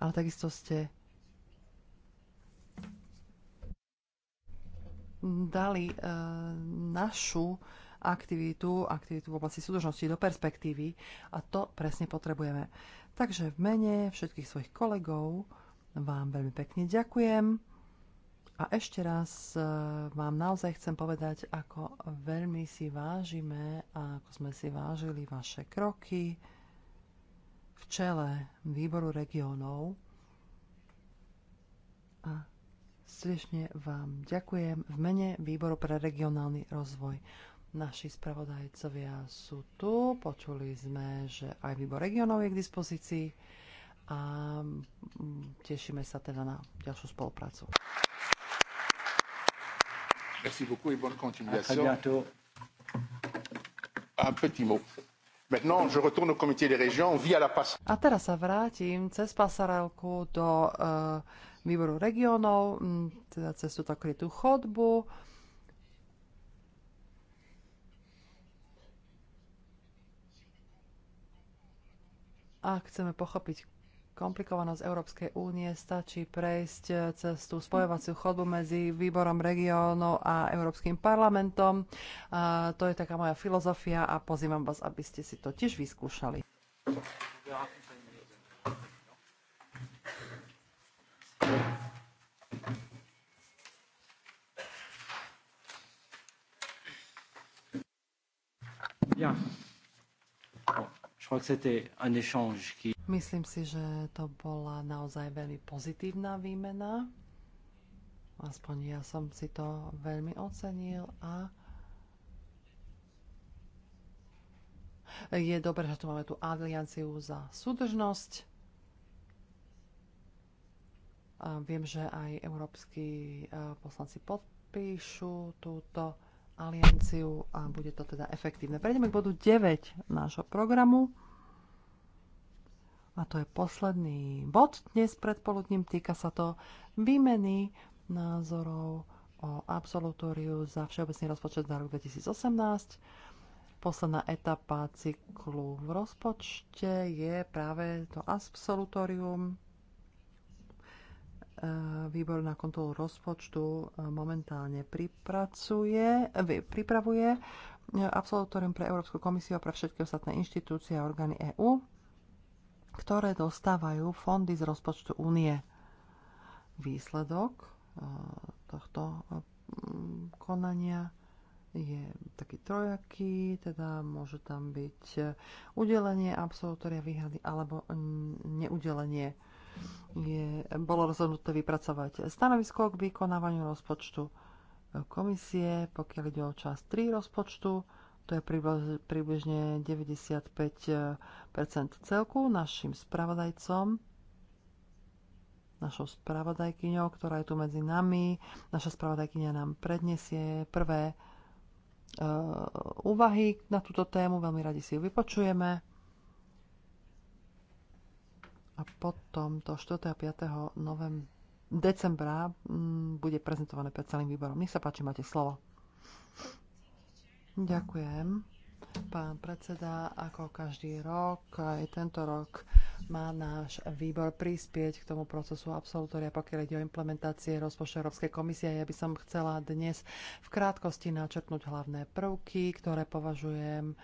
Ale takisto ste dali e, našu aktivitu, aktivitu v oblasti súdržnosti do perspektívy a to presne potrebujeme. Takže v mene všetkých svojich kolegov vám veľmi pekne ďakujem. A ešte raz e, vám naozaj chcem povedať, ako veľmi si vážime a ako sme si vážili vaše kroky v čele výboru regiónov. A srdečne vám ďakujem v mene výboru pre regionálny rozvoj. Naši spravodajcovia sú tu, počuli sme, že aj výbor regionov je k dispozícii a tešíme sa teda na ďalšiu spoluprácu. Merci beaucoup et bonne continuation. Un petit mot. Maintenant, je retourne au comité des régions via la passe. A teraz sa vrátim cez pasarelku do uh, výboru regionov, teda cez túto krytú chodbu. Ak chceme pochopiť komplikovanosť Európskej únie, stačí prejsť eh, cez tú spojovaciu chodbu medzi výborom regiónov a Európskym parlamentom. A to je taká moja filozofia a pozývam vás, aby ste si to tiež vyskúšali. Yeah. Myslím si, že to bola naozaj veľmi pozitívna výmena. Aspoň ja som si to veľmi ocenil a je dobré, že tu máme tú alianciu za súdržnosť. A viem, že aj európsky eh, poslanci podpíšu túto alianciu a bude to teda efektívne. Prejdeme k bodu 9 nášho programu. A to je posledný bod dnes predpoludním. Týka sa to výmeny názorov o absolutóriu za všeobecný rozpočet na rok 2018. Posledná etapa cyklu v rozpočte je práve to absolutórium Eh, výbor na kontrolu rozpočtu eh, momentálne pripracuje, pripravuje eh, absolutorium pre Európsku komisiu a pre všetky ostatné inštitúcie a orgány EÚ, ktoré dostávajú fondy z rozpočtu únie. Výsledok tohto konania je taký trojaký, teda môže tam byť udelenie absolutória výhrady alebo neudelenie je, bolo rozhodnuté vypracovať stanovisko k vykonávaniu rozpočtu komisie, pokiaľ ide o čas 3 rozpočtu, to je približne 95 celku. Našim spravodajcom, našou spravodajkyňou, ktorá je tu medzi nami, naša spravodajkyňa nám predniesie prvé uh, úvahy na túto tému, veľmi radi si ju vypočujeme a potom to 4. a 5. Novem- decembra mm, bude prezentované pred celým výborom. Nech sa páči, máte slovo. Ďakujem. Pán predseda, ako každý rok, aj tento rok má náš výbor prispieť k tomu procesu absolutória, pokiaľ ide o implementácie rozpočtu Európskej komisie. Ja by som chcela dnes v krátkosti načrtnúť hlavné prvky, ktoré považujem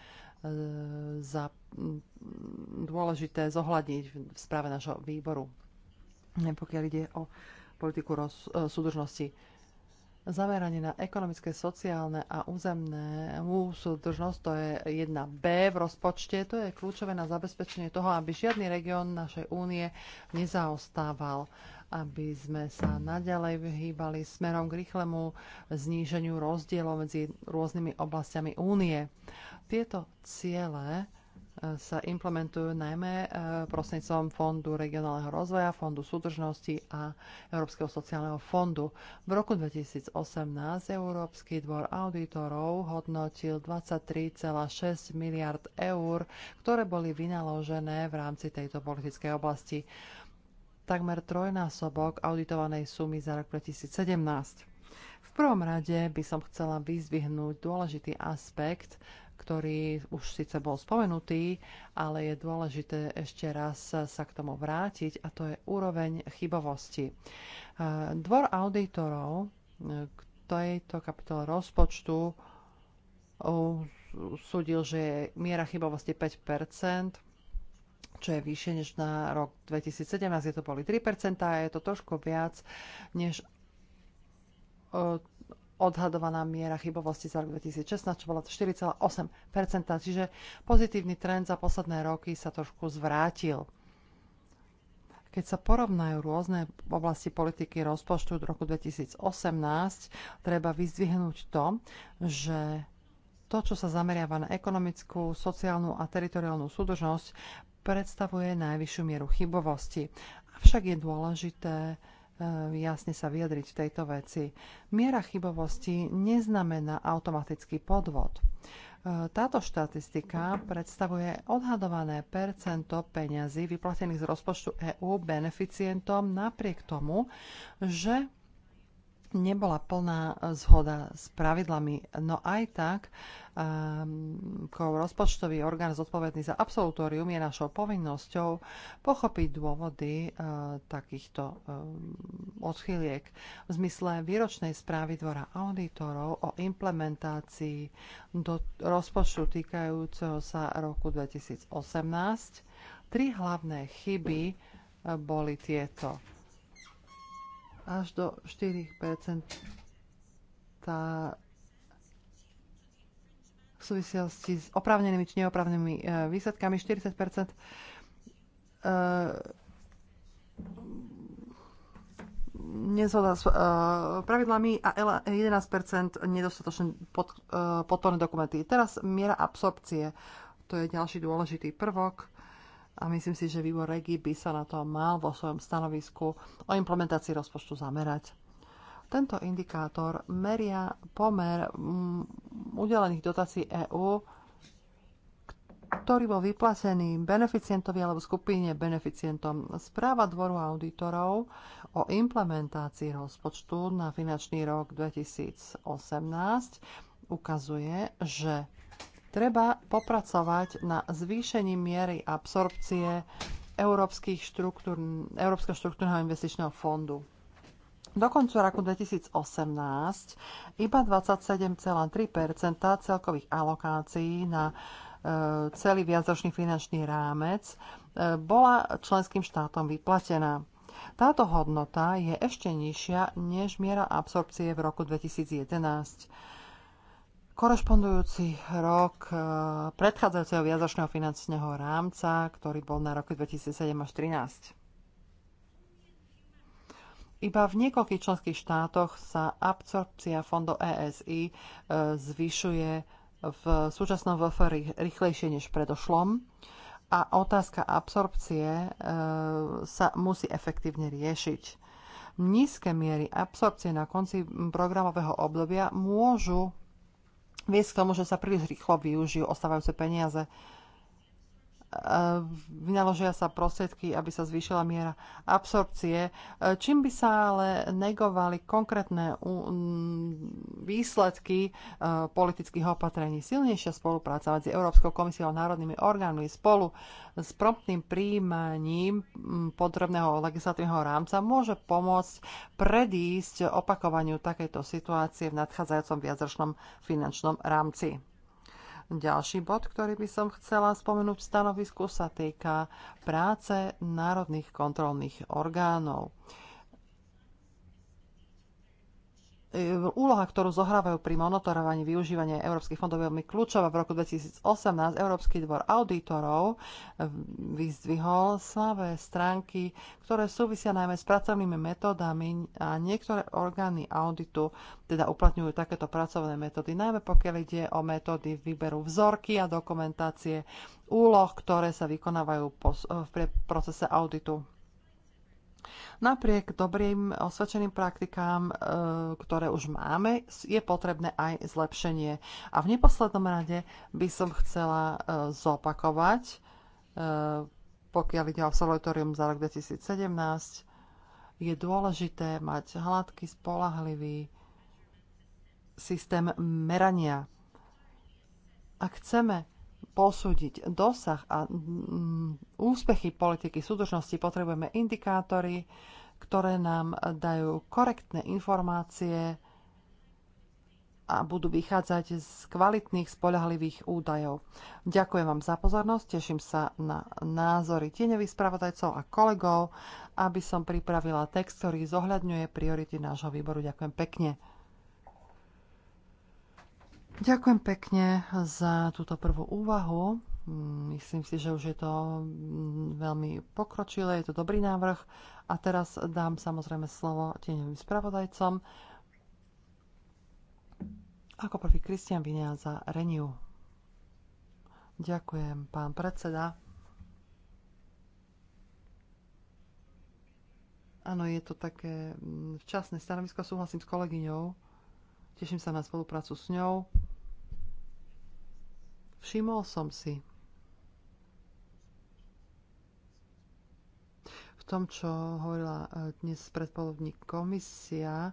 za dôležité zohľadniť v správe nášho výboru, pokiaľ ide o politiku roz, e, súdržnosti. Zameranie na ekonomické, sociálne a územné súdržnosť, to je jedna b v rozpočte, to je kľúčové na zabezpečenie toho, aby žiadny región našej únie nezaostával. Uh, aby sme sa naďalej vyhýbali smerom k rýchlemu zníženiu rozdielov medzi rôznymi oblastiami únie. Tieto ciele e, sa implementujú najmä e, prostredníctvom Fondu regionálneho rozvoja, Fondu súdržnosti a Európskeho sociálneho fondu. V roku 2018 Európsky dvor auditorov hodnotil 23,6 miliard eur, ktoré boli vynaložené v rámci tejto politickej oblasti takmer trojnásobok auditovanej sumy za rok 2017. V prvom rade by som chcela vyzvihnúť dôležitý aspekt, ktorý už síce bol spomenutý, ale je dôležité ešte raz sa k tomu vrátiť a to je úroveň chybovosti. Dvor auditorov k e, tejto kapitole rozpočtu súdil, že je miera chybovosti 5 čo je vyššie než na rok 2017, je to boli 3% a je to trošku viac než odhadovaná miera chybovosti za rok 2016, čo bola 4,8%, čiže pozitívny trend za posledné roky sa trošku zvrátil. Keď sa porovnajú rôzne oblasti politiky rozpočtu od roku 2018, treba vyzdvihnúť to, že to, čo sa zameriava na ekonomickú, sociálnu a teritoriálnu súdržnosť, predstavuje najvyššiu mieru chybovosti. Avšak je dôležité e, jasne sa vyjadriť v tejto veci. Miera chybovosti neznamená automatický podvod. E, táto štatistika predstavuje odhadované percento peňazí vyplatených z rozpočtu EÚ beneficientom napriek tomu, že nebola plná e, zhoda s pravidlami. No aj tak, ako e, rozpočtový orgán zodpovedný za absolutórium je našou povinnosťou pochopiť dôvody e, takýchto odchyliek v zmysle výročnej správy Dvora auditorov o implementácii do rozpočtu týkajúceho sa roku 2018. Tri hlavné chyby boli tieto až do 4 v súvislosti s oprávnenými či neoprávnenými e, výsledkami 40 e, nezhoda s e, pravidlami a 11 nedostatočne podporné dokumenty. Teraz miera absorpcie. To je ďalší dôležitý prvok a myslím si, že výbor REGI by sa na to mal vo svojom stanovisku o implementácii rozpočtu zamerať. Tento indikátor meria pomer mm, udelených dotácií EÚ, ktorý bol vyplatený beneficientovi alebo skupine beneficientom. Správa dvoru auditorov o implementácii rozpočtu na finančný rok 2018 ukazuje, že Treba popracovať na zvýšení miery absorpcie Európskych štruktúr, Európskeho štruktúrneho investičného fondu. Do konca roku 2018 iba 27,3 celkových alokácií na e, celý viacročný finančný rámec e, bola členským štátom vyplatená. Táto hodnota je ešte nižšia než miera absorpcie v roku 2011 korešpondujúci rok e, predchádzajúceho viazačného finančného rámca, ktorý bol na roky 2007 až 2013. Iba v niekoľkých členských štátoch sa absorpcia fondov ESI e, zvyšuje v súčasnom VFR rýchlejšie než predošlom a otázka absorpcie e, sa musí efektívne riešiť. Nízke miery absorpcie na konci programového obdobia môžu viesť k tomu, že sa príliš rýchlo využijú ostávajúce peniaze vynaložia sa prostriedky, aby sa zvýšila miera absorpcie, čím by sa ale negovali konkrétne výsledky e, politických opatrení. Silnejšia spolupráca medzi Európskou komisiou a národnými orgánmi spolu s promptným príjmaním potrebného legislatívneho rámca môže pomôcť predísť opakovaniu takejto situácie v nadchádzajúcom viacročnom finančnom rámci. Ďalší bod, ktorý by som chcela spomenúť v stanovisku, sa týka práce národných kontrolných orgánov. E, úloha, ktorú zohrávajú pri monitorovaní využívania európskych fondov je veľmi kľúčová. V roku 2018 Európsky dvor auditorov e, vyzdvihol slavé stránky, ktoré súvisia najmä s pracovnými metódami a niektoré orgány auditu teda uplatňujú takéto pracovné metódy, najmä pokiaľ ide o metódy výberu vzorky a dokumentácie úloh, ktoré sa vykonávajú v procese auditu. Napriek dobrým osvedčeným praktikám, e, ktoré už máme, je potrebné aj zlepšenie. A v neposlednom rade by som chcela e, zopakovať, e, pokiaľ ide o absolutorium za rok 2017, je dôležité mať hladký, spolahlivý systém merania. Ak chceme posúdiť dosah a mm, mm, úspechy politiky súdržnosti, potrebujeme indikátory, ktoré nám dajú korektné informácie a budú vychádzať z kvalitných, spolahlivých údajov. Ďakujem vám za pozornosť, teším sa na názory tieňových spravodajcov a kolegov, aby som pripravila text, ktorý zohľadňuje priority nášho výboru. Ďakujem pekne. Ďakujem pekne za túto prvú úvahu. Myslím si, že už je to veľmi pokročilé, je to dobrý návrh. A teraz dám samozrejme slovo tieňovým spravodajcom. Ako prvý Kristian Vinia za Reniu. Ďakujem, pán predseda. Áno, je to také včasné stanovisko, súhlasím s kolegyňou Teším sa na spoluprácu s ňou. Všimol som si v tom, čo hovorila e, dnes predpolovník komisia e,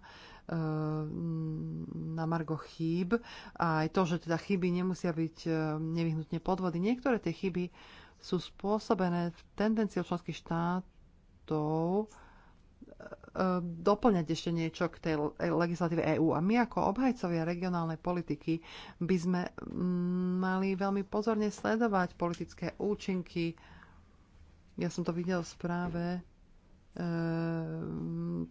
na Margo chýb a aj to, že teda chyby nemusia byť e, nevyhnutne podvody. Niektoré tie chyby sú spôsobené tendenciou členských štátov E, doplňať ešte niečo k tej legislatíve EÚ. A my ako obhajcovia regionálnej politiky by sme mm, mali veľmi pozorne sledovať politické účinky. Ja som to videl v správe e,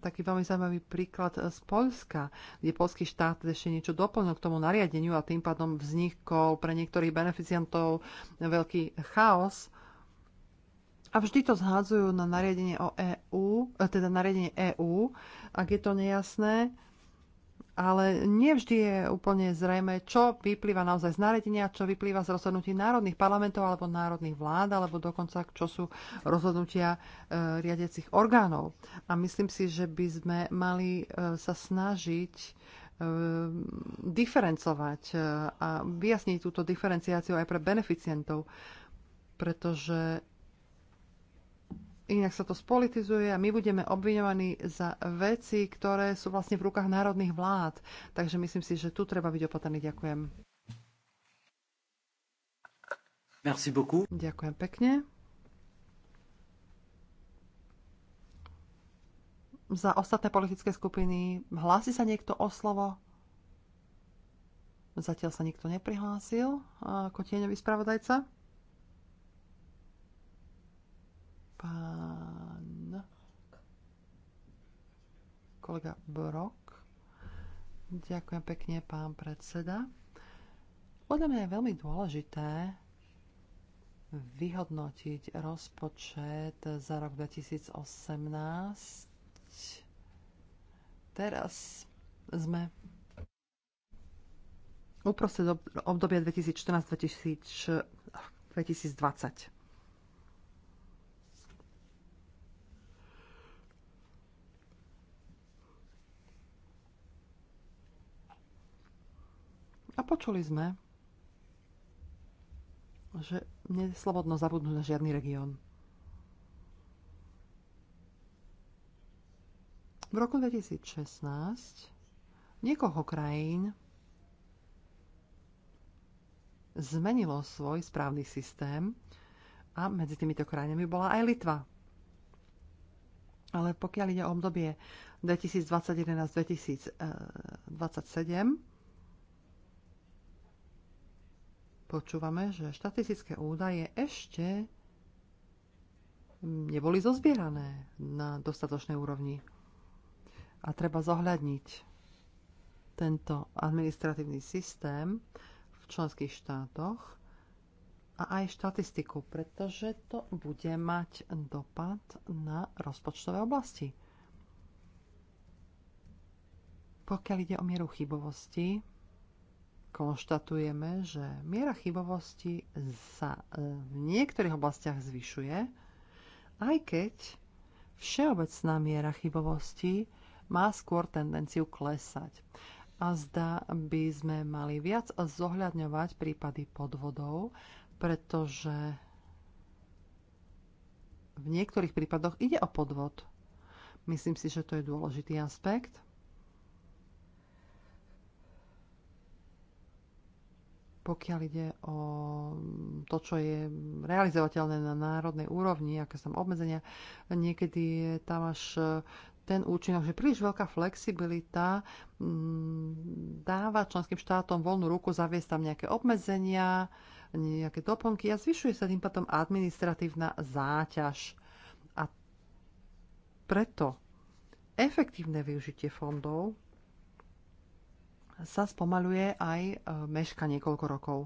taký veľmi zaujímavý príklad z Poľska, kde polský štát ešte niečo doplnil k tomu nariadeniu a tým pádom vznikol pre niektorých beneficiantov veľký chaos. A vždy to zhádzajú na nariadenie o EU, e, teda nariadenie EU, ak je to nejasné, ale nevždy je úplne zrejme, čo vyplýva naozaj z nariadenia, čo vyplýva z rozhodnutí národných parlamentov alebo národných vlád, alebo dokonca čo sú rozhodnutia e, riadiacich orgánov. A myslím si, že by sme mali e, sa snažiť e, diferencovať e, a vyjasniť túto diferenciáciu aj pre beneficientov, pretože inak sa to spolitizuje a my budeme obviňovaní za veci, ktoré sú vlastne v rukách národných vlád. Takže myslím si, že tu treba byť opatrný. Ďakujem. Merci beaucoup. Ďakujem pekne. Za ostatné politické skupiny hlási sa niekto o slovo? Zatiaľ sa nikto neprihlásil ako tieňový spravodajca. Pán kolega Brok. Ďakujem pekne, pán predseda. Podľa mňa je veľmi dôležité vyhodnotiť rozpočet za rok 2018. Teraz sme uprostred obdobia 2014-2020. A počuli sme, že neslobodno zabudnú na žiadny región. V roku 2016 niekoľko krajín zmenilo svoj správny systém a medzi týmito krajinami bola aj Litva. Ale pokiaľ ide o obdobie 2021-2027, počúvame, že štatistické údaje ešte neboli zozbierané na dostatočnej úrovni. A treba zohľadniť tento administratívny systém v členských štátoch a aj štatistiku, pretože to bude mať dopad na rozpočtové oblasti. Pokiaľ ide o mieru chybovosti, konštatujeme, že miera chybovosti sa e, v niektorých oblastiach zvyšuje, aj keď všeobecná miera chybovosti má skôr tendenciu klesať. A zdá by sme mali viac zohľadňovať prípady podvodov, pretože v niektorých prípadoch ide o podvod. Myslím si, že to je dôležitý aspekt. pokiaľ ide o to, čo je realizovateľné na národnej úrovni, aké sú tam obmedzenia, niekedy je tam až ten účinok, že príliš veľká flexibilita mm, dáva členským štátom voľnú ruku zaviesť tam nejaké obmedzenia, nejaké doplnky a zvyšuje sa tým potom administratívna záťaž. A preto efektívne využitie fondov sa spomaluje aj e, meška niekoľko rokov.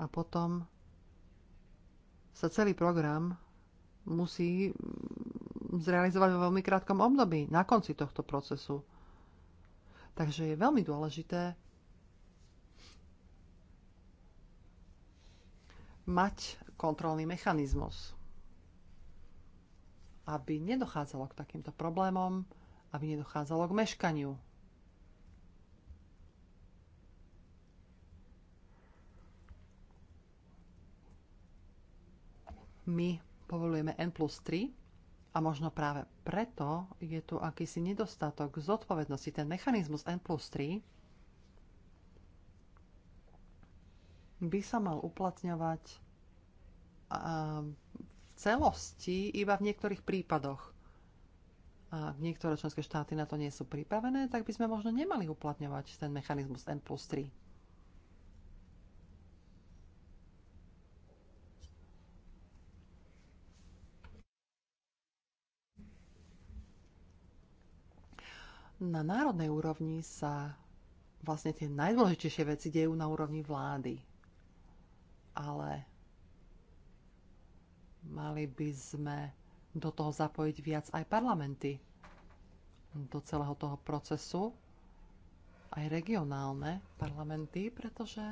A potom sa celý program musí mm, zrealizovať vo veľmi krátkom období, na konci tohto procesu. Takže je veľmi dôležité mať kontrolný mechanizmus, aby nedochádzalo k takýmto problémom, aby nedochádzalo k meškaniu. my povolujeme N plus 3 a možno práve preto je tu akýsi nedostatok zodpovednosti. Ten mechanizmus N plus 3 by sa mal uplatňovať v celosti iba v niektorých prípadoch. A niektoré členské štáty na to nie sú pripravené, tak by sme možno nemali uplatňovať ten mechanizmus N plus 3. na národnej úrovni sa vlastne tie najdôležitejšie veci dejú na úrovni vlády. Ale mali by sme do toho zapojiť viac aj parlamenty do celého toho procesu, aj regionálne parlamenty, pretože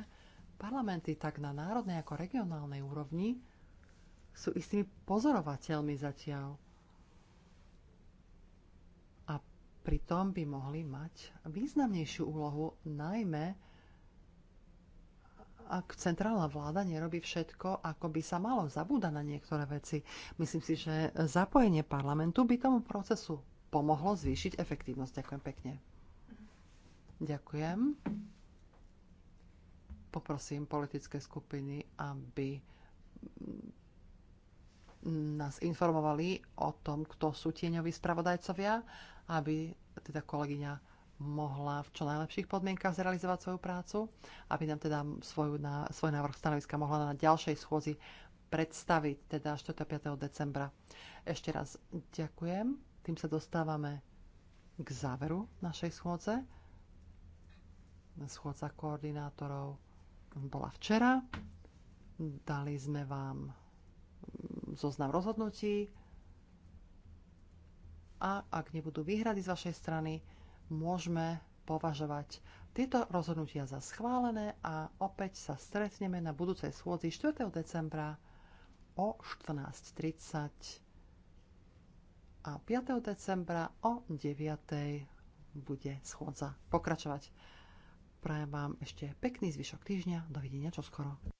parlamenty tak na národnej ako regionálnej úrovni sú istými pozorovateľmi zatiaľ pritom by mohli mať významnejšiu úlohu, najmä ak centrálna vláda nerobí všetko, ako by sa malo zabúdať na niektoré veci. Myslím si, že zapojenie parlamentu by tomu procesu pomohlo zvýšiť efektívnosť. Ďakujem pekne. Ďakujem. Poprosím politické skupiny, aby nás informovali o tom, kto sú tieňoví spravodajcovia aby teda kolegyňa mohla v čo najlepších podmienkach zrealizovať svoju prácu, aby nám teda svoju, na, svoj návrh stanoviska mohla na ďalšej schôzi predstaviť, teda 4. 5. decembra. Ešte raz ďakujem. Tým sa dostávame k záveru našej schôdze. Schôdza koordinátorov bola včera. Dali sme vám zoznam rozhodnutí, a ak nebudú výhrady z vašej strany, môžeme považovať tieto rozhodnutia za schválené a opäť sa stretneme na budúcej schôdzi 4. decembra o 14.30 a 5. decembra o 9. bude schôdza pokračovať. Prajem vám ešte pekný zvyšok týždňa. Dovidenia čoskoro.